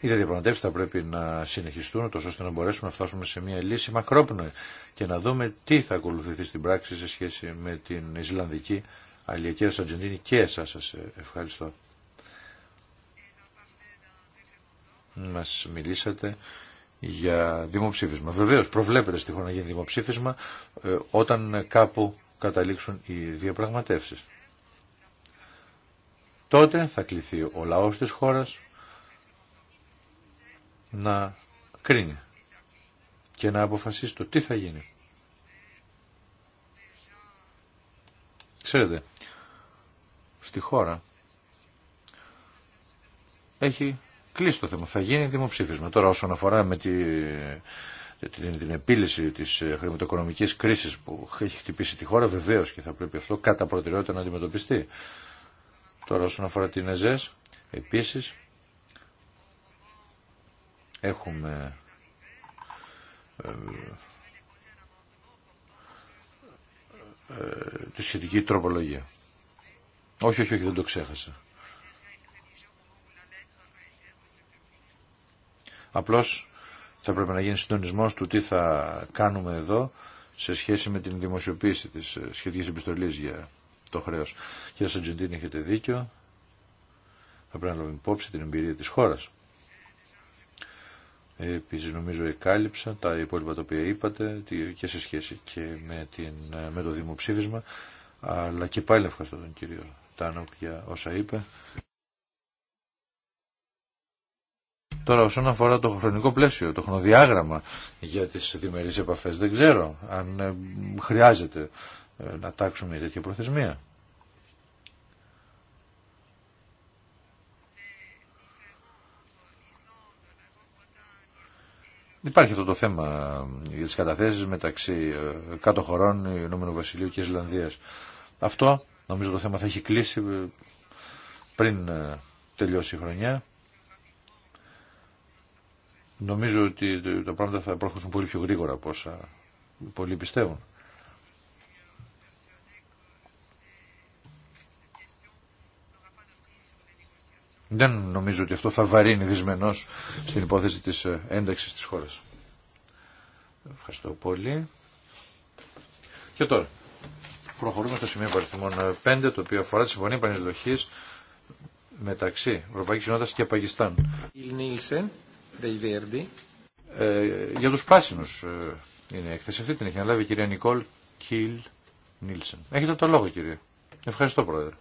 Οι διαπραγματεύσει θα πρέπει να συνεχιστούν, ώστε να μπορέσουμε να φτάσουμε σε μια λύση μακρόπνοη και να δούμε τι θα ακολουθηθεί στην πράξη σε σχέση με την Ισλανδική Αλληλιακή Αργεντινή και εσά σα ευχαριστώ. Μα μιλήσατε για δημοψήφισμα. Βεβαίω, προβλέπετε στη χώρα να γίνει δημοψήφισμα ε, όταν κάπου καταλήξουν οι διαπραγματεύσει. Τότε θα κληθεί ο λαός της χώρας να κρίνει και να αποφασίσει το τι θα γίνει. Ξέρετε, στη χώρα έχει κλείσει το θέμα. Θα γίνει δημοψήφισμα. Τώρα όσον αφορά με τη, την, την επίλυση της ε, χρηματοοικονομικής κρίσης που έχει χτυπήσει τη χώρα, βεβαίως και θα πρέπει αυτό κατά προτεραιότητα να αντιμετωπιστεί. Τώρα όσον αφορά την ΕΖΕΣ, επίσης Έχουμε ε, ε, τη σχετική τροπολογία. Όχι, όχι, όχι, δεν το ξέχασα. Απλώς θα πρέπει να γίνει συντονισμός του τι θα κάνουμε εδώ σε σχέση με την δημοσιοποίηση της ε, σχετικής επιστολής για το χρέος. Κύριε Σαντζεντίνη, έχετε δίκιο. Θα πρέπει να λάβουμε υπόψη την εμπειρία της χώρας. Επίσης νομίζω εκάλυψα τα υπόλοιπα τα οποία είπατε και σε σχέση και με, την, με το δημοψήφισμα αλλά και πάλι ευχαριστώ τον κύριο Τάνοκ για όσα είπε. Τώρα όσον αφορά το χρονικό πλαίσιο, το χρονοδιάγραμμα για τις διμερείς επαφές δεν ξέρω αν ε, χρειάζεται ε, να τάξουμε τέτοια προθεσμία. Υπάρχει αυτό το θέμα για τι καταθέσει μεταξύ ε, κάτω χωρών, Ηνωμένου Βασιλείου και Ισλανδίας. Αυτό νομίζω το θέμα θα έχει κλείσει ε, πριν ε, τελειώσει η χρονιά. Νομίζω ότι τα πράγματα θα προχωρήσουν πολύ πιο γρήγορα από όσα πολλοί πιστεύουν. Δεν νομίζω ότι αυτό θα βαρύνει δυσμενώς στην υπόθεση της ε, ένταξης της χώρας. Ευχαριστώ πολύ. Και τώρα, προχωρούμε στο σημείο παριθμών 5, ε, το οποίο αφορά τη συμφωνία πανεσδοχή μεταξύ Ευρωπαϊκής Συνότητας και Πακιστάν. Νίλσεν, ε, για τους πράσινους ε, είναι η έκθεση αυτή, την έχει αναλάβει η κυρία Νικόλ Κιλ Νίλσεν. Έχετε το λόγο κύριε. Ευχαριστώ πρόεδρε.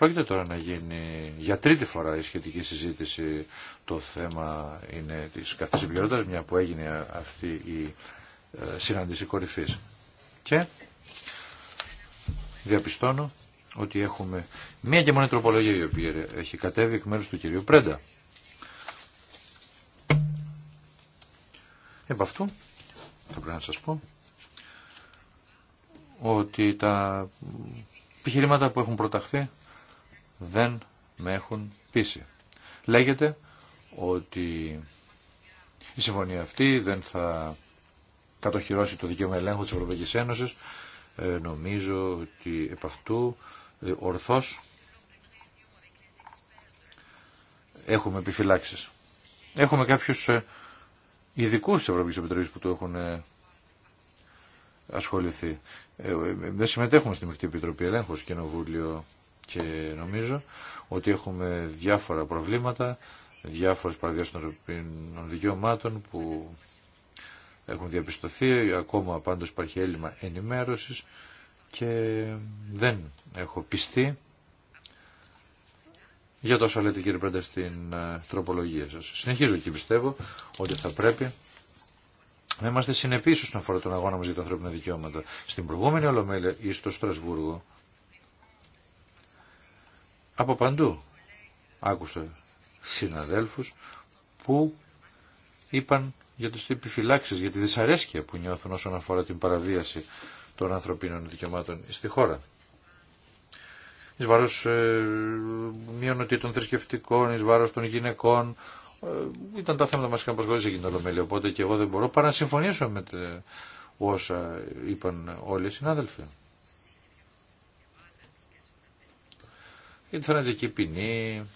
Πρόκειται τώρα να γίνει για τρίτη φορά η σχετική συζήτηση. Το θέμα είναι της καθής μια που έγινε αυτή η ε, συνάντηση κορυφής. Και διαπιστώνω ότι έχουμε μία και μόνη τροπολογία η οποία έχει κατέβει εκ μέρους του κυρίου Πρέντα. Επ' αυτού θα πρέπει να σας πω ότι τα επιχειρήματα που έχουν προταχθεί δεν με έχουν πείσει. Λέγεται ότι η συμφωνία αυτή δεν θα κατοχυρώσει το δικαίωμα ελέγχου της Ευρωπαϊκής Ένωσης. Ε, νομίζω ότι επ' αυτού ε, ορθώς έχουμε επιφυλάξεις. Έχουμε κάποιους ε, ειδικού της Ευρωπαϊκής Επιτροπής που το έχουν ε, ασχοληθεί. Ε, δεν συμμετέχουμε στη Μεκτή Επιτροπή Ελέγχου Κοινοβούλιο και νομίζω ότι έχουμε διάφορα προβλήματα, διάφορες παραδιάσεις των δικαιωμάτων που έχουν διαπιστωθεί, ακόμα πάντως υπάρχει έλλειμμα ενημέρωσης και δεν έχω πιστεί για όσο λέτε κύριε Πρέντερ στην ε, τροπολογία σας. Συνεχίζω και πιστεύω ότι θα πρέπει να είμαστε συνεπείς όσον αφορά τον αγώνα μας για τα ανθρώπινα δικαιώματα. Στην προηγούμενη Ολομέλεια ή στο Στρασβούργο από παντού άκουσα συναδέλφους που είπαν για τις επιφυλάξεις, για τη δυσαρέσκεια που νιώθουν όσον αφορά την παραβίαση των ανθρωπίνων δικαιωμάτων στη χώρα. Εις βάρος ε, μειονοτήτων θρησκευτικών, εις βάρος των γυναικών, ε, ήταν τα θέματα μας μας είχαν προσχωρήσει το ολομέλεια, οπότε και εγώ δεν μπορώ παρά να συμφωνήσω με όσα είπαν όλοι οι συνάδελφοι. για τη θανατική ποινή.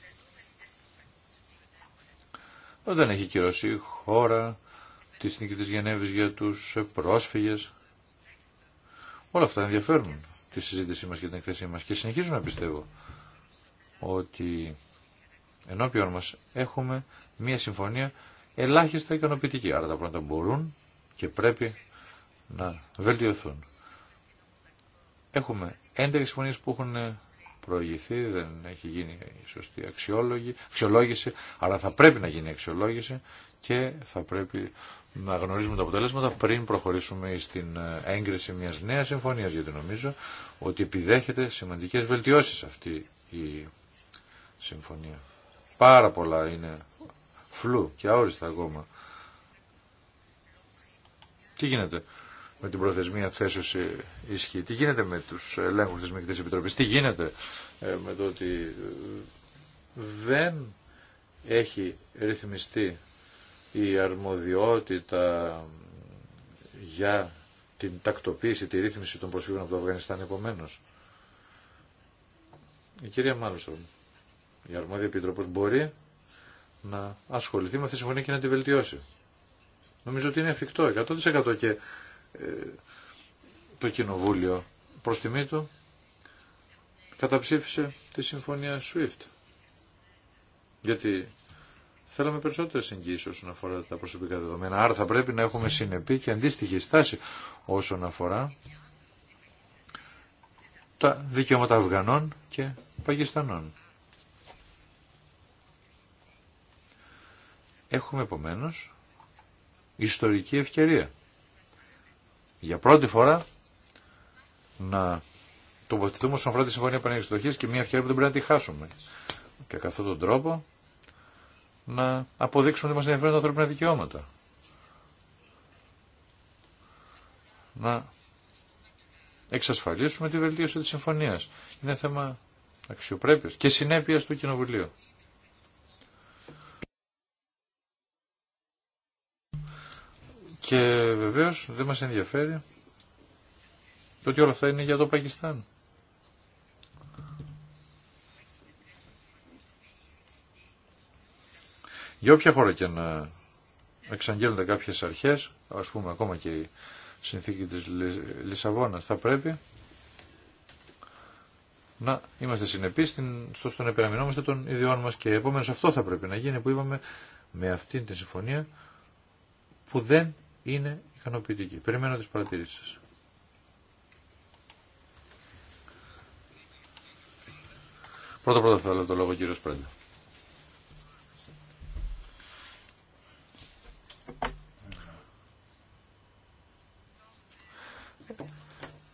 Όταν έχει κυρώσει η χώρα τη νική της Γενέβης για τους πρόσφυγες. Όλα αυτά ενδιαφέρουν τη συζήτησή μας και την εκθέσή μας και συνεχίζω να πιστεύω ότι ενώπιον μας έχουμε μία συμφωνία ελάχιστα ικανοποιητική. Άρα τα πράγματα μπορούν και πρέπει να βελτιωθούν. Έχουμε 11 συμφωνίε που έχουν προηγηθεί, δεν έχει γίνει σωστή αξιολόγηση, αλλά θα πρέπει να γίνει αξιολόγηση και θα πρέπει να γνωρίζουμε τα αποτελέσματα πριν προχωρήσουμε στην έγκριση μιας νέας συμφωνίας, γιατί νομίζω ότι επιδέχεται σημαντικές βελτιώσεις αυτή η συμφωνία. Πάρα πολλά είναι φλού και αόριστα ακόμα. Τι γίνεται με την προθεσμία θέσεως ε, ισχύει. Τι γίνεται με τους ελέγχους της Μικτής Επιτροπής, τι γίνεται ε, με το ότι ε, δεν έχει ρυθμιστεί η αρμοδιότητα για την τακτοποίηση, τη ρύθμιση των προσφύγων από το Αφγανιστάν επομένω. Η κυρία Μάλουσον, η αρμόδια επίτροπο μπορεί να ασχοληθεί με αυτή τη συμφωνία και να τη βελτιώσει. Νομίζω ότι είναι εφικτό 100% και ε, το Κοινοβούλιο προς τιμή του καταψήφισε τη συμφωνία SWIFT. Γιατί θέλαμε περισσότερες εγγύσεις όσον αφορά τα προσωπικά δεδομένα. Άρα θα πρέπει να έχουμε συνεπή και αντίστοιχη στάση όσον αφορά τα δικαιώματα Αφγανών και Πακιστανών. Έχουμε επομένως ιστορική ευκαιρία για πρώτη φορά να τοποθετηθούμε στον αφορά τη Συμφωνία Πανεπιστοχής και μια ευκαιρία που δεν πρέπει να τη χάσουμε. Και καθ' αυτόν τον τρόπο να αποδείξουμε ότι μα ενδιαφέρουν τα ανθρώπινα δικαιώματα. Να εξασφαλίσουμε τη βελτίωση της συμφωνία. Είναι θέμα αξιοπρέπειας και συνέπειας του Κοινοβουλίου. Και βεβαίω δεν μας ενδιαφέρει το ότι όλα αυτά είναι για το Πακιστάν. Για όποια χώρα και να εξαγγέλλονται κάποιες αρχές, ας πούμε ακόμα και η συνθήκη της Λισαβόνα. θα πρέπει να είμαστε συνεπείς στο στον επεραμεινόμαστε των ιδιών μας και επόμενος αυτό θα πρέπει να γίνει που είπαμε με αυτήν τη συμφωνία που δεν είναι ικανοποιητική. Περιμένω τις παρατηρήσεις σας. Πρώτα πρώτα θέλω το λόγο κύριο Πρέντα.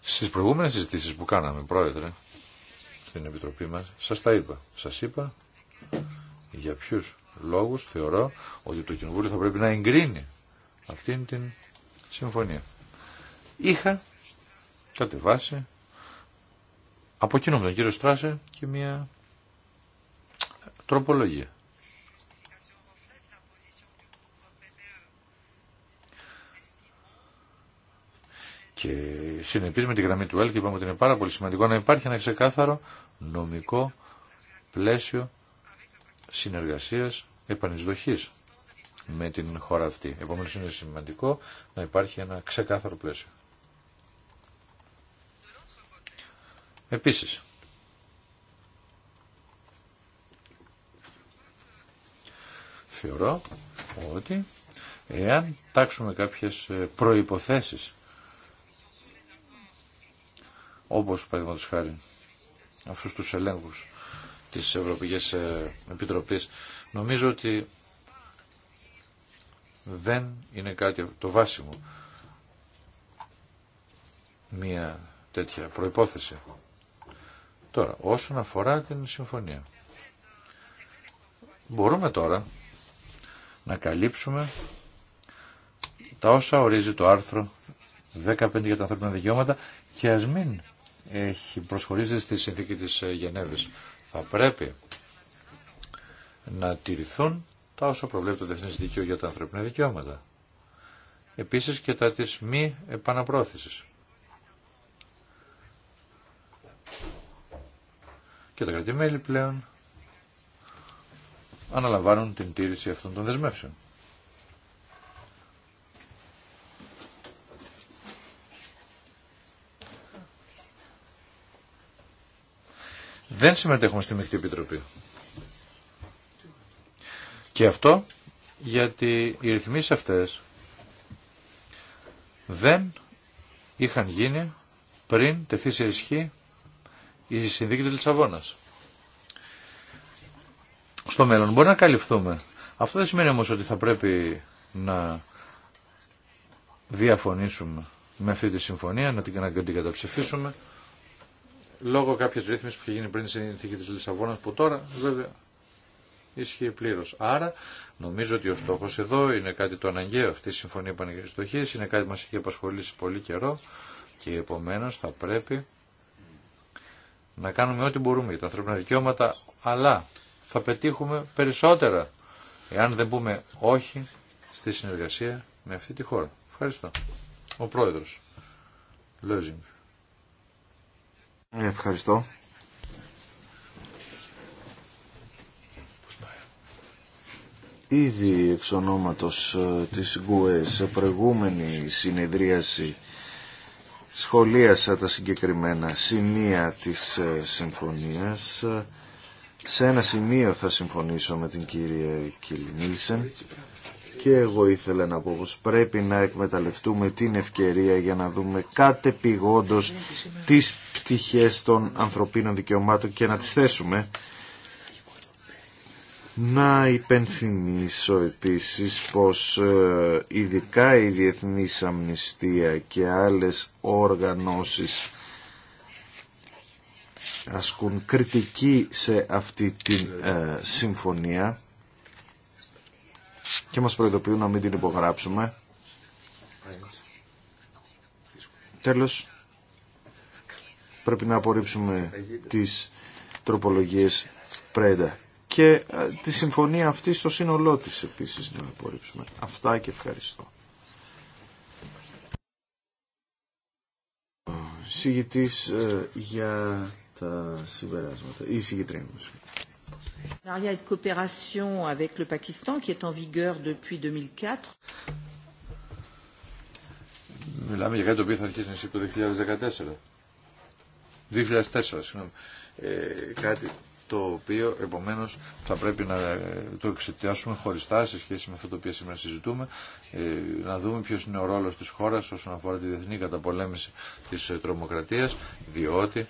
Στι προηγούμενε συζητήσει που κάναμε, Πρόεδρε, στην Επιτροπή μα, σα τα είπα. Σα είπα για ποιου λόγου θεωρώ ότι το Κοινοβούλιο θα πρέπει να εγκρίνει αυτήν την συμφωνία. Είχα κατεβάσει από εκείνο με τον κύριο Στράσε και μια τροπολογία. Και συνεπείς με τη γραμμή του ΕΛΚ είπαμε ότι είναι πάρα πολύ σημαντικό να υπάρχει ένα ξεκάθαρο νομικό πλαίσιο συνεργασίας επανεισδοχής με την χώρα αυτή. Επομένως είναι σημαντικό να υπάρχει ένα ξεκάθαρο πλαίσιο. Επίσης, θεωρώ ότι εάν τάξουμε κάποιες ε, προϋποθέσεις όπως παραδείγματος χάρη αυτούς τους ελέγχους της Ευρωπαϊκής ε, Επιτροπής νομίζω ότι δεν είναι κάτι το βάσιμο μία τέτοια προϋπόθεση. Τώρα, όσον αφορά την συμφωνία. Μπορούμε τώρα να καλύψουμε τα όσα ορίζει το άρθρο 15 για τα ανθρώπινα δικαιώματα και ας μην έχει προσχωρήσει στη συνθήκη της Γενέβης. Θα πρέπει να τηρηθούν τα όσα προβλέπει το Διεθνές Δίκαιο για τα ανθρώπινα δικαιώματα. Επίσης και τα της μη επαναπρόθεσης. Και τα κρατημέλη πλέον αναλαμβάνουν την τήρηση αυτών των δεσμεύσεων. Δεν συμμετέχουμε στη Μεκτή Επιτροπή. Και αυτό γιατί οι ρυθμίσεις αυτές δεν είχαν γίνει πριν τεθεί σε ισχύ η συνδίκη της Λισαβόνας. Στο μέλλον μπορεί να καλυφθούμε. Αυτό δεν σημαίνει όμως ότι θα πρέπει να διαφωνήσουμε με αυτή τη συμφωνία, να την, καταψηφίσουμε λόγω κάποιες ρύθμισης που είχε γίνει πριν στην συνθήκη της Λισαβόνας που τώρα βέβαια ισχύει πλήρω. Άρα, νομίζω ότι ο στόχο εδώ είναι κάτι το αναγκαίο. Αυτή η Συμφωνία Πανεγριστοχή είναι κάτι που μα έχει απασχολήσει πολύ καιρό και επομένω θα πρέπει να κάνουμε ό,τι μπορούμε για τα ανθρώπινα δικαιώματα, αλλά θα πετύχουμε περισσότερα εάν δεν πούμε όχι στη συνεργασία με αυτή τη χώρα. Ευχαριστώ. Ο πρόεδρος. Λόζινγκ. Ευχαριστώ. ήδη εξ ονόματος ε, της ΓΚΟΕ σε προηγούμενη συνεδρίαση σχολίασα τα συγκεκριμένα σημεία της ε, συμφωνίας. Σε ένα σημείο θα συμφωνήσω με την κυρία Κιλνίλσεν και εγώ ήθελα να πω πως πρέπει να εκμεταλλευτούμε την ευκαιρία για να δούμε κατεπηγόντως τις πτυχές των ανθρωπίνων δικαιωμάτων και να τις θέσουμε να υπενθυμίσω επίσης πως ε, ειδικά η Διεθνής Αμνηστία και άλλες οργανώσεις ασκούν κριτική σε αυτή τη ε, συμφωνία και μας προειδοποιούν να μην την υπογράψουμε. Τέλος, πρέπει να απορρίψουμε τις τροπολογίες πρέντα και ε, τη συμφωνία αυτή στο σύνολό της επίσης να απορρίψουμε. Αυτά και ευχαριστώ. Συγητής ε, για τα συμπεράσματα. Η συγητρία μας. Partenariat de coopération avec le Pakistan qui est en vigueur depuis 2004. Μιλάμε για κάτι το οποίο θα αρχίσει να ισχύει το 2014. 2004, συγγνώμη. Ε, κάτι το οποίο επομένως θα πρέπει να ε, το εξετάσουμε χωριστά σε σχέση με αυτό το οποίο σήμερα συζητούμε, ε, να δούμε ποιο είναι ο ρόλος τη χώρας όσον αφορά τη διεθνή καταπολέμηση της ε, τρομοκρατίας, διότι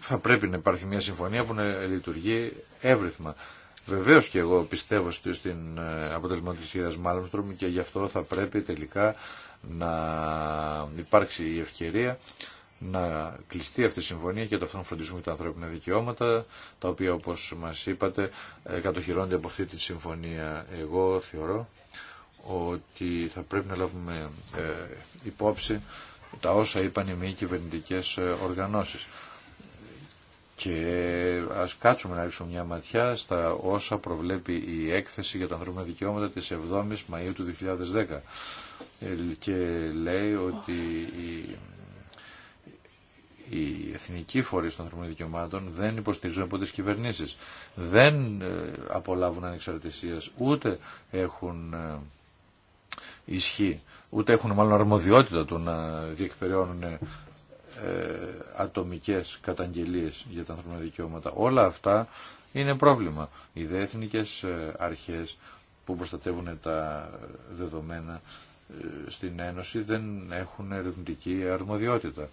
θα πρέπει να υπάρχει μια συμφωνία που να λειτουργεί εύρυθμα. Βεβαίω και εγώ πιστεύω στην αποτελεσματική σχεδία Μάλμστρομ και γι' αυτό θα πρέπει τελικά να υπάρξει η ευκαιρία να κλειστεί αυτή η συμφωνία και ταυτόχρονα φροντίζουμε τα ανθρώπινα δικαιώματα, τα οποία όπως μας είπατε ε, κατοχυρώνται από αυτή τη συμφωνία. Εγώ θεωρώ ότι θα πρέπει να λάβουμε ε, υπόψη τα όσα είπαν οι μη κυβερνητικέ ε, οργανώσεις. Και ας κάτσουμε να ρίξουμε μια ματιά στα όσα προβλέπει η έκθεση για τα ανθρώπινα δικαιώματα της 7ης Μαΐου του 2010 και λέει ότι οι, εθνικοί φορείς των ανθρωπίνων δικαιωμάτων δεν υποστηρίζουν από τις κυβερνήσεις, δεν ε, απολάβουν ανεξαρτησίας, ούτε έχουν ε, ισχύ, ούτε έχουν μάλλον αρμοδιότητα του να διεκπεραιώνουν ε, ατομικές καταγγελίες για τα ανθρώπινα δικαιώματα. Όλα αυτά είναι πρόβλημα. Οι δε αρχές που προστατεύουν τα δεδομένα ε, στην Ένωση δεν έχουν ερευνητική αρμοδιότητα,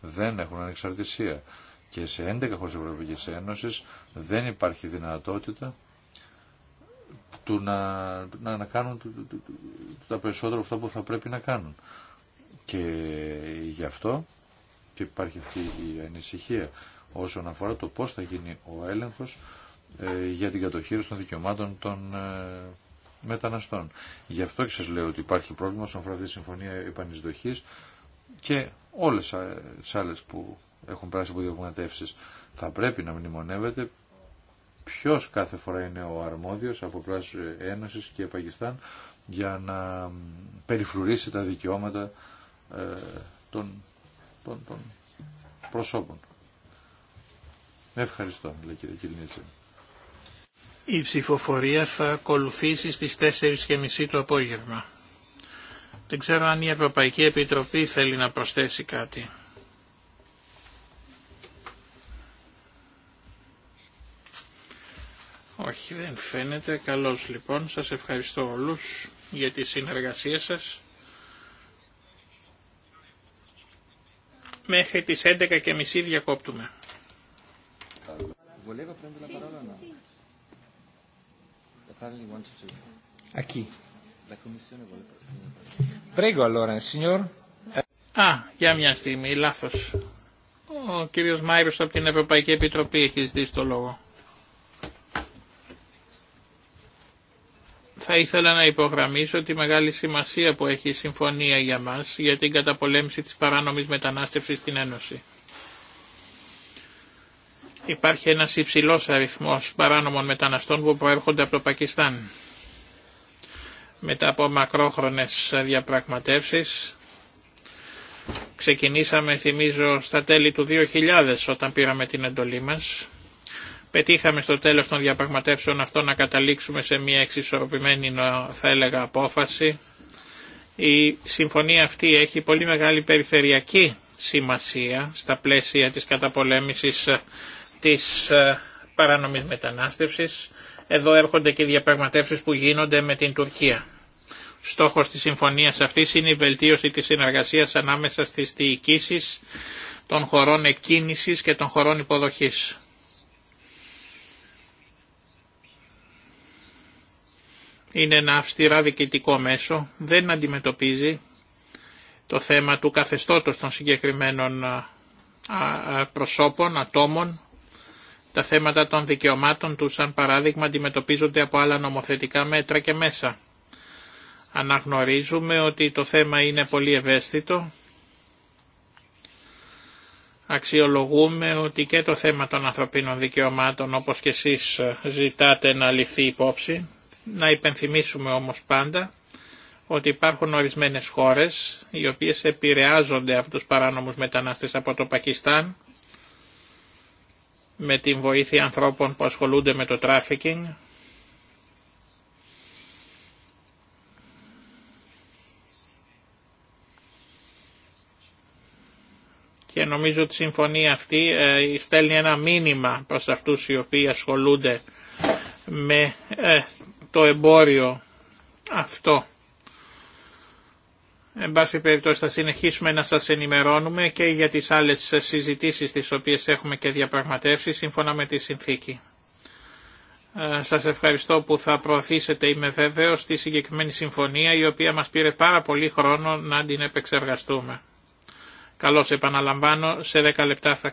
δεν έχουν ανεξαρτησία και σε 11 χώρες Ευρωπαϊκής Ένωσης δεν υπάρχει δυνατότητα του να, να, κάνουν τα περισσότερα αυτά που θα πρέπει να κάνουν. Και γι' αυτό υπάρχει αυτή η ανησυχία όσον αφορά το πώς θα γίνει ο έλεγχος ε, για την κατοχήρωση των δικαιωμάτων των ε, μεταναστών. Γι' αυτό και σας λέω ότι υπάρχει πρόβλημα όσον αφορά τη συμφωνία επανεισδοχής και όλες τις άλλες που έχουν πράξει από διαπραγματεύσεις θα πρέπει να μνημονεύεται ποιος κάθε φορά είναι ο αρμόδιος από πλάση Ένωσης και Πακιστάν για να περιφρουρήσει τα δικαιώματα ε, των, προσώπων. Ευχαριστώ, λέει κύριε η ψηφοφορία θα ακολουθήσει στις 4.30 το απόγευμα. Δεν ξέρω αν η Ευρωπαϊκή Επιτροπή θέλει να προσθέσει κάτι. Όχι, δεν φαίνεται. Καλώς λοιπόν. Σας ευχαριστώ όλους για τη συνεργασία σας. Μέχρι τις 11.30 διακόπτουμε. Α, για μια στιγμή, λάθο. Ο κύριο Μάιρο από την Ευρωπαϊκή Επιτροπή έχει ζητήσει το λόγο. Θα ήθελα να υπογραμμίσω τη μεγάλη σημασία που έχει η συμφωνία για μας για την καταπολέμηση της παράνομης μετανάστευσης στην Ένωση. Υπάρχει ένας υψηλός αριθμός παράνομων μεταναστών που προέρχονται από το Πακιστάν. Μετά από μακρόχρονες διαπραγματεύσεις, ξεκινήσαμε θυμίζω στα τέλη του 2000 όταν πήραμε την εντολή μας. Πετύχαμε στο τέλος των διαπραγματεύσεων αυτό να καταλήξουμε σε μια εξισορροπημένη θα έλεγα απόφαση. Η συμφωνία αυτή έχει πολύ μεγάλη περιφερειακή σημασία στα πλαίσια της καταπολέμησης της ε, παράνομης μετανάστευσης. Εδώ έρχονται και οι διαπραγματεύσεις που γίνονται με την Τουρκία. Στόχος της συμφωνίας αυτής είναι η βελτίωση της συνεργασίας ανάμεσα στις διοικήσεις των χωρών εκκίνησης και των χωρών υποδοχής. Είναι ένα αυστηρά διοικητικό μέσο, δεν αντιμετωπίζει το θέμα του καθεστώτος των συγκεκριμένων ε, προσώπων, ατόμων, τα θέματα των δικαιωμάτων του σαν παράδειγμα αντιμετωπίζονται από άλλα νομοθετικά μέτρα και μέσα. Αναγνωρίζουμε ότι το θέμα είναι πολύ ευαίσθητο. Αξιολογούμε ότι και το θέμα των ανθρωπίνων δικαιωμάτων όπως και εσείς ζητάτε να ληφθεί υπόψη. Να υπενθυμίσουμε όμως πάντα ότι υπάρχουν ορισμένες χώρες οι οποίες επηρεάζονται από τους παράνομους μετανάστες από το Πακιστάν με την βοήθεια ανθρώπων που ασχολούνται με το τράφικινγκ. Και νομίζω ότι η συμφωνία αυτή ε, στέλνει ένα μήνυμα προς αυτούς οι οποίοι ασχολούνται με ε, το εμπόριο αυτό. Εν πάση περιπτώσει θα συνεχίσουμε να σας ενημερώνουμε και για τις άλλες συζητήσεις τις οποίες έχουμε και διαπραγματεύσει σύμφωνα με τη συνθήκη. Ε, σας ευχαριστώ που θα προωθήσετε, είμαι βέβαιο τη συγκεκριμένη συμφωνία η οποία μας πήρε πάρα πολύ χρόνο να την επεξεργαστούμε. Καλώς επαναλαμβάνω, σε 10 λεπτά θα